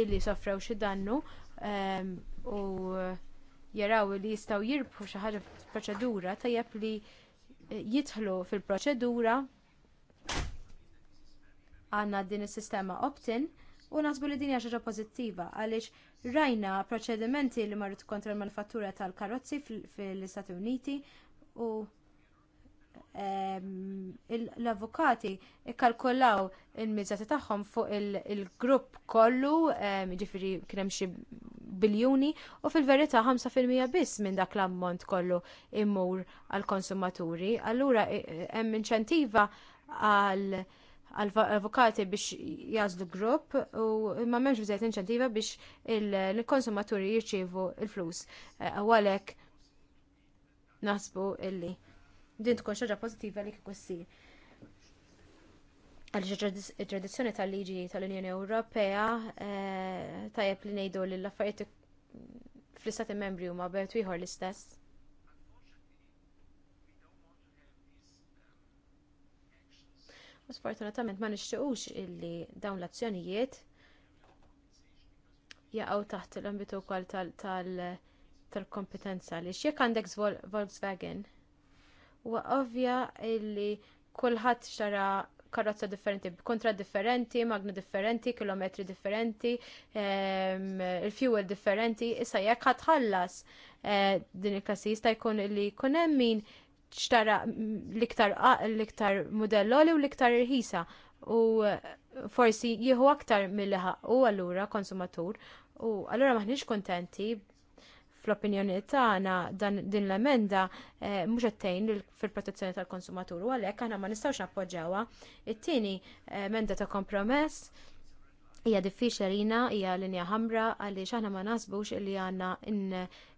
illi soffrew xi dannu ehm, u jaraw li jistgħu jirbħu xi ħaġa f'proċedura tajjeb li jidħlu fil-proċedura għanna din is-sistema opt-in u naħsbu li din hija ħaġa pożittiva għaliex rajna proċedimenti li marru kontra l-manifattura tal-karozzi fil istati Uniti u ehm, l-avukati ikkalkulaw il-mizzati tagħhom fuq il-grupp kollu, ehm, ġifiri kienem xi biljuni, u fil-verità 5% biss minn dak l-ammont kollu immur għal-konsumaturi. Allura e, e, hemm inċentiva għal avukati biex jazdu grupp u ma memx bżajt inċentiva biex il-konsumaturi jirċievu l flus eh, Għalek nasbu illi. Din tkun xaġa pozitiva li kikussi. Għalix il-tradizjoni tal-liġi tal-Unjoni Ewropea eh, tajjeb li nejdu l-affarijiet fl-istati membri huma bert ieħor l-istess. sfortunatament ma nixtiequx illi dawn l-azzjonijiet jaqgħu taħt l-ambitu wkoll tal-kompetenza għaliex jekk li x'jekk għandek Volkswagen huwa ovvja illi kulħadd xara karozza differenti, kontra differenti, magna differenti, kilometri differenti, ehm, il-fuel differenti, issa jekk ħatħallas eh, din il-klassi jista' jkun li jkun hemm min ċtara l-iktar l-iktar modelloli u l-iktar irħisa u uh, forsi jieħu aktar mill-ħaq u allura konsumatur u allura maħniex kontenti fl-opinjoni tagħna dan din l-emenda eh, mhux qed tgħin fil-protezzjoni tal-konsumatur u għalhekk aħna ma nistgħux nappoġġawha. It-tieni eh, emenda ta' kompromess hija diffiċli lina hija linja ħamra għaliex aħna ma nasbux li għandna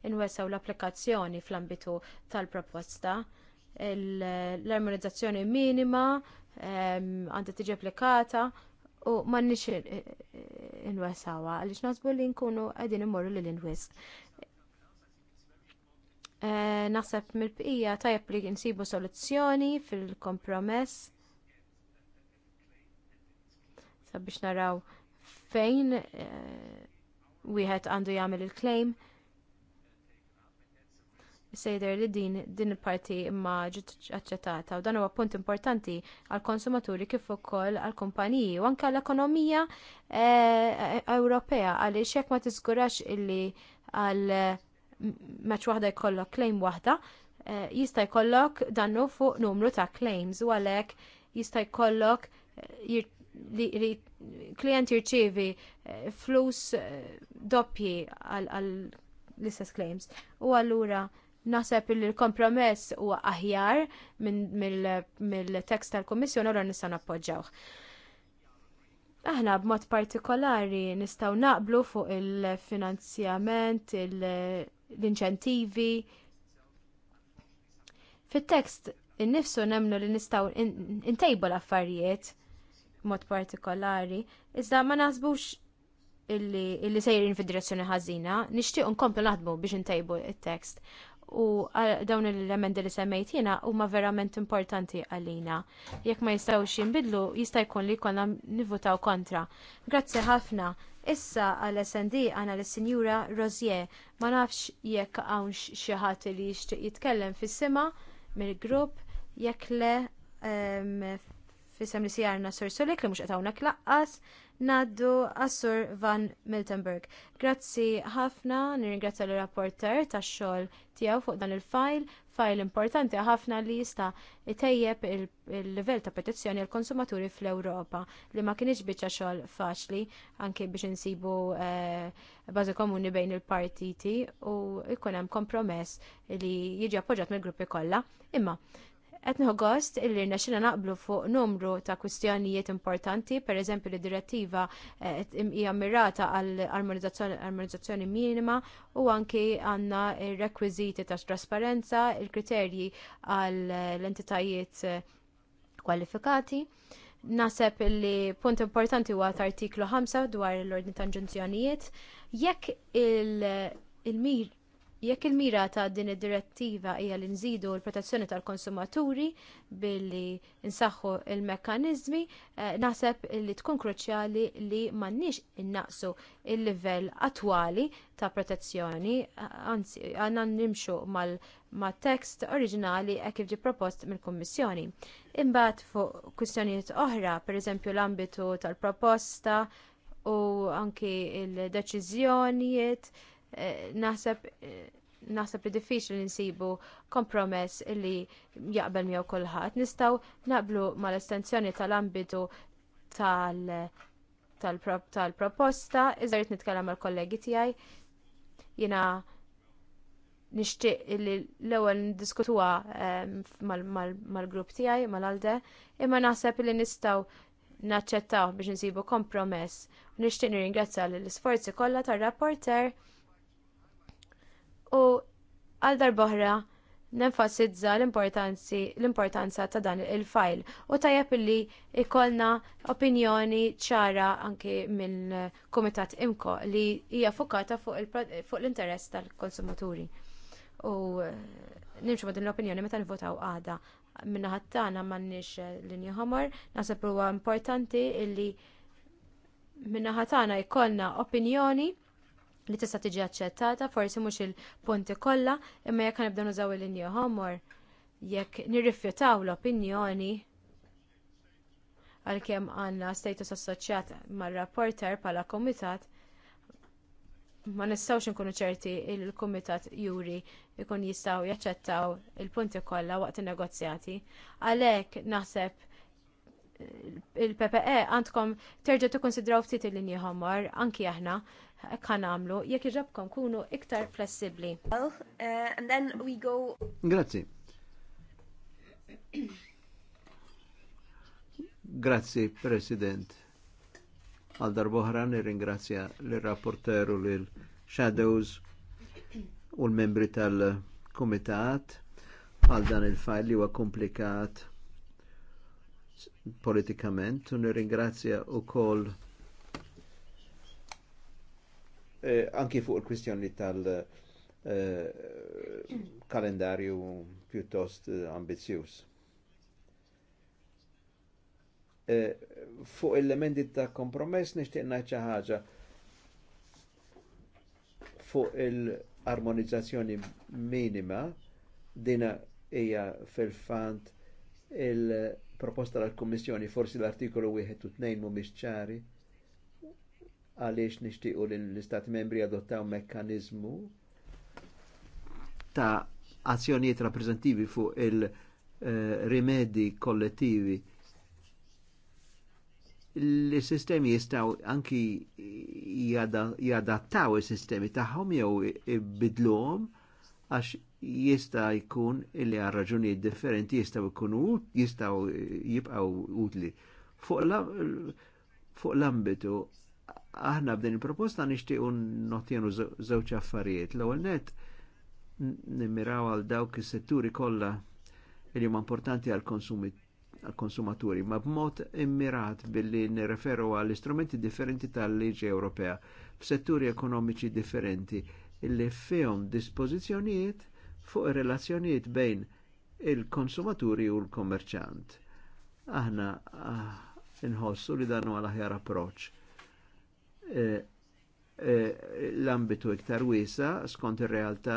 inwessaw l-applikazzjoni fl-ambitu tal-proposta l-armonizzazzjoni minima ehm, għandha tiġi applikata u m'għandniex inwesawa għaliex naħsbu li nkunu qegħdin immorru l-inwes. Eh, naħseb mill-bqija tajjeb li nsibu soluzzjoni fil-kompromess sabiex naraw fejn eh, wieħed għandu jagħmel il-claim sejder li din din il-parti imma ġiet aċċettata u dan huwa punt importanti għall konsumaturi kif ukoll għall kumpaniji u anke l-ekonomija eh, Ewropea għaliex jekk ma tiżgurax illi għal meċ waħda jkollok claim waħda eh, jista' jkollok dannu fuq numru ta' claims u għalhekk jista' jkollok eh, li klient jirċievi flus doppji għal l-istess claims. U allura Naħseb li l-kompromess huwa aħjar mill-tekst tal-Kummissjoni u nistgħu nappoġġawh. Aħna b'mod partikolari nistgħu naqblu fuq il-finanzjament, l-inċentivi. Fit-tekst innifsu nemnu li nistgħu intejbu l-affarijiet b'mod partikolari, iżda ma naħsbux illi, illi sejrin fid direzzjoni ħażina, nixtieq nkomplu naħdmu biex intejbu it-tekst u dawn l-elementi li semmejt jiena huma verament importanti għalina. Jekk ma jistgħux jinbidlu, jista' jkun li jkollna nivutaw kontra. Grazzi ħafna. Issa għal SND għana l-Sinjura Rosier. Ma nafx jekk hawnx xi ħadd li jixtieq jitkellem fis-sima mill-grupp jekk le um, fissem li sijarna sorsolek li mux hawnhekk klaqqas, Naddu Assur Van Miltenberg. Grazzi ħafna, nirringrazzja l-rapporter tax xogħol tiegħu fuq dan il-fajl, fajl importanti ħafna li jista' itejjeb il-livell ta' petizzjoni għal konsumaturi fl-Ewropa li ma kienx biċċa xogħol faċli anke biex insibu eh, bażi komuni bejn il-partiti u jkun hemm kompromess li jiġi appoġġjat mill-gruppi kollha. Imma Qed nieħu gost illi rnexxina naqblu fuq numru ta' kwistjonijiet importanti, pereżempju li direttiva eh, hija mirata għal armonizzazzjoni minima u anki għandna r-rekwiżiti ta' trasparenza, il-kriterji għal entitajiet eh, kwalifikati. Naseb li punt importanti huwa artiklu 5 dwar l-ordni tanġenzjonijiet. Jekk il-mir il mir Jekk il-mira ta' din id-direttiva hija li nżidu l-protezzjoni tal-konsumaturi billi nsaħħu il-mekkanizmi, eh, naħseb li tkun kruċjali li m'għandniex innaqsu il-livell attwali ta' protezzjoni, anzi għandna nimxu mal ma' tekst oriġinali hekk kif ġie propost mill-Kummissjoni. Imbagħad fuq kwistjonijiet oħra, pereżempju l-ambitu tal-proposta u anki l-deċiżjonijiet Eh, naħseb eh, naħseb li diffiċli li nsibu kompromess li jaqbel miegħu kulħadd. Nistgħu naqblu mal-estensjoni tal-ambitu tal-proposta, iżda rrid nitkellem mal-kollegi tiegħi. Jiena nixtieq li l-ewwel ndiskutuha ehm, mal-grupp tiegħi, mal-alde, imma naħseb li nistgħu naċċettaw biex nsibu kompromess. Nixtieq nirringrazzja l isforzi kollha tar-rapporter u għal darboħra nenfasizza l-importanza ta' dan il file u tajjeb li jkollna opinjoni ċara anki mill kumitat Imko li hija fukata fuq l-interess tal-konsumaturi. U eh, nimxu din l-opinjoni meta nivvotaw għada. Minna ħattana m'għandniex eh, linja ħamar, nasab huwa importanti illi minna ħattana jkollna opinjoni li tista' tiġi aċċettata, forsi mhux il-punti kollha, imma jekk nibdew nużaw il-linja homor, jekk nirrifjutaw l-opinjoni għalkemm għandna status assoċjat mar-rapporter bħala kumitat, ma nistgħux inkunu ċerti li l kumitat juri jkun jistgħu jaċċettaw il-punti kollha waqt in-negozjati. Għalhekk naħseb il-PPE għandkom terġa' tikkonsidraw ftit il-linji ħomor anki aħna kan għamlu, jekk iġabkom kunu iktar flessibli. Well, uh, and then we go... Grazzi. Grazzi, President. Għal darboħra nirringrazzja l-rapporteru l-Shadows u l-membri tal-Komitat għal dan il-fajl li huwa komplikat politikament u nirringrazzja u koll Eh, anki fuq il-kwistjoni tal-kalendarju eh, pjuttost eh, ambizjuż. Eh, fuq il-elementi ta' kompromess nishtiq ngħid xi ħaġa fuq il-armonizzazzjoni minima dina hija fil-fant il- proposta tal kummissjoni forsi l-artikolu 1 u 2 mhumiex ċari għaliex nixtiequ li l-Istati membri adottaw mekkanizmu ta' azzjonijiet rappresentivi fuq il-rimedi kollettivi l-sistemi jistaw anki jadattaw il-sistemi taħħom jew ibidluhom għax jista jkun illi għal raġunijiet differenti jistaw jkunu jistaw jibqaw utli. Fuq l-ambitu aħna b'din il-proposta nixtiequ notjenu żewġ affarijiet. L-ewwel net nimmiraw għal dawk is-setturi kollha li huma importanti għal konsumaturi ma b'mod immirat billi nirreferu għal istrumenti differenti tal-liġi Ewropea f'setturi ekonomiċi differenti illi fihom dispożizzjonijiet fuq ir-relazzjonijiet bejn il-konsumaturi u l-kommerċant. Aħna ah, inħossu nħossu li dan huwa l-aħjar approċċ Eh, eh, l-ambitu iktar wiesa skont ir-realtà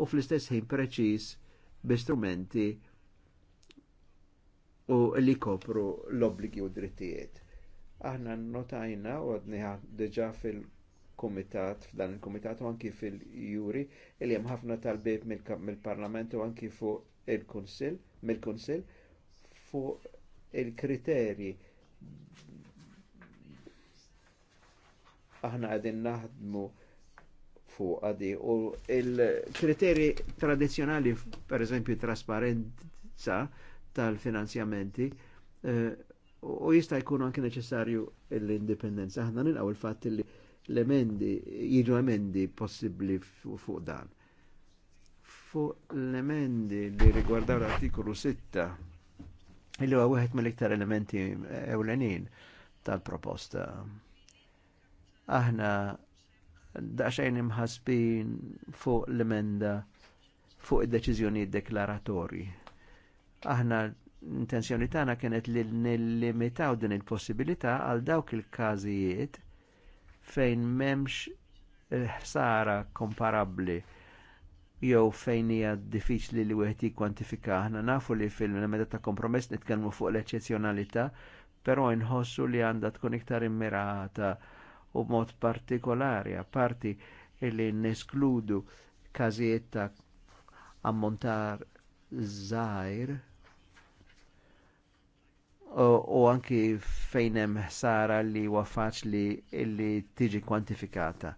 u fl-istess ħin preċiż b'istrumenti u li kopru l-obbligi u drittijiet. Aħna notajna u għadniħa deġa fil-komitat, f'dan il-komitat u anki fil-juri, il hemm ħafna tal-bib mill-parlament u anki fuq il-konsil, mill-konsil, fuq il-kriterji aħna għadin naħdmu fuq għadi u il-kriteri tradizjonali, per eżempju, trasparenza tal-finanzjamenti, eh, u jista jkunu anke neċessarju l-indipendenza. Aħna nilgħu il-fatt li l-emendi, jidu emendi possibli fuq dan. Fuq l-emendi li rigwardaw l-artikolu 6, illi huwa wieħed mill-iktar elementi ewlenin tal-proposta Aħna daqsxejn imħasbin fuq l-emenda fuq id deċizjoni deklaratorji. Aħna l-intenzjoni tagħna kienet li nillimitaw din il-possibilità għal dawk il-każijiet fejn m'hemmx eh, ħsara komparabbli jew fejn hija diffiċli li wieħed jikkwantifika. Aħna nafu li fil emenda ta' kompromess nitkellmu fuq l-eċċezzjonalità, però nħossu li għandha tkun iktar immirata u mod partikolari, parti illi neskludu każijiet ta' ammontar żgħir u anki fejn hemm li huwa li li tiġi kwantifikata.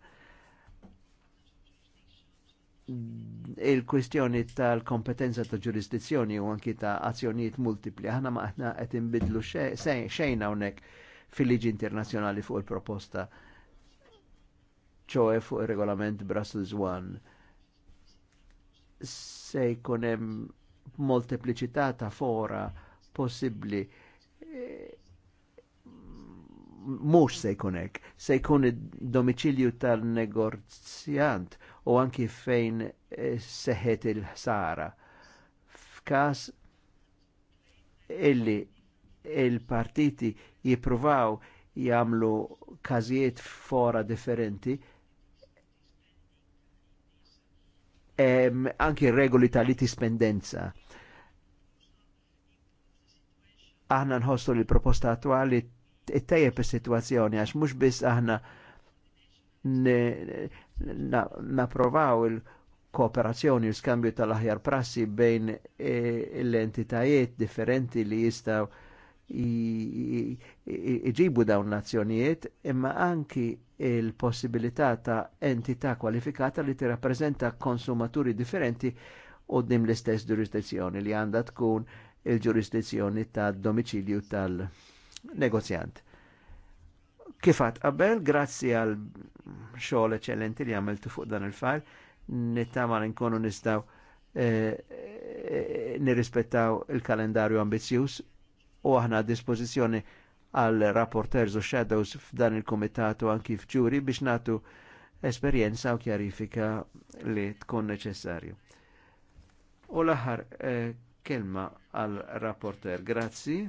Il-kwistjoni tal-kompetenza ta' ġurisdizzjoni u anki ta' azzjonijiet multipli, aħna ma aħna qed inbidlu xejn hawnhekk fil-liġi internazjonali fuq il-proposta ċoħe fuq il-regolament Brussels 1 se jkunem moltepliċità ta' fora possibli eh, mux se jkunek, se jkun domicilju domiċilju tal-negozjant u anki fejn eh, seħet il-ħsara. F'kas illi il-partiti jippruvaw jagħmlu kazijiet fora differenti. Em, anki regoli tal-itispendenza. Aħna nħossu li proposta attuali it-tejjeb is-sitwazzjoni għax mhux biss aħna naprovaw il-kooperazzjoni u skambju tal-aħjar prassi bejn eh, l-entitajiet differenti li jistaw iġibu dawn nazzjonijiet, imma anki il-possibilità ta' entità kwalifikata li tirrappreżenta konsumaturi differenti qoddim l-istess ġurisdizzjoni li għandha tkun il-ġurisdizzjoni ta' domiċilju tal-negozjant. Kifat qabel, grazzi għal xogħol eċellenti li għamiltu fuq dan il-fajl, nittama li nkunu nistaw eh, nirrispettaw il-kalendarju ambizzjuż u aħna dispożizzjoni għal rapporters u shadows f'dan il-komitat u anki f'ġuri biex natu esperjenza u kjarifika li tkun neċessarju. U l-aħħar eh, kelma għal rapporter, grazzi,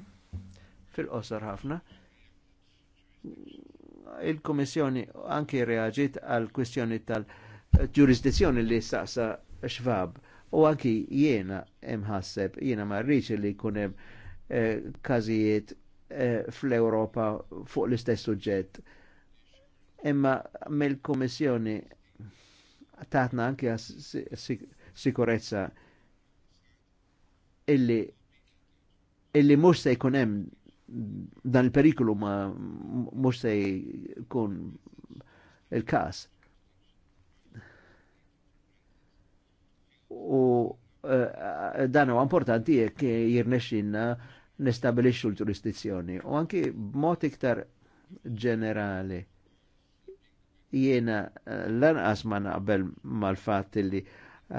fil-qosor ħafna. Il-Komissjoni anki reagit għal kwistjoni tal-ġurisdizzjoni li saqsa xvab u anki jiena imħasseb, jiena marriċ li kunem hemm Eh, kazijiet eh, fl-Europa fuq l-istess suġġett. Imma mill-Kummissjoni tatna anke sikurezza illi illi mhux se jkun hemm dan il periklu ma mux se jkun il kas U Eh, dan huwa importanti jekk jirnexxinna nestabilixxu l-ġurisdizzjoni u anki b'mod iktar ġenerali jiena eh, lanqas ma naqbel mal-fatt li eh,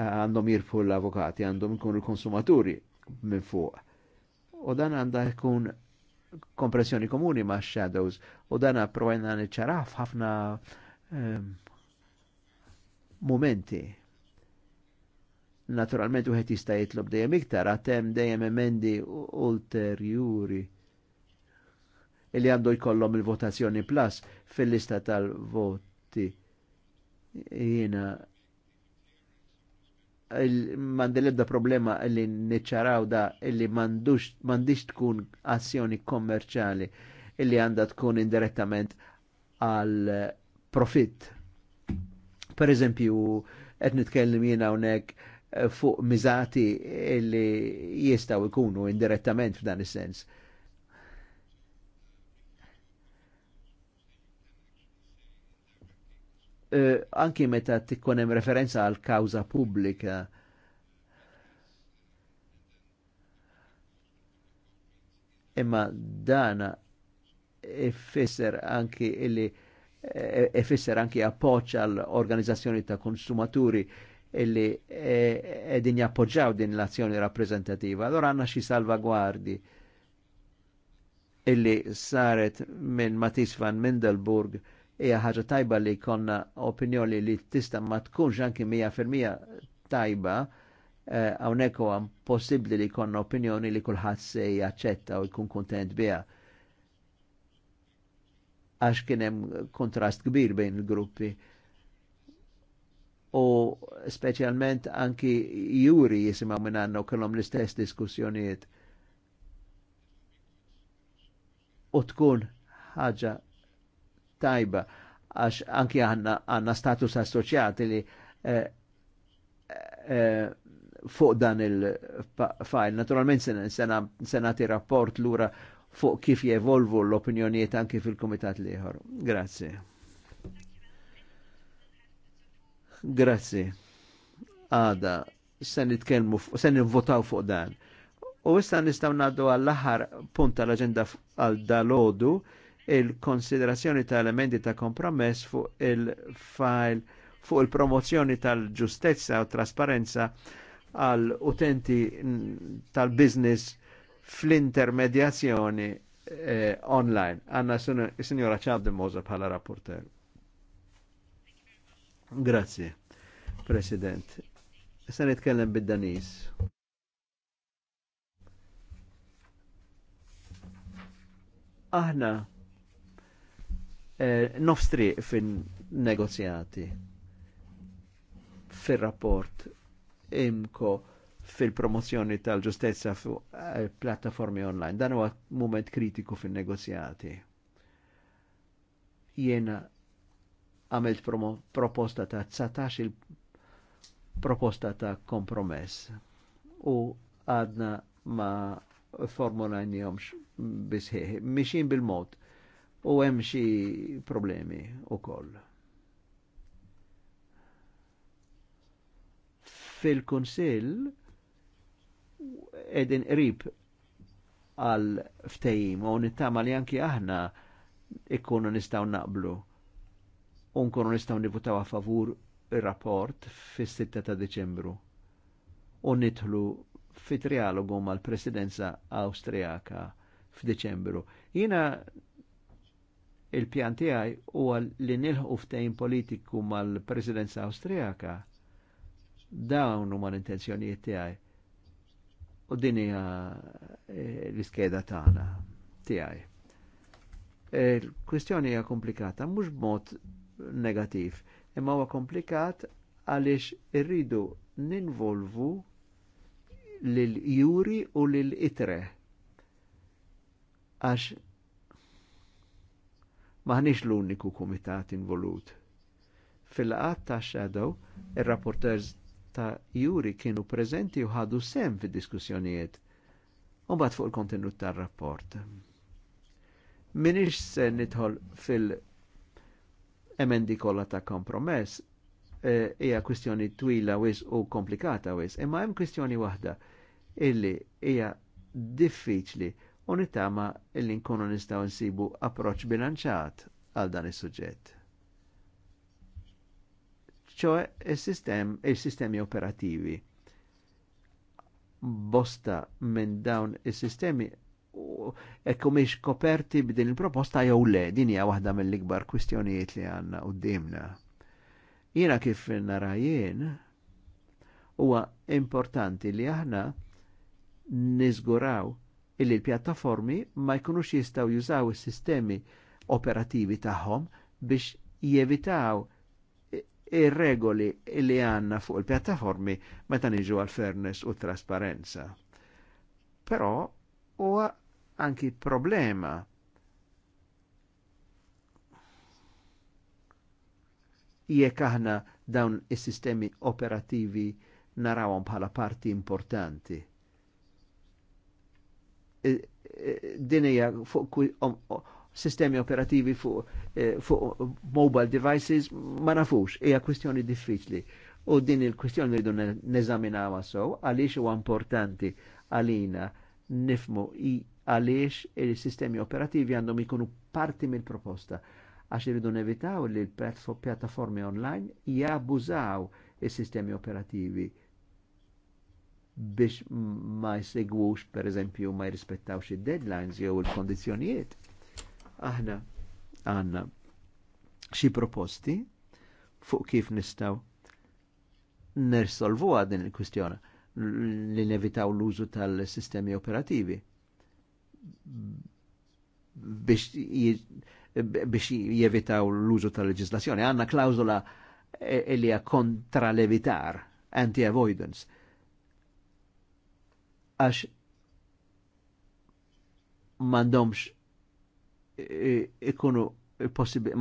għandhom jirfu l avokati għandhom jkun il-konsumaturi minn fuq. U dan għandha jkun kompressjoni komuni ma' shadows u dan provajna niċċaraf ħafna um, ehm, momenti Naturalment uħet jista' jitlob dejjem iktar għatem hemm dejjem emendi ulterjuri illi għandu jkollhom il-votazzjoni plus fil-lista tal-voti. Jiena ebda problema li niċċaraw da illi mandiċ tkun azzjoni kommerċali illi għanda tkun indirettament għal profit. Per eżempju, qed kellim jiena hawnhekk fuq mizati li jistaw ikunu indirettament f'dan is-sens. Uh, anki meta tikkun hemm referenza għal kawza pubblika imma dana ifisser anki illi eh, ifisser anki appoċ għal organizzazzjoni ta' konsumaturi uh, illi eh, edin jappoġġaw din l-azzjoni rappresentativa. Allora għanna xi salvagwardi illi saret minn Matis van Mindelburg hija ħaġa tajba li konna opinjoni li tista' ma tkunx anki 100% tajba eh, hawnhekk huwa possibbli li konna opinjoni li kulħadd se jaċċetta u jkun kuntent biha. Għax kien hemm kontrast kbir bejn il-gruppi u specialment anki juri jisimaw minn u kellhom l-istess diskussjonijiet. U tkun ħaġa tajba għax anki għanna status assoċjati li eh, eh, fuq dan il-fajl. Naturalment senati rapport lura fuq kif jevolvu l-opinjonijiet anki fil-komitat liħor. Grazie. Grazzi. Għada, sen nitkelmu, sen nivvotaw fuq dan. U issa nistaw naddu għall-aħħar punt tal-agenda għal dalodu il-konsiderazzjoni ta' elementi ta' kompromess fuq il-file fuq il-promozzjoni tal-ġustezza u trasparenza għal utenti tal-biznis fl-intermedjazzjoni eh, online. Għanna signora Ċabdi Moza bħala rapporter. Grazie President. Issa nitkellem bid-Danis. Aħna eh, nofstri fin-negozjati fil-rapport imko fil-promozzjoni tal-ġustezza fuq eh, plattaformi online. Dan huwa moment kritiku fin-negozjati. Jena għamilt proposta ta' 19 il-proposta ta' kompromess u għadna ma formulajnijomx bisħieħ, mixin bil-mod u hemm xi problemi koll. Fil-Kunsill edin qrib għal ftejim u nittama li anki aħna ikkunu nistaw naqblu unkunu nistaw nivutaw għafavur favur il-rapport fis-6 ta' Deċembru u nitħlu fi trialogu mal presidenza Awstrijaka f'Deċembru. Jina il-pjan tiegħi huwa li nilħu ftehim politiku mal-Presidenza Awstrijaka dawn huma l-intenzjonijiet tiegħi. U din hija eh, l-iskeda tagħna tiegħi. Il-kwistjoni hija komplikata mhux b'mod negativ. Imma huwa komplikat għaliex irridu ninvolvu lil juri u lil itre. Għax maħniex l-uniku kumitat involut. Fil-qat ta' Shadow, il-rapporters ta' juri kienu prezenti u ħadu sem fid diskussjonijiet u bat fuq il-kontenut tar rapport Minix se nidħol fil- emendi kollha ta' kompromess e, hija e, kwistjoni twila wis u komplikata wis, imma hemm kwistjoni waħda illi hija diffiċli u nittama illi nkunu nistgħu nsibu approċċ bilanċat għal dan is-suġġett. ċoe il-sistem, il-sistemi operativi. Bosta minn dawn is-sistemi ekkumiex miex koperti b'din il-proposta jew le, din hija waħda mill-ikbar kwistjonijiet li għanna d-dimna. Jiena kif narajien huwa importanti li aħna niżguraw illi l-pjattaformi ma jkunux jistaw jużaw is-sistemi operativi tagħhom biex jevitaw ir-regoli li għanna fuq il-pjattaformi meta niġu għal fairness u trasparenza. Però huwa anki problema jekk aħna dawn is-sistemi operativi narawhom bħala parti importanti. E, e, din hija fuq sistemi operativi fuq e, fu mobile devices ma nafux, hija kwistjoni diffiċli. U din il-kwistjoni rridu neżaminawa sew għaliex huwa importanti għalina nifmu għaliex il-sistemi operativi għandhom ikunu parti mill-proposta għax irridu nevitaw li l-pjattaformi online jabużaw il-sistemi operativi biex ma jsegwux per eżempju ma jrispettawx il deadlines jew il-kondizjonijiet. Aħna għanna xi proposti fuq kif nistaw nirsolvu din il-kwistjona li nevitaw l-użu tal-sistemi operativi biex jevitaw l-użu tal-leġislazzjoni. Għanna klawzola e- li hija kontra levitar, anti-avoidance. Għax mandomx ikunu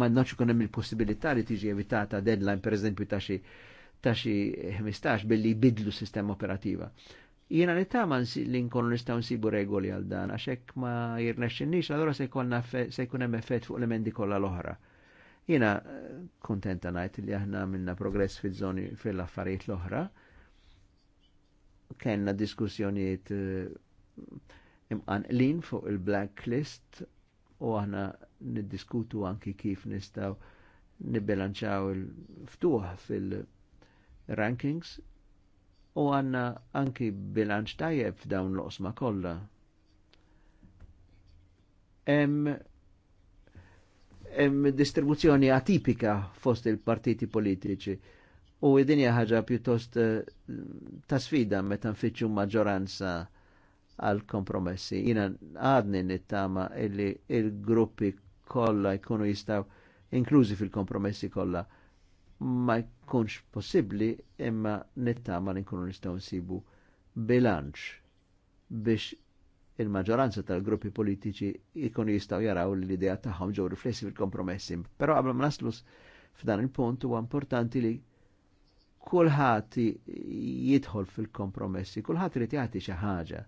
mandomx ikun hemm il-possibilità li tiġi evitata deadline per eżempju ta' xi ta' xi 15 billi jbidlu sistema operativa. Jiena nittama li nkunu nistgħu nsibu regoli għal dan, għax hekk ma jirnexxinniex, allora se jkun hemm effett fuq l-emendi kollha l-oħra. Jiena eh, kontenta ngħid li aħna minna progress fiż-żoni fil-affarijiet l-oħra. Kenna diskussjonijiet eh, imqanqlin fuq il-blacklist u aħna niddiskutu anki kif nistgħu nibbilanċaw il-ftuħ fil-rankings u għanna anki bilanċ tajjeb f'dawn l-osma kolla. Hemm em distribuzzjoni atipika fost il-partiti politiċi u din hija ħaġa pjuttost eh, ta' sfida meta nfittxu maġġoranza għal kompromessi. Jina għadni nittama illi il-gruppi kolla jkunu jistaw inklużi fil-kompromessi kolla ma jkunx possibbli imma nittama ma nkunu nistgħu nsibu bilanċ biex il-maġġoranza tal-gruppi politiċi jkunu jistgħu jaraw li l-idea tagħhom ġew riflessi fil-kompromessi. Però qabel ma naslu f'dan il-punt huwa importanti li kulħadd jidħol fil-kompromessi, kulħadd irid jagħti xi ħaġa.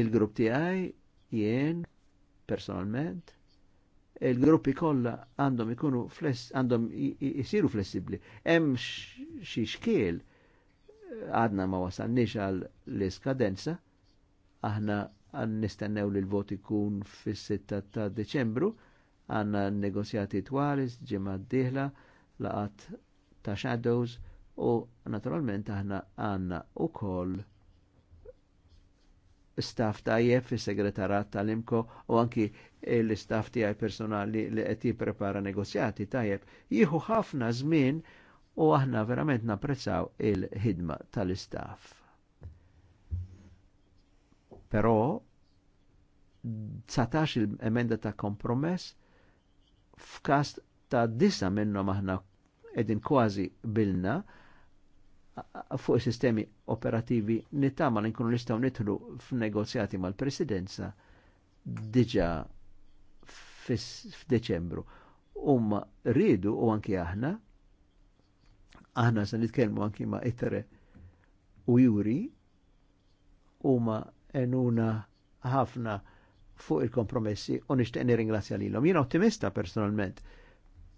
Il-grupp tiegħi jien personalment il-gruppi kollha għandhom ikunu fless għandhom jisiru flessibbli. Hemm xi xkiel eh, għadna ma wasalniex għal l-iskadenza, aħna għan nistennew li l-vot ikun fis sitta ta' Deċembru, għanna negozjati twalis, ġimma d-dihla, laqat ta' shadows u naturalment aħna għanna u koll staff tajjeb fis segretarat tal-imko u anki l-staff tiegħi personali li qed jipprepara negozjati tajjeb. Jieħu ħafna żmien u aħna verament napprezzaw il-ħidma tal-istaff. Però 19 il-emenda ta' kompromess f'kast ta' disa minnhom aħna edin kważi bilna fuq sistemi operativi nittama li nkunu nistgħu nitlu f'negozjati mal-Presidenza diġa f'Deċembru. Umma rridu u anki aħna, aħna se nitkellmu anki ma' ittere u juri, huma enuna ħafna fuq il-kompromessi u nixtieq nirringrazzja lilhom. Jiena ottimista personalment,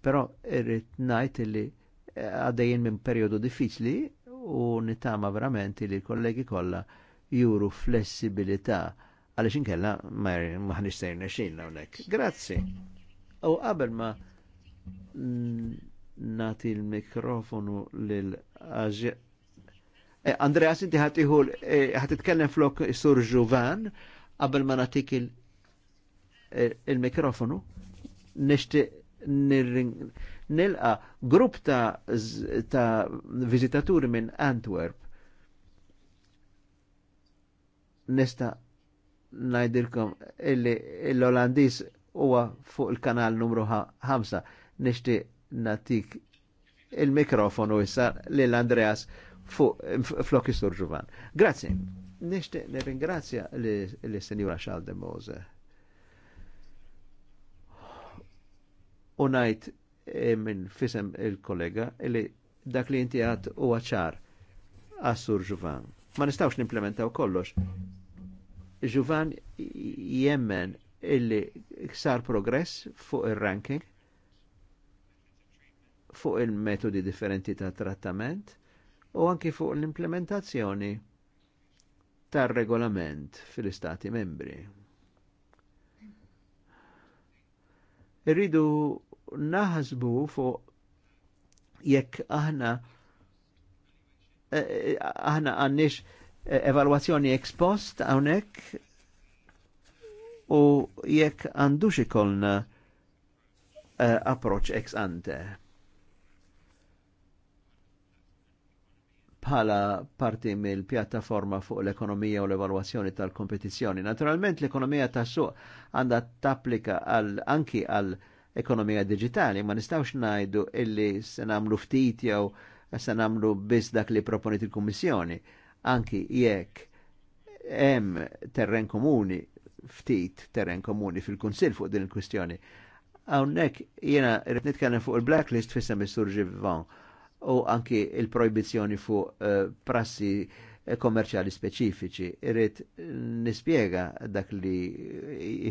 però irrid ngħid li eh, għaddejjin minn perjodu diffiċli u nitama verament li kollegi kollha juru flessibilità għaliex inkella ma ħnistejn xin hawnhekk. Grazzi. U qabel ma nati l-mikrofonu lil eh, Andreas, ħatiħul ħatiħu, eh, ħatitkellem flok sur Juvan, qabel ma natik eh, il-mikrofonu, nishti nirring nilqa grupp ta', ta vizitaturi minn Antwerp. Nista najdilkom illi l-Olandis huwa fuq il-kanal numru 5 nixti natik il-mikrofonu issa l-Andreas fuq flokki Surġuvan. Grazie. Nishti nirringrazzja l-Senjura Xalde Mose. Unajt Eh, minn fisem il-kollega li dak li inti għat u għacħar għassur ġuvan. Ma nistawx nimplementaw kollox. Ġuvan jemmen illi ksar progress fuq il-ranking, fuq il-metodi differenti ta' trattament u anki fuq l-implementazzjoni tar regolament fil-istati membri. Irridu Naħasbu fuq jekk aħna eh, eh, aħna għannix eh, evalwazzjoni ex post hawnhekk u jekk għandux ikollna uh, approċ ex ante. bħala parti mill-pjattaforma fuq l-ekonomija u l-evalwazzjoni tal-kompetizzjoni. Naturalment l-ekonomija tas suq għandha tapplika għal anki għal ekonomija digitali, ma nistawx najdu illi se namlu ftit jew se namlu biss dak li proponit il-Kummissjoni, anki jekk hemm terren komuni ftit terren komuni fil-Kunsil fuq din il-kwistjoni. Hawnhekk jiena rrid nitkellem fuq il-blacklist fissa Mr. Givon u anki il-proibizjoni fuq eh, prassi eh, kommerċali speċifiċi. Irrid nispjega dak li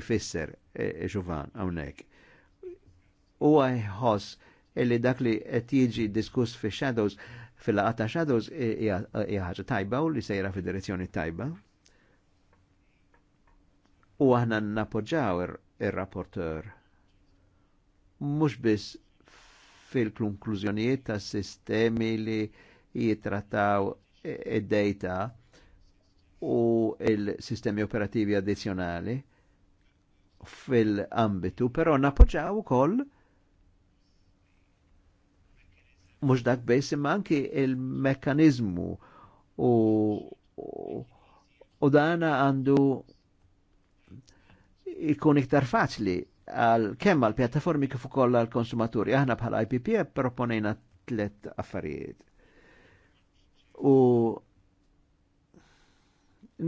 jfisser eh, ġuvan hawnhekk u għajħos illi dak li qed jiġi diskuss fi shadows fil-laqgħa ta' shadows hija ħaġa tajba u li sejra fi direzzjoni tajba. U aħna nappoġġaw ir-rapporteur mhux biss fil-konklużjonijiet ta' sistemi li jitrattaw id-data u il-sistemi operativi addizjonali fil-ambitu, però nappoġġaw ukoll mux dak biss imma anki il mekanizmu u, u, u dana għandu ikun iktar faċli għal kemm għal pjattaformi kif ukoll għal konsumaturi. Aħna bħala IPP proponejna tlet affarijiet. U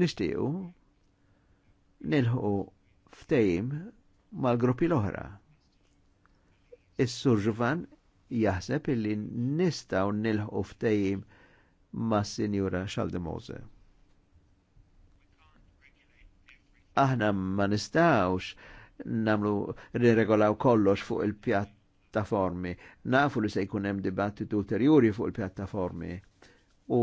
nishtiju nilħu ftejim mal-gruppi l-oħra. is surġuvan jaħseb illi nistaw nilħu ftejim ma' Sinjura Xaldemose. Aħna ma nistawx namlu riregolaw kollox fuq il-pjattaformi. Nafu li se jkun hemm dibattitu ulterjuri fuq il-pjattaformi. U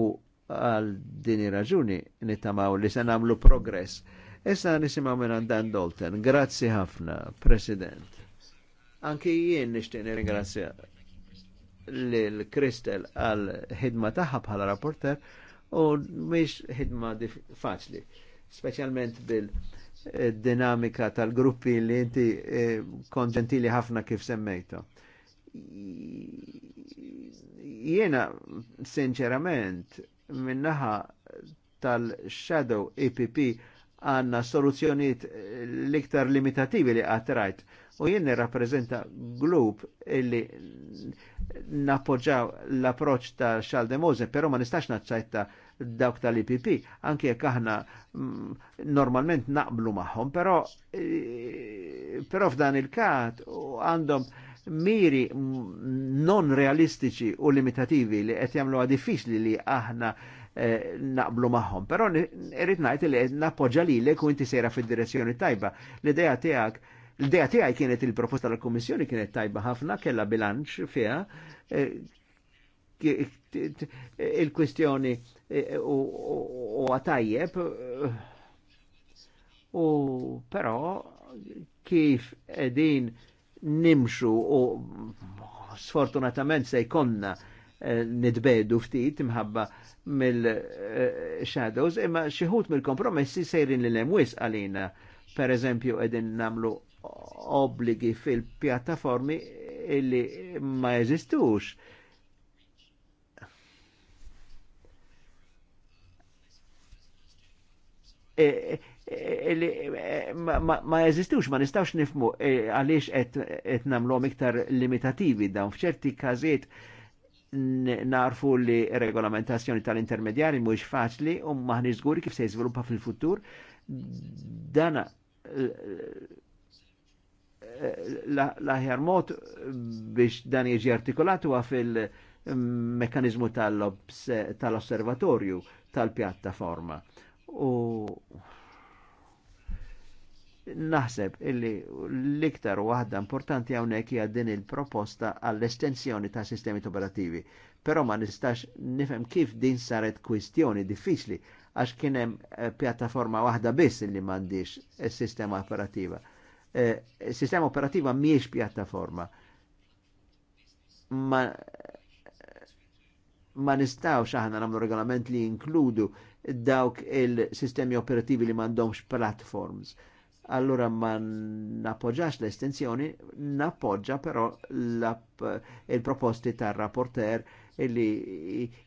għal din raġuni nittamaw li se namlu progress. Issa nisimaw minn Dan Dalton. Grazzi ħafna, President. Anki jien nishtiq ringrazzja lil Kristel għal ħidma tagħha bħala rapporter u miex ħidma faċli, speċjalment bil-dinamika tal-gruppi li inti e, konġentili ħafna kif semmejta. Jiena sinċerament minnaħa tal-Shadow EPP għanna soluzzjoniet l-iktar limitativi li għatrajt. Right u jenni rappresenta glub illi nappoġġaw l-approċ ta' Xalde de Mose, però ma nistax naċċajta dawk tal-IPP, anki jekk aħna mm, normalment naqblu magħhom, però eh, però f'dan il-kat għandhom miri mm, non realistiċi u limitativi li qed jagħmluha diffiċli li aħna Eh, naqblu maħħom. Pero irrit ngħid li nappoġġa li u inti sejra fil-direzzjoni tajba. L-ideja tijak L-deja tiegħi kienet il-proposta tal-Kummissjoni kienet tajba ħafna, kella bilanċ fiha eh, il-kwistjoni eh, u għatajjeb eh, u però kif edin nimxu u sfortunatament se jkonna nidbedu ftit imħabba mill-shadows imma xieħut mill-kompromessi sejrin li l-emwis għalina per eżempju edin namlu obbligi fil-pjattaformi illi ma jeżistux. E, e, ma jeżistux, ma, nistawx nifmu e, għaliex qed namlhom iktar limitativi dawn f'ċerti każiet narfu li regolamentazzjoni tal-intermedjari mhux faċli u maħni żguri kif se jiżviluppa fil-futur dana l-aħjar mod biex dan jiġi artikolatu huwa fil-mekanizmu tal-osservatorju tal-pjattaforma. U naħseb illi l-iktar waħda importanti hawnhekk hija din il-proposta għall-estensjoni ta' sistemi operativi. Però ma nistax nifhem kif din saret kwistjoni diffiċli għax kien hemm eh, pjattaforma waħda biss li m'għandix is-sistema eh, operattiva eh, sistema operativa miex pjattaforma. Ma, ma nistaw aħna namlu regolament li inkludu dawk il-sistemi operativi li mandomx platforms. Allora ma napoġax l-estensjoni, napoġġa però il-proposti tar-rapporter illi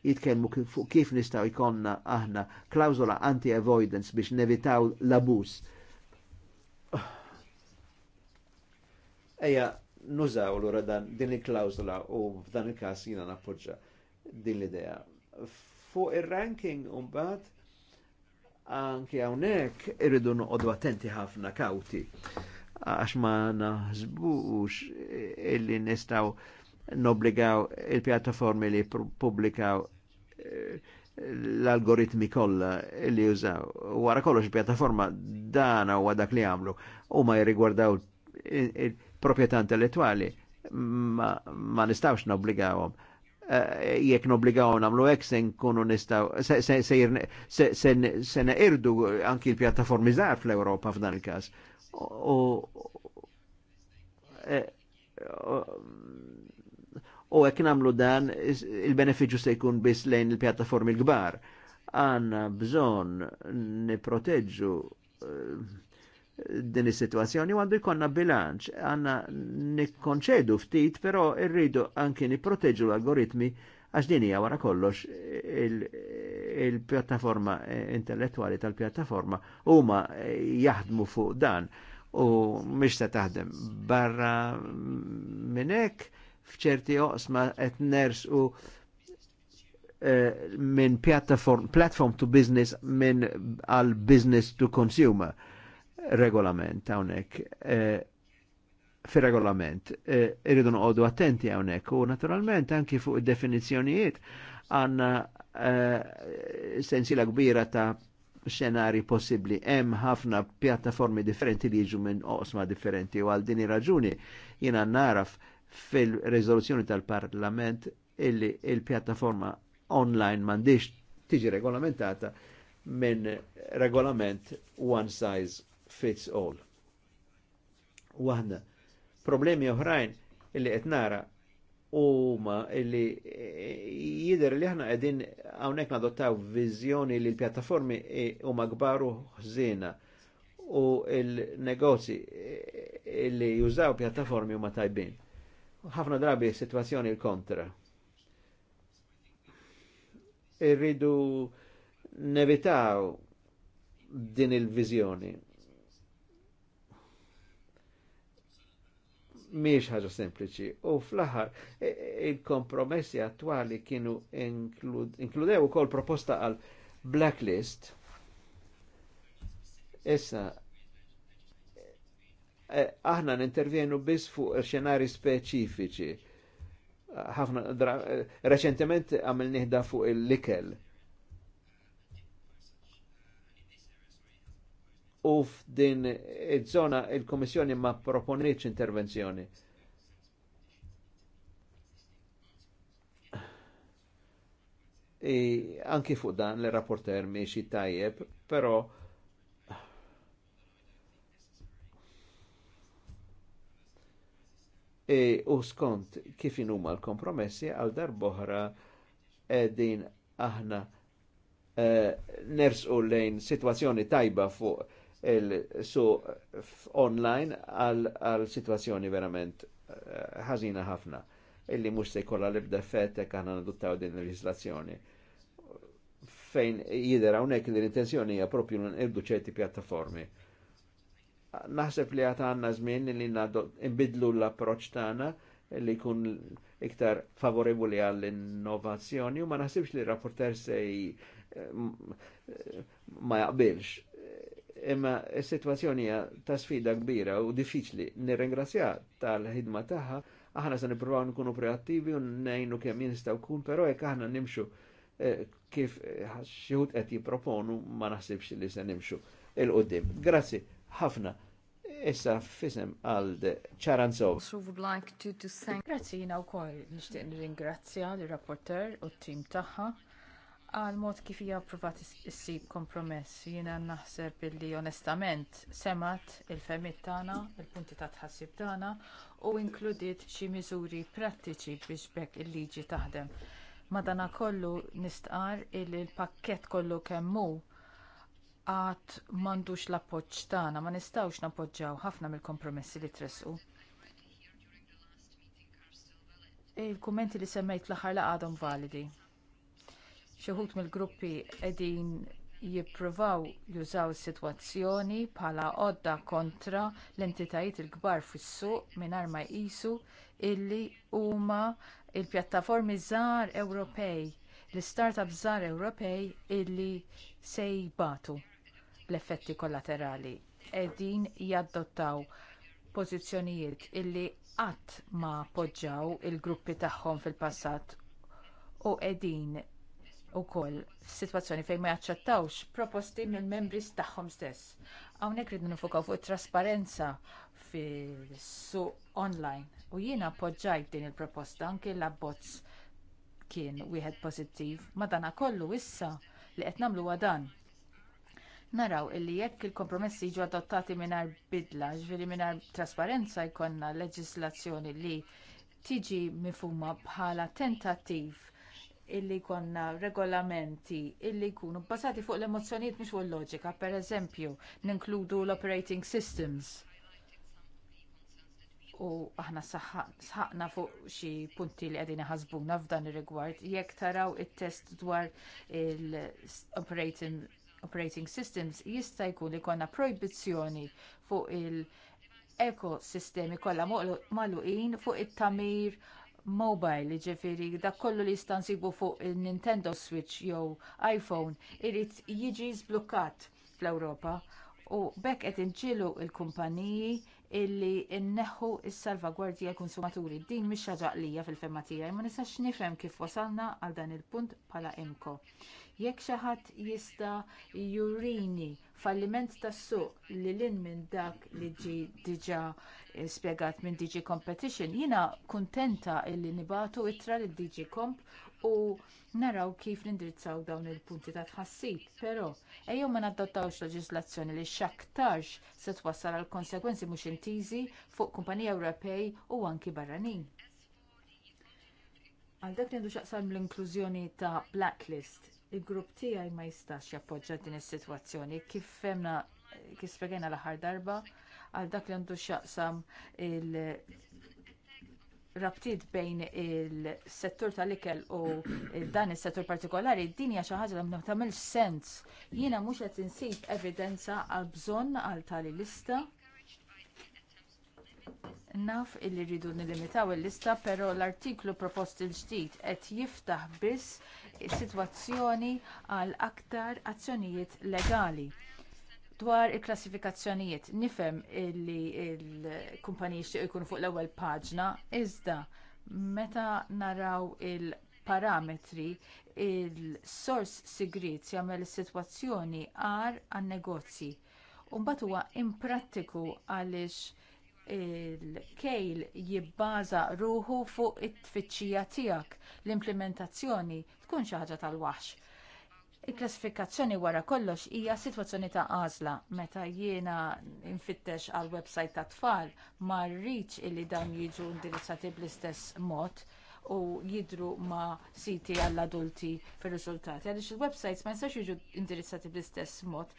jitkelmu kif nistaw ikonna aħna klawzola anti-avoidance biex nevitaw l-abus Eja, nużaw l-ura din il-klawzula u f'dan il-kas jina nappoġġa din l-idea. Fuq il-ranking un-bat, anki għawnek irridu noqodu attenti ħafna kawti għax ma naħsbux illi nistaw nobligaw il-pjattaformi li publikaw eh, l-algoritmi kolla li jużaw. Wara kollox pjattaforma dana u dak li għamlu u ma jirrigwardaw il proprietà intellettuali ma, ma nistawx nobbligawhom. Uh, eh, jek nobligaw namlu hekk se nkunu nistgħu se irdu anki l-pjattaformi żgħar fl-Ewropa f'dan il-każ. U eh, hekk nagħmlu dan il-benefiċċju se jkun biss lejn il-pjattaformi l-kbar. Għanna bżonn niproteġġu uh, eh, din is-sitwazzjoni għandu jkollna bilanċ. Għanna nikkonċedu ftit, però rridu anki niproteġu l-algoritmi għax din hija wara kollox il-pjattaforma il eh, intellettuali tal-pjattaforma huma eh, jaħdmu fuq dan u mhix se taħdem barra minn hekk f'ċerti oqsma qed ners u eh, minn platform to business minn għal business to consumer regolament hawnhekk eh, fi regolament eh, irridu noqogħdu attenti hawnhekk u naturalment anki fuq id-definizzjonijiet għandna eh, sensila kbira ta' xenari possibbli Hemm ħafna pjattaformi differenti li jiġu minn oqsma differenti u għal din raġuni jiena naraf fil reżoluzzjoni tal-Parlament illi il-pjattaforma online m'għandix tiġi regolamentata minn regolament one size fits all. Waħna, problemi oħrajn illi qed nara huma illi eh, jider li aħna qegħdin hawnhekk nadottaw viżjoni li l-pjattaformi eh, huma kbar u ħżiena u l-negozji eh, illi jużaw pjattaformi huma tajbin. Ħafna drabi situazzjoni l-kontra. Irridu nevitaw din il-viżjoni miex ħaġa sempliċi. U fl-aħħar, e, e, il-kompromessi attuali kienu inkludew ukoll proposta għal blacklist. Issa, e, aħna nintervjenu biss fuq xenari speċifiċi. Ħafna, reċentement għamil nihda fuq il-likel u f'din iż zona il-Kommissjoni ma proponiċ intervenzjoni. I, anki fuq dan l rapporter miex tajjeb, però E, u skont kif inhuma l-kompromessi għal darboħra din aħna e, eh, nersu lejn situazzjoni tajba fuq il-su online għal situazzjoni verament eh, ħażina ħafna illi mux se jkollha l-ibda effett hekk aħna naduttaw din il-leġislazzjoni. Fejn jidher hawnhekk li l-intenzjoni hija propju nirdu ċerti pjattaformi. Naħseb li għad għandna żmien li nbidlu l-approċċ tagħna li jkun iktar favorevoli għall-innovazzjoni u ma naħsibx li rapporter se eh, eh, ma jaqbilx Imma s-situazzjoni ta' sfida kbira u diffiċli. Nirringrazzja tal-ħidma tagħha, aħna se nippruvaw nkunu proattivi u nejnu kemm jinstaw kun, però jekk aħna nimxu eh, kif eh, xieħut qed jipproponu ma naħsibx li se nimxu il-qoddim. Grazzi ħafna. Issa fisem għal ċaranzov. So would like to, to thank. Grazzi jina u koll nishtiq ringrazzja l-rapporter u t-tim taħħa għal mod kif hija pprovat issib kompromess. Jiena naħseb billi onestament semat il-femit tagħna, il-punti ta' tħassib tagħna u inkludiet xi miżuri prattiċi biex bekk il-liġi taħdem. Madana kollu nistqar illi l-pakket kollu kemm hu għad m'għandux l appoġġ tagħna, ma nistgħux nappoġġjaw ħafna mill-kompromessi li tresqu. Il-kummenti li semmejt l-aħħar għadhom validi. Xi wħud mill-gruppi qegħdin jippruvaw jużaw is-sitwazzjoni bħala għodda kontra l-entitajiet il-kbar fis-suq mingħajr ma jqisu illi huma l il pjattaformi żgħar Ewropej, l-istartup żgħar Ewropej illi se jbatu l-effetti kollaterali. Qegħdin jaddottaw pożizzjonijiet illi qatt ma poġġaw il-gruppi tagħhom fil-passat u qegħdin wkoll f'sitwazzjoni fejn ma jaċċettawx proposti mill-membri tagħhom stess. Hawnhekk rridu nifokaw fuq it trasparenza fis-suq online u jiena appoġġajt din il-proposta anke l-abbozz kien wieħed pożittiv Madanakollu issa li qed nagħmlu dan naraw illi jekk il-kompromessi jiġu adottati mingħajr bidla, ġviri mingħajr trasparenza jkollna leġiżlazzjoni li tiġi mifhuma bħala tentattiv illi jkollna regolamenti illi jkunu bbażati fuq l emozjonijiet mhux fuq il-loġika, pereżempju ninkludu l-operating systems. U aħna sħaqna fuq xi punti li qegħdin iħasbuna f'dan ir-rigward jekk taraw it-test dwar il-operating operating systems jista' jkun li jkollna projbizzjoni fuq il- ekosistemi kollha magħluqin fuq it-tamir mobile, ġifiri, dak kollu li jista' nsibu fuq il-Nintendo Switch jew iPhone irid jiġi zblukkat fl-Ewropa u bekk qed inġilu l kumpaniji illi inneħħu s-salvagwardja l-konsumaturi. Din mhix ħaġa qlija fil-fema tiegħi ma nistax nifhem kif wasalna għal dan il-punt bħala imko. Jekk xi ħadd jista' jurini falliment tas-suq li lin minn dak li ġie diġà spjegat minn DG Competition, jiena kuntenta illi nibatu ittra li DG Comp u naraw kif nindirizzaw dawn il-punti ta' tħassib, però ejjew ma nadottawx leġiżlazzjoni li x'aktarx se twassal għal konsegwenzi mhux intiżi fuq kumpaniji Ewropej u anki barranin. Għal dak li xaqsam l-inklużjoni ta' blacklist, il-grupp tiegħi ma jistax jappoġġa din is-sitwazzjoni kif femna kif spjegajna l-aħħar darba għal dak li għandu x'jaqsam il rabtiet bejn il-settur tal-ikel u dan is settur partikolari, din hija xi ħaġa li ma tagħmilx sens. Jiena mhux qed insib evidenza għal bżonn għal tali lista. Naf illi rridu nilimitaw il-lista, però l-artiklu proposti l ġdid qed jiftaħ biss is-sitwazzjoni għal aktar azzjonijiet legali. Dwar il-klassifikazzjonijiet, nifhem li l-kumpaniji xtiq ikunu fuq l-ewwel paġna, iżda meta naraw il-parametri il-sors sigrit jagħmel is-sitwazzjoni għar għan-negozji. U mbagħad huwa imprattiku għaliex il-kejl jibbaża ruħu fuq it-tfittxija tiegħek. L-implementazzjoni tkun xi ħaġa tal-waħx. Il-klassifikazzjoni wara kollox hija sitwazzjoni ta' għażla meta jiena nfittex għal website ta' tfal ma rridx illi dawn jiġu indirizzati bl-istess mod u jidru ma siti għall-adulti fir-riżultati. Għaliex il-websites ma jistax jiġu indirizzati bl-istess mod.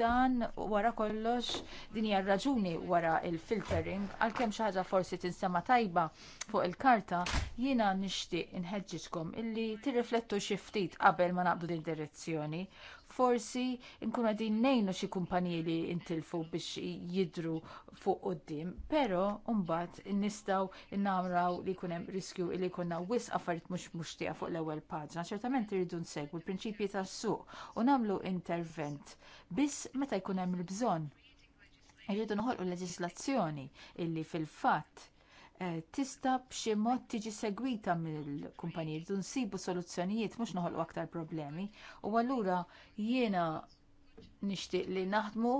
Dan wara kollox din hija raġuni wara l filtering għalkemm xi ħaġa forsi tinsema tajba fuq il-karta jiena nixtieq inħeġġitkom illi tirriflettu xi ftit qabel ma naqbdu din direzzjoni forsi nkunu għadin nejnu xi kumpaniji li intilfu biex jidru fuq qoddim, pero mbagħad nistgħu namraw li jkun hemm riskju li jkunna wis affarijiet mhux mixtieqa fuq l-ewwel paġna. Ċertament rridu nsegwu l-prinċipji tas-suq u nagħmlu intervent biss meta jkun hemm il-bżonn. Irridu noħolqu leġislazzjoni illi fil-fatt Eh, tista b'xi mod tiġi segwita mill-kumpaniji rridu nsibu soluzzjonijiet mhux noħolqu aktar problemi. U allura jiena nixtieq li naħdmu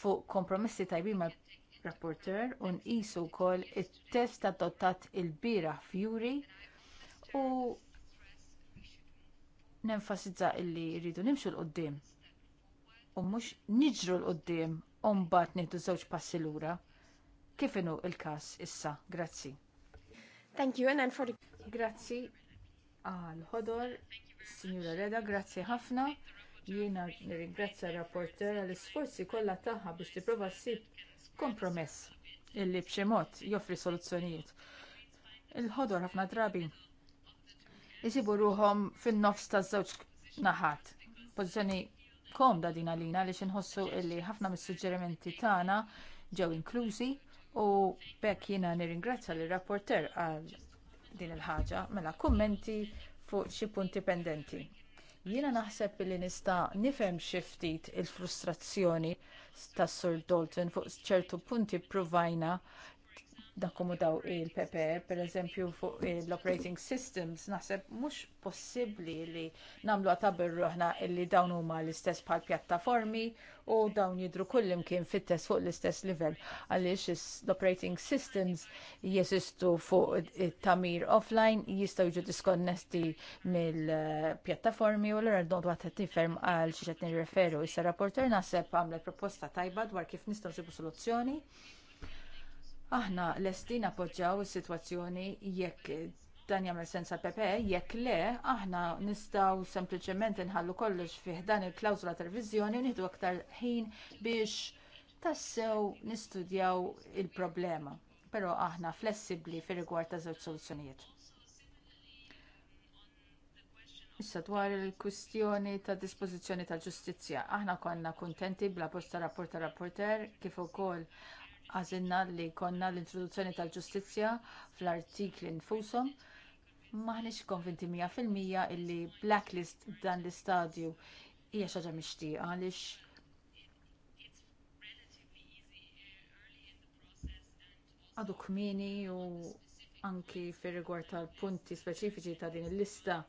fuq kompromessi tajbin mal rapporteur u nqisu wkoll it-test adottat ilbieraħ fjuri u nenfasizza illi rridu nimxu l-qoddim u mhux niġru l-qoddim u mbagħad nieħdu żewġ passi lura kif inhu il-każ issa. Grazzi. Thank you and then for the Grazzi għal ħodor, Signora Reda, grazzi ħafna. Jiena nirringrazzja r-rapporter għall isforzi kollha tagħha biex tipprova ssib kompromess illi b'xi mod joffri soluzzjonijiet. Il-ħodor ħafna drabi jisibu ruhom fin-nofs taż-żewġ naħat. Pożizzjoni komda din għalina li inħossu illi ħafna mis-suġġerimenti tagħna ġew inklużi U bekk jiena nirringrazzja lir rapporter għal din il-ħaġa mela kummenti fuq xi punti pendenti. Jiena naħseb li nista' nifhem xi ftit il-frustrazzjoni tas Sur Dalton fuq ċertu punti provajna dakkomodaw il-PPE, pereżempju fuq l-operating systems, naħseb mhux possibbli li nagħmlu għatabir ruħna illi dawn huma l-istess bħal pjattaformi u dawn jidhru kullimkien fit-test fuq l-istess livell għaliex l-operating systems jeżistu fuq it-tamir offline jistgħu jiġu diskonnesti mill-pjattaformi u l-għardon għat tifferm għal xi qed nirreferu. Issa rapporter naħseb għamlet proposta tajba dwar kif nistgħu nsibu soluzzjoni Aħna lesti appoġġjaw is-sitwazzjoni jekk dan jagħmel sens għal Pepe, jekk le, aħna nistgħu sempliċement inħallu kollox fih dan il-klawżula tal-viżjoni u nieħdu aktar ħin biex tassew nistudjaw il-problema. Però aħna flessibbli fir rigward ta' żewġ soluzzjonijiet. Issa dwar il-kwistjoni ta' dispożizzjoni tal ġustizzja, aħna konna kuntenti bla posta rapport ta' rapporter kif ukoll għażilna li konna l-introduzzjoni tal-ġustizzja fl-artikli nfushom maħniex konvinti mija fil-mija illi blacklist dan l-istadju hija xaġa mixtieqa għaliex għadu kmieni u anki fir rigward tal-punti speċifiċi ta' din il-lista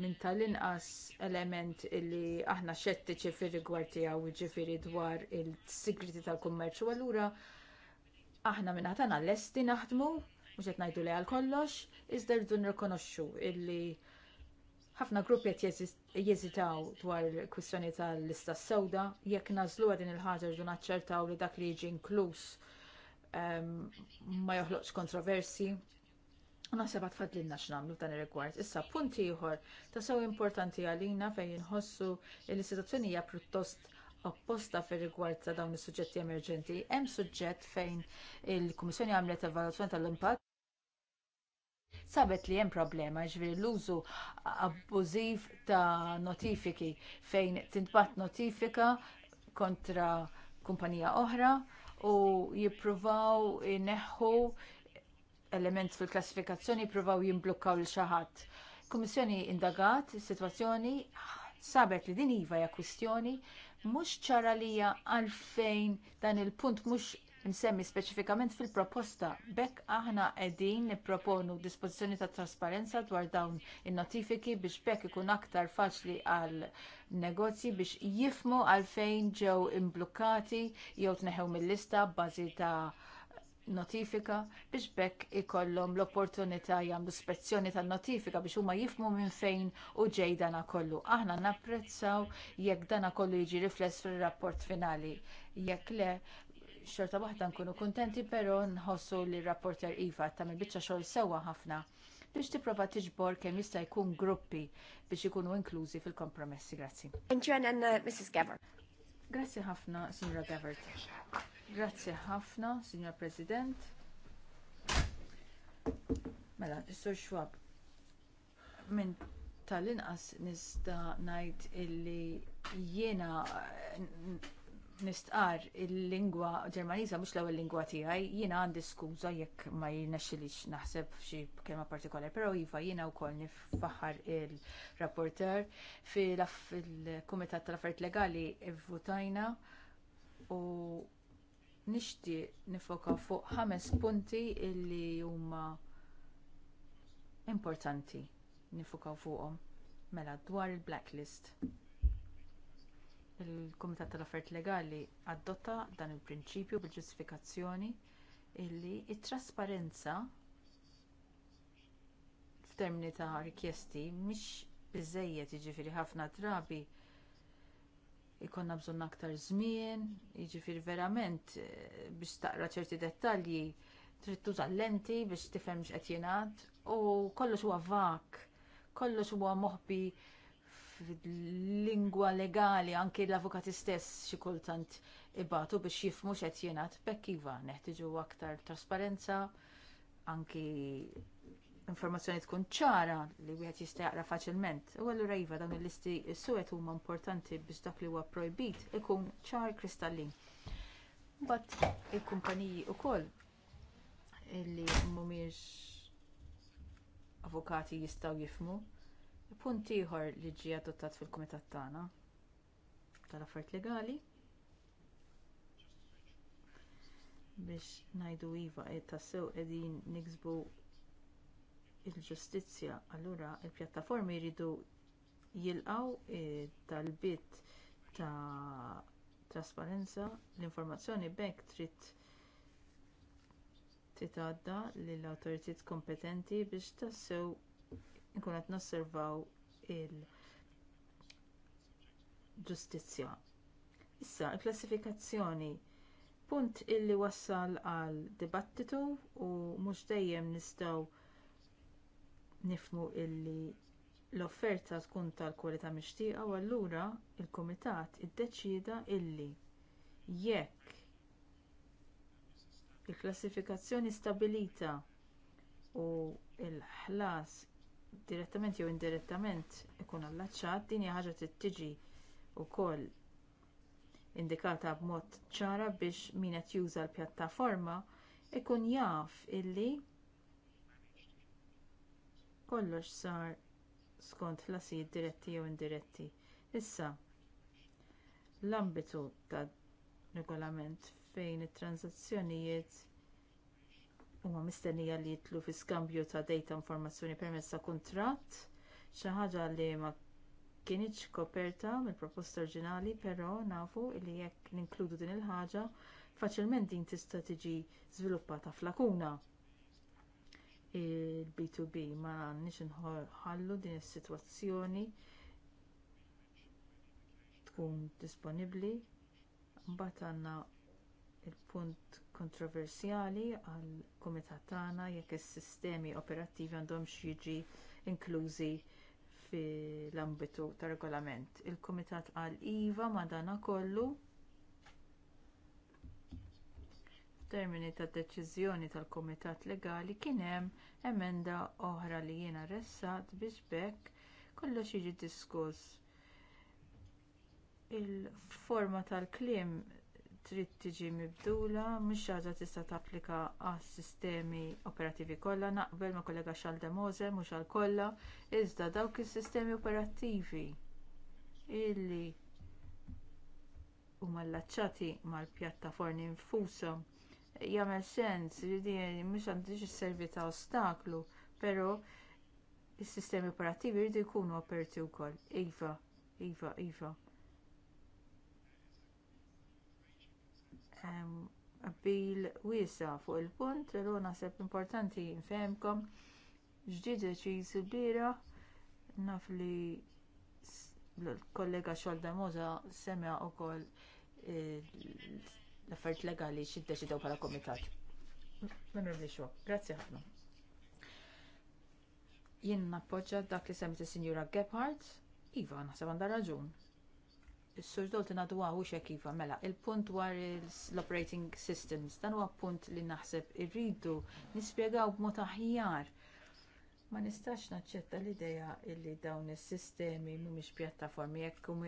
minn tal-inqas element illi aħna xettiċi fir rigward tiegħu jiġifieri dwar il-sigriti tal-kummerċu allura aħna minn ħatana lesti naħdmu mhux qed ngħidu lejha għal kollox iżda rridu nirrikonoxxu illi ħafna gruppi qed jeżitaw dwar il-kwistjoni tal-lista sewda jekk nażlu din il-ħaġa rridu naċċertaw li dak li jiġi inkluż ma joħloqx kontroversi U naħseb għatfadlinna x'namlu dan ir-rigward. Issa punti ieħor ta' sew importanti għalina fejn nħossu l situazzjoni hija pruttost opposta fir rigward ta' dawn is-suġġetti emerġenti. Hemm suġġett fejn il-Kummissjoni għamlet evalwazzjoni tal-impatt sabet li hemm problema ġviri jiġifieri l-użu abbużiv ta' notifiki fejn tintbat notifika kontra kumpanija oħra u jippruvaw ineħħu element fil-klassifikazzjoni ppruvaw jimblukkaw lil xi ħadd. Kummissjoni indagat is-sitwazzjoni sabet li din iva hija kwistjoni mhux ċara lija għalfejn dan il-punt mhux msemmi speċifikament fil-proposta. Bekk aħna qegħdin nipproponu dispożizzjoni ta' trasparenza dwar dawn in-notifiki biex bekk ikun aktar faċli għal negozji biex jifmu għalfejn ġew imblukkati jew tneħew mill-lista bbażi ta' notifika biex bekk ikollhom l-opportunità jagħmlu spezzjoni tan-notifika biex huma jifhmu minn fejn u ġej dana kollu. Aħna napprezzaw jekk dana kollu jiġi rifless fir-rapport finali. Jekk le, xorta waħda nkunu kuntenti però nħossu li r-rapporter Iva tagħmel biċċa xogħol sewwa ħafna biex tipprova tiġbor kemm jista' jkun gruppi biex ikunu inklużi fil-kompromessi. Grazzi. Uh, Grazzi ħafna, Sinjora Gavert. Grazzi ħafna, Signor President. Mela, Sur Schwab, minn tal-inqas nista ngħid illi jiena eh, nistqar il-lingwa Ġermaniża mhux l-ewwel lingwa tiegħi, jiena għandi skuża jekk ma jirnexxilix naħseb f'xi kelma partikolari, però iva jiena wkoll niffaħar il-rapporter fil-Kumitat tal-Affarijiet Legali vvutajna u nixtieq nifoka fuq ħames punti li huma importanti nifokaw fuqhom mela dwar il-blacklist. Il-Kumitat tal-Affert Legali adotta dan il-prinċipju bil-ġustifikazzjoni illi t trasparenza f'termini ta' rikjesti mhix biżżejjed jiġifieri ħafna drabi ikonna bżonn aktar żmien, iġifir verament eh, biex taqra ċerti dettalji trid tuża lenti biex tifhem x'qed jingħad u kollox huwa vak, kollox huwa moħbi lingwa legali anke l-avukati stess xi kultant ibatu biex jifmu x'qed jingħad bekk iva neħtieġu aktar trasparenza anki informazzjoni tkun ċara li wieħed jista' jaqra faċilment. U allura iva dawn il-listi s-suwed huma importanti biex dak li huwa projbit ikun ċar kristallin. Mbagħad il-kumpaniji wkoll illi mhumiex avukati jistgħu jifhmu. Punt ieħor li ġie adottat fil-kumitat tagħna tal-affarijiet legali biex ngħidu iva tassew qegħdin niksbu il-ġustizzja. Allura l pjattaformi jridu jilqgħu eh, tal-bit ta' trasparenza l-informazzjoni b'hekk trid titgħadda lill awtoritiet kompetenti biex tassew nkun qed nosservaw il-ġustizzja. Issa, l klassifikazzjoni punt illi wassal għal dibattitu u mhux dejjem nistgħu nifmu illi l-offerta tkun tal-kwalità mixtieqa u allura l kumitat iddeċieda illi jekk il-klassifikazzjoni stabbilita u l-ħlas direttament jew indirettament ikun allaċċat din ħaġa trid tiġi wkoll indikata b'mod ċara biex min qed juża l-pjattaforma ikun jaf illi kollox sar skont flasijiet diretti jew indiretti. Issa, l-ambitu ta' regolament fejn it-transazzjonijiet huma mistennija li jitlu fi skambju ta' dejta informazzjoni permezz ta' kuntratt xi ħaġa li ma kienitx koperta mill-proposta oriġinali, però nafu li jekk ninkludu din il-ħaġa faċilment din tista' tiġi żviluppata f'lakuna il-B2B ma nix nħallu din is-sitwazzjoni tkun disponibbli mbagħad għandna il-punt kontroversjali għall kumitat tagħna jekk is-sistemi operattivi għandhom jiġi inklużi fl-ambitu tar regolament. il kumitat għal IVA madana kollu termini tad deċiżjoni tal-Kumitat Legali kien hemm emenda oħra li jien arrestat biex bekk kollox jiġi diskuss. Il-forma tal-kliem trid tiġi mibdula mhux ħaġa tista' tapplika għas sistemi operattivi kollha naqbel ma' kollega Xalda Mose mhux għal kollha iżda dawk is-sistemi operattivi illi huma allaċċati mal-pjattaformi infushom jagħmel sens li din mhux għandix isservi ta' ostaklu, però is-sistemi operattivi jridu jkunu aperti wkoll. Iva, iva, iva. Bil wiesa fuq il-punt, l naħseb importanti nfehmkom ġdid deċiż bira naf li l-kollega xolda moza semja wkoll l-affarijiet legali x'iddeċidew bħala komitat. Onorevoli grazzi ħafna. Jien nappoġġa dak li semmit is-Sinjura Gebhardt, iva naħseb għandha raġun. Is-sur Dolti għadu għahu iva, mela, il-punt dwar l-operating systems, dan huwa punt li naħseb irridu nispjegaw b'mod aħjar. Ma nistax naċċetta l-idea li dawn is-sistemi mhumiex pjattaformi jekk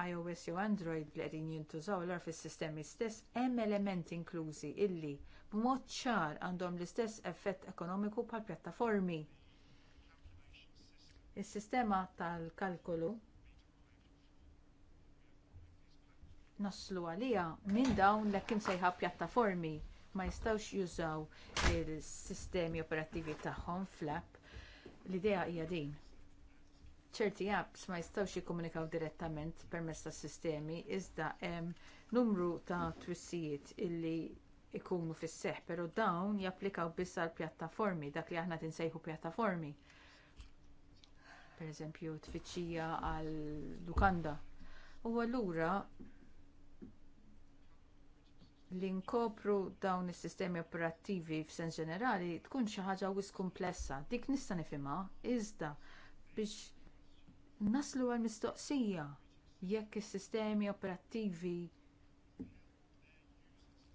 iOS jew Android li qegħdin jintużaw l fis-sistemi stess hemm elementi inklużi illi b'mod ċar għandhom l-istess effett ekonomiku bħall pjattaformi. Is-sistema tal-kalkolu naslu għalija minn dawn l sejħa pjattaformi ma jistgħux jużaw is sistemi operattivi tagħhom f'lap. L-idea hija din ċerti apps ma jistgħux jikkomunikaw direttament permezz tas sistemi iżda hemm numru ta' twissijiet illi ikunu fis seħħ però dawn japplikaw biss għal pjattaformi, dak li aħna tinsejħu pjattaformi. Pereżempju tfittxija għal lukanda. U allura li nkopru dawn is-sistemi operattivi f'sens ġenerali tkun xi ħaġa wis komplessa. Dik nista' nifhimha iżda biex naslu għal mistoqsija jekk is-sistemi operattivi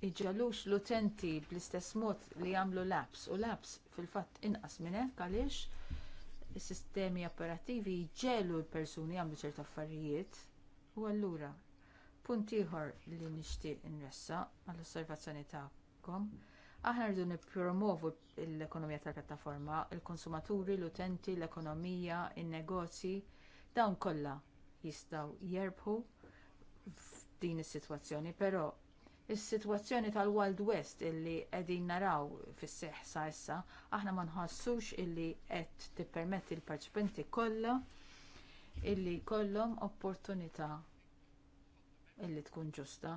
iġalux l-utenti bl-istess mod li jagħmlu laps u laps fil-fatt inqas minn hekk għaliex is-sistemi operattivi jġelu l-persuni jagħmlu ċerta affarijiet u allura punt ieħor li nixtieq inressaq għall-osservazzjoni tagħkom aħna rridu nippromovu l-ekonomija tal-pjattaforma, il-konsumaturi, l-utenti, l-ekonomija, in-negozji, il Dawn kollha jistgħu jerbħu f'din is-sitwazzjoni, però is-sitwazzjoni tal-Wild West illi qegħdin naraw fis-seħħ sa issa, aħna ma nħassux illi qed tippermetti l-parċipenti kollha illi jkollhom opportunità illi tkun ġusta.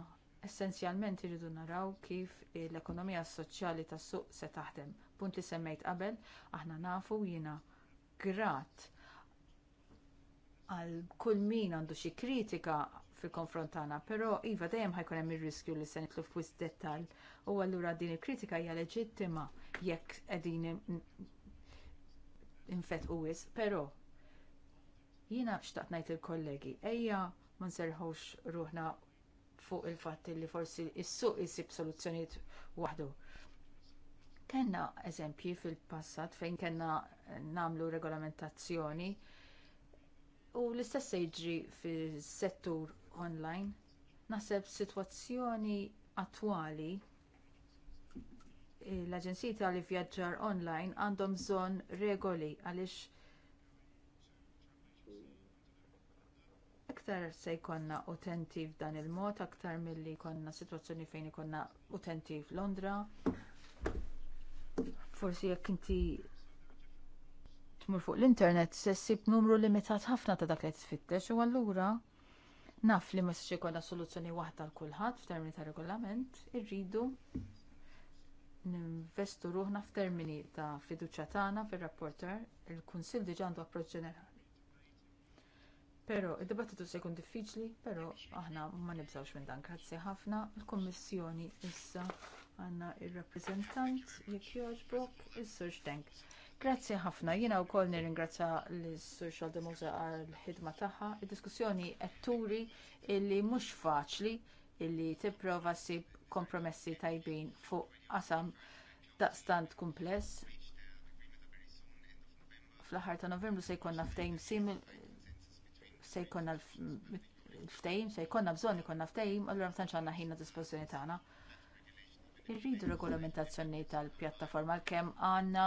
Essenzjalment iridu naraw kif l-ekonomija soċjali tas-suq se taħdem. Punt li semmejt qabel, aħna nafu jiena grat għal kull min għandu xi kritika fil-konfront tagħna, però iva dejjem ħajkun hemm ir-riskju li se nitlu f'wis dettall u allura din il-kritika hija leġittima jekk qegħdin infett u wis, però jiena xtaqt ngħid il-kollegi ejja ma nserħux ruħna fuq il-fatt li forsi s-suq isib soluzzjonijiet waħdu. Kenna eżempji fil-passat fejn kellna nagħmlu regolamentazzjoni U l-istess jiġri fis-settur online. Naħseb sitwazzjoni attwali eh, l-Aġenziji tal-Ivvjaġġar online għandhom bżonn regoli għaliex aktar se jkollna utenti f'dan il-mod, aktar milli jkollna sitwazzjoni fejn ikonna utenti f'Londra. Forsi jekk inti tmur fuq l-internet se ssib numru limitat ħafna ta' dak li tfittex u allura naf li ma sx ikolna soluzzjoni waħda l kulħadd f'termini ta' regolament, irridu ninvestu ruħna f'termini ta' fiduċja tagħna fir-rapporter, il-Kunsill diġà għandu approċċ ġenerali. Però id-dibattitu se jkun diffiċli, però aħna ma nibżawx minn dan. Grazzi ħafna. Il-Kummissjoni issa għandna ir rappreżentant jekk jogħġbok is-Sur Tank. Grazzi ħafna, jiena wkoll nirringrazzja l-Sur Demosa għal-ħidma tagħha. il diskussjoni qed turi illi mhux faċli illi tipprova ssib kompromessi tajbin fuq qasam daqstant kumpless. Fl-aħħar ta' Novembru se jkollna ftejm sim se jkollna l-ftehim, se jkollna bżonn ikollna ftehim, allura ma tantx għandna ħin dispożizzjoni tagħna. Irridu regolamentazzjoni tal-pjattaforma kemm għandna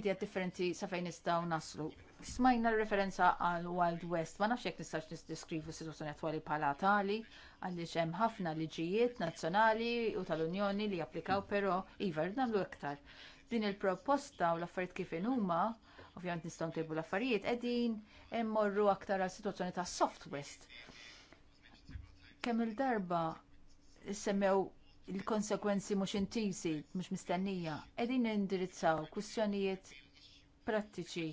idea differenti sa fejn nistgħu naslu. Smajna referenza għal Wild West, ma nafx jekk nistax nisdeskrivu s-situazzjoni attwali pala tali, għaliex hemm ħafna liġijiet nazzjonali u tal-Unjoni li japplikaw però iver nagħmlu iktar. Din il-proposta u l-affarijiet kif in huma, ovvjament nistgħu ntejbu l-affarijiet, qegħdin immorru aktar għal situazzjoni ta' soft west. Kemm il-darba semmew il-konsekwenzi mhux intisi, mhux mistennija, qegħdin indirizzaw kwistjonijiet prattiċi.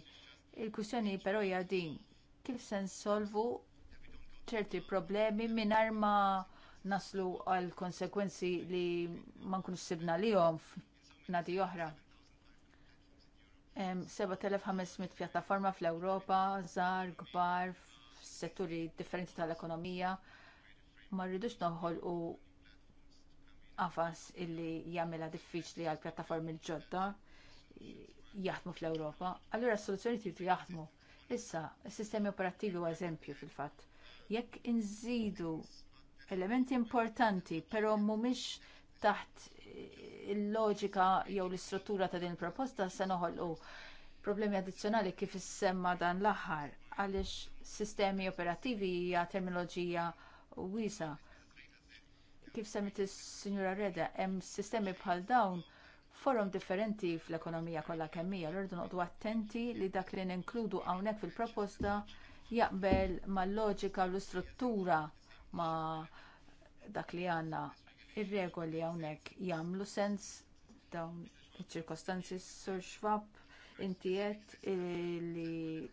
Il-kwistjoni però hija din kif se nsolvu ċerti problemi mingħajr ma naslu għal konsekwenzi li ma nkunux sibna lihom f'nadi oħra. 7500 pjattaforma fl-Ewropa, żgħar, kbar, f'setturi differenti tal-ekonomija, ma rridux noħolqu għafas illi jagħmilha diffiċli għal pjattaformi ġodda jaħdmu fl-Ewropa, allura s-soluzzjoni tridu jaħdmu. Issa, s-sistemi operattivi u eżempju fil-fatt. Jekk inżidu elementi importanti, però mhumiex taħt eh, il-loġika jew l-istruttura ta' din il-proposta se noħolqu problemi addizzjonali kif is-semma dan l-aħħar għaliex sistemi operattivi hija terminoloġija wiesa' kif semmit is-Sinjura Reda, hemm sistemi bħal dawn forom differenti fl-ekonomija kollha kemm hija, rridu noqdu attenti li dak li ninkludu hawnhekk fil-proposta jaqbel mal-loġika u l-istruttura ma dak li għandna ir-regoli hawnhekk jagħmlu sens dawn iċ-ċirkostanzi sur xwab inti qed li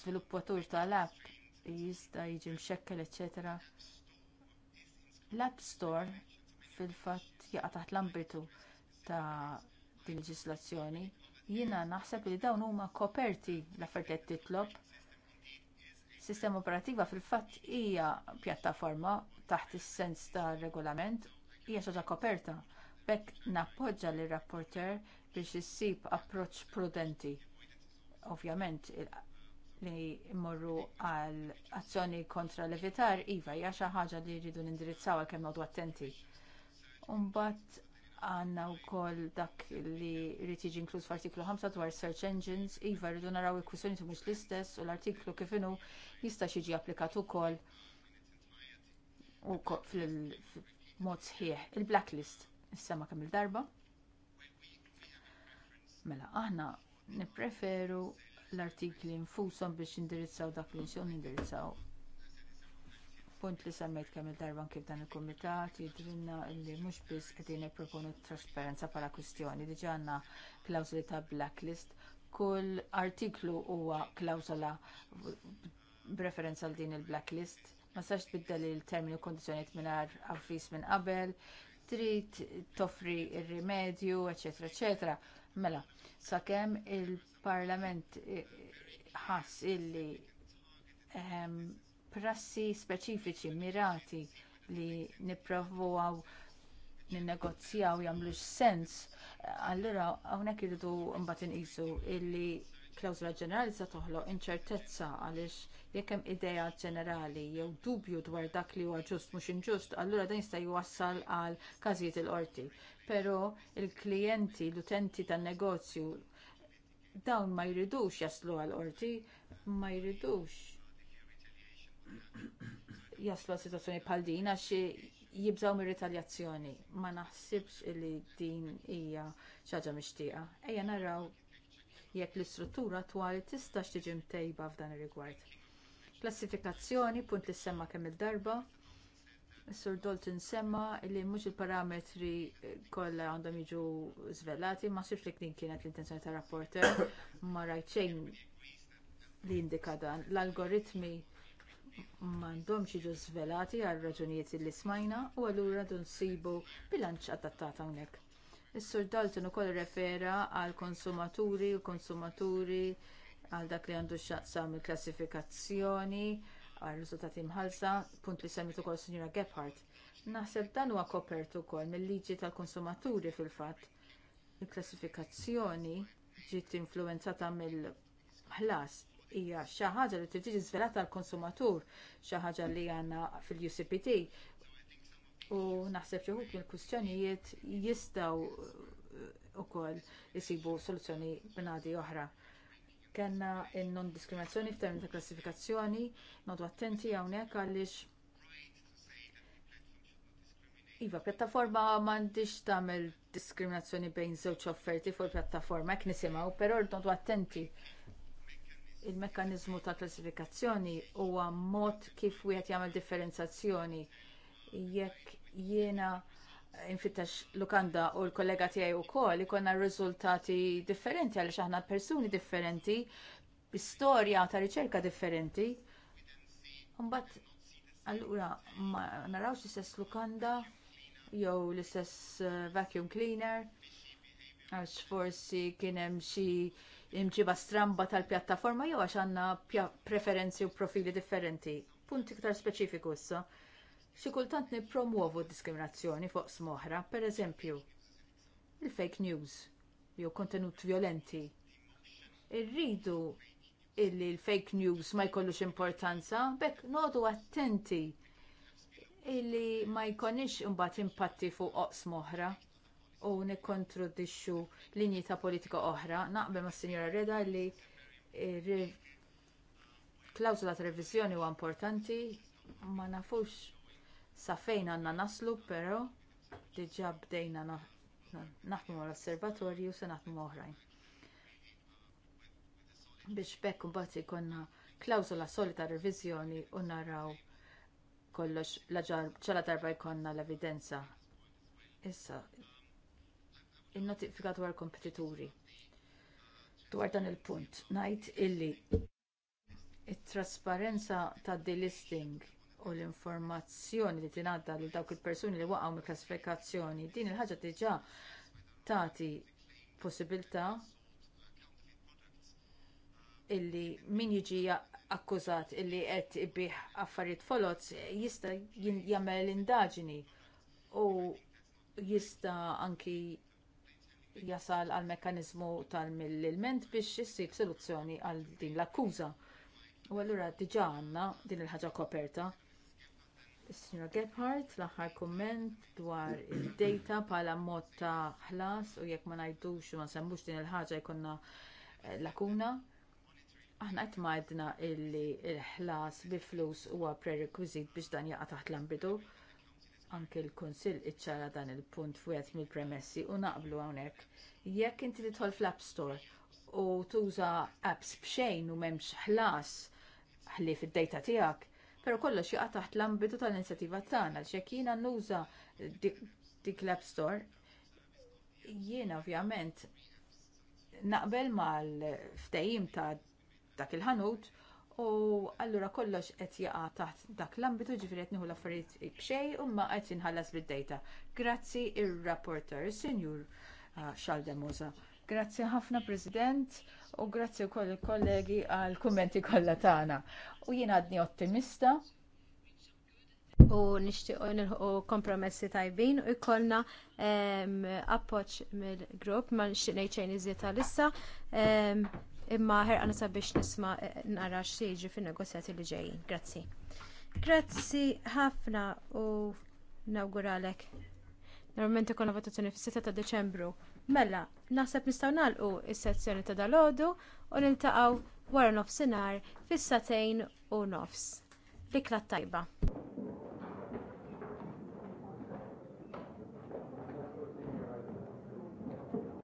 sviluppatur tal-app jista' jiġi mxekkel, eċetera l-App Store fil-fatt jaqa taħt l-ambitu ta' din leġislazzjoni. Jiena naħseb li dawn huma koperti l-affarijiet titlob. Sistema operattiva fil-fatt hija pjattaforma taħt is-sens tar regolament hija xaġa koperta. B'hekk nappoġġa lir rapporter biex issib approċċ prudenti. Ovvjament, li mmorru għal azzjoni kontra l-evitar, iva, hija xi ħaġa li jridu nindirizzaw għal kemm nodu attenti. Umbat għandna wkoll dak li jrid jiġi inkluż f'artiklu 5 dwar search engines, iva rridu naraw il-kwissjoni mhux l-istess u l-artiklu kif inhu jista' jiġi applikat ukoll u fil-mod sħiħ il-blacklist is-sema kemm il-darba. Mela aħna nippreferu l-artikli nfushom biex indirizzaw dak li nxon indirizzaw. Punt li semmejt kemm il-darba kif dan il-komitat jidrinna li mhux biss qegħdin t trasparenza bħala kwistjoni diġà għandna klawsoli ta' blacklist. Kull artiklu huwa klawsola b'referenza għal din il-blacklist. Ma sax tbiddel il-termini u kundizzjonijiet mingħajr avviż minn qabel, trid toffri r rimedju eċetera, eċetera Mela, sakemm il-Parlament ħass illi ehm, prassi speċifiċi mirati li niprovowaw ninnegozjaw jagħmlux sens, allura hawnhekk irridu mbagħad inqisu illi klawżla ġenerali se toħloq inċertezza għaliex jekk hemm idea ġenerali jew dubju dwar dak li huwa ġust mhux inġust, allura dan jista' jwassal għal każijiet il-qorti. Però il-klijenti, l-utenti tan-negozju dawn ma jridux jaslu għal qorti, ma jridux jaslu għal situazzjoni bħal din għax jibżaw mir ritaljazzjoni Ma naħsibx li din hija xi ħaġa mixtieqa. Ejja naraw jekk l-istruttura attwali tistax tiġi mtejba f'dan ir-rigward. Klassifikazzjoni, punt li semma kemm il-darba, Sur Dalton semma li mhux il-parametri kollha għandhom jiġu żvelati, ma sirx li din kienet l-intenzjoni tar rapporter, ma xejn li jindika dan. L-algoritmi m'għandhomx jiġu żvelati għal raġunijiet li smajna u allura dun sibu bilanċ adattat hawnhekk. Is-Sur Dalton ukoll refera għal konsumaturi u konsumaturi għal dak li għandu xaqsam il-klassifikazzjoni għal riżultati mħalsa, punt li semmit ukoll Sinjura Gebhardt. Naħseb dan huwa kopert ukoll mill-liġi tal-konsumaturi fil-fatt. Il-klassifikazzjoni ġiet influwenzata mill-ħlas hija xi ħaġa li tiġi żvelata għall konsumatur xi ħaġa li għandna fil-UCPT u naħseb xi wħud mill-kwistjonijiet jistgħu eh, wkoll isibu soluzzjoni b'nadi oħra. Kellna n-non diskriminazzjoni f'termini ta' klassifikazzjoni, nodu attenti hawnhekk għaliex Iva, pjattaforma m'għandix tagħmel diskriminazzjoni bejn żewġ offerti fuq il-pjattaforma, hekk nisimgħu, però rdodu attenti. Il-mekkaniżmu ta' klassifikazzjoni huwa mod kif wieħed jagħmel differenzjazzjoni jekk jiena infittax lukanda u l-kollega tiegħi wkoll ikollna riżultati differenti għaliex aħna persuni differenti, storja ta' riċerka differenti. Mbagħad allura ma narawx l-istess lukanda jew l-istess eh, vacuum cleaner għax forsi kien hemm xi imġiba stramba tal-pjattaforma jew għax għandna preferenzi u profili differenti. Punt iktar speċifiku issa. So xi kultant nippromuovu d diskriminazzjoni fuq smoħra, pereżempju il-fake news jew kontenut violenti. Irridu illi l-fake news ma jkollux importanza, bekk nodu attenti illi ma jkonix imbagħad impatti fuq oqs oħra u nikkontrodixxu linji ta' politika oħra. Naqbel mas sinjora Reda li klawzula ta' reviżjoni huwa importanti ma nafux Sa fejn għandna naslu, però diġà bdejna naħdmu mal osservatorju u se naħdmu oħrajn. Biex bekk imbagħad ikonna klawżola solita reviżjoni u naraw kollox ċala darba jkollna l-evidenza. Issa, il-notifika dwar kompetituri. Dwar dan il-punt, ngħid illi it-trasparenza tad delisting u l-informazzjoni li tingħadda lil dawk il-persuni li waqgħu mill-klassifikazzjoni. Din il-ħaġa diġà tagħti possibilità illi min jiġi akkużat illi qed ibih affarijiet folots jista' jagħmel indaġini u jista' anki jasal għal mekkaniżmu tal-millilment biex issib soluzzjoni għal din l-akkuża. U allura diġà għandna din il-ħaġa koperta Signora Gebhardt, l-aħħar komment dwar id data bħala mod ta' ħlas u jekk ma ngħidux u ma semmux din il-ħaġa jkollna eh, lakuna. Aħna qed majdna illi l-ħlas bi flus huwa prerequisit biex dan jaqa' taħt l-ambidu. Anke l-Kunsill iċċara dan il-punt f'wieħed mill-premessi u naqblu hawnhekk. Jekk inti tidħol fl-App Store u tuża apps b'xejn u m'hemmx ħlas ħlief id-data tiegħek, pero kollox jaqa' taħt l-ambitu tal-inizjattiva tagħna għal xekk jiena nuża dik l-App Store. Jiena ovvjament naqbel mal-ftehim ta' dak il-ħanut u allura kollox qed jaqa' taħt dak l-ambitu ġifieri qed nieħu l-affarijiet b'xejn u ma qed inħallas bid-dejta. Grazzi ir-rapporter, Sinjur Xaldemuza. Uh, Grazzi ħafna President u grazzi wkoll il-kollegi għal kummenti kollha tagħna. U jien għadni ottimista u nixtiequ nilħu kompromessi tajbin u jkollna appoġġ mill-grupp ma nixtieq ngħid xejn iżjed għalissa imma ħerqana sabiex nisma nara x'jiġi fin-negozjati li ġejjin. Grazzi. Grazzi ħafna u nawguralek. Normalment ikun votazzjoni fis-6 ta' Deċembru. Mela, naħseb nistgħu nagħlqu is-sezzjoni ta' dalodu u niltaqgħu wara nofsinhar fis-satejn u nofs. Likla tajba.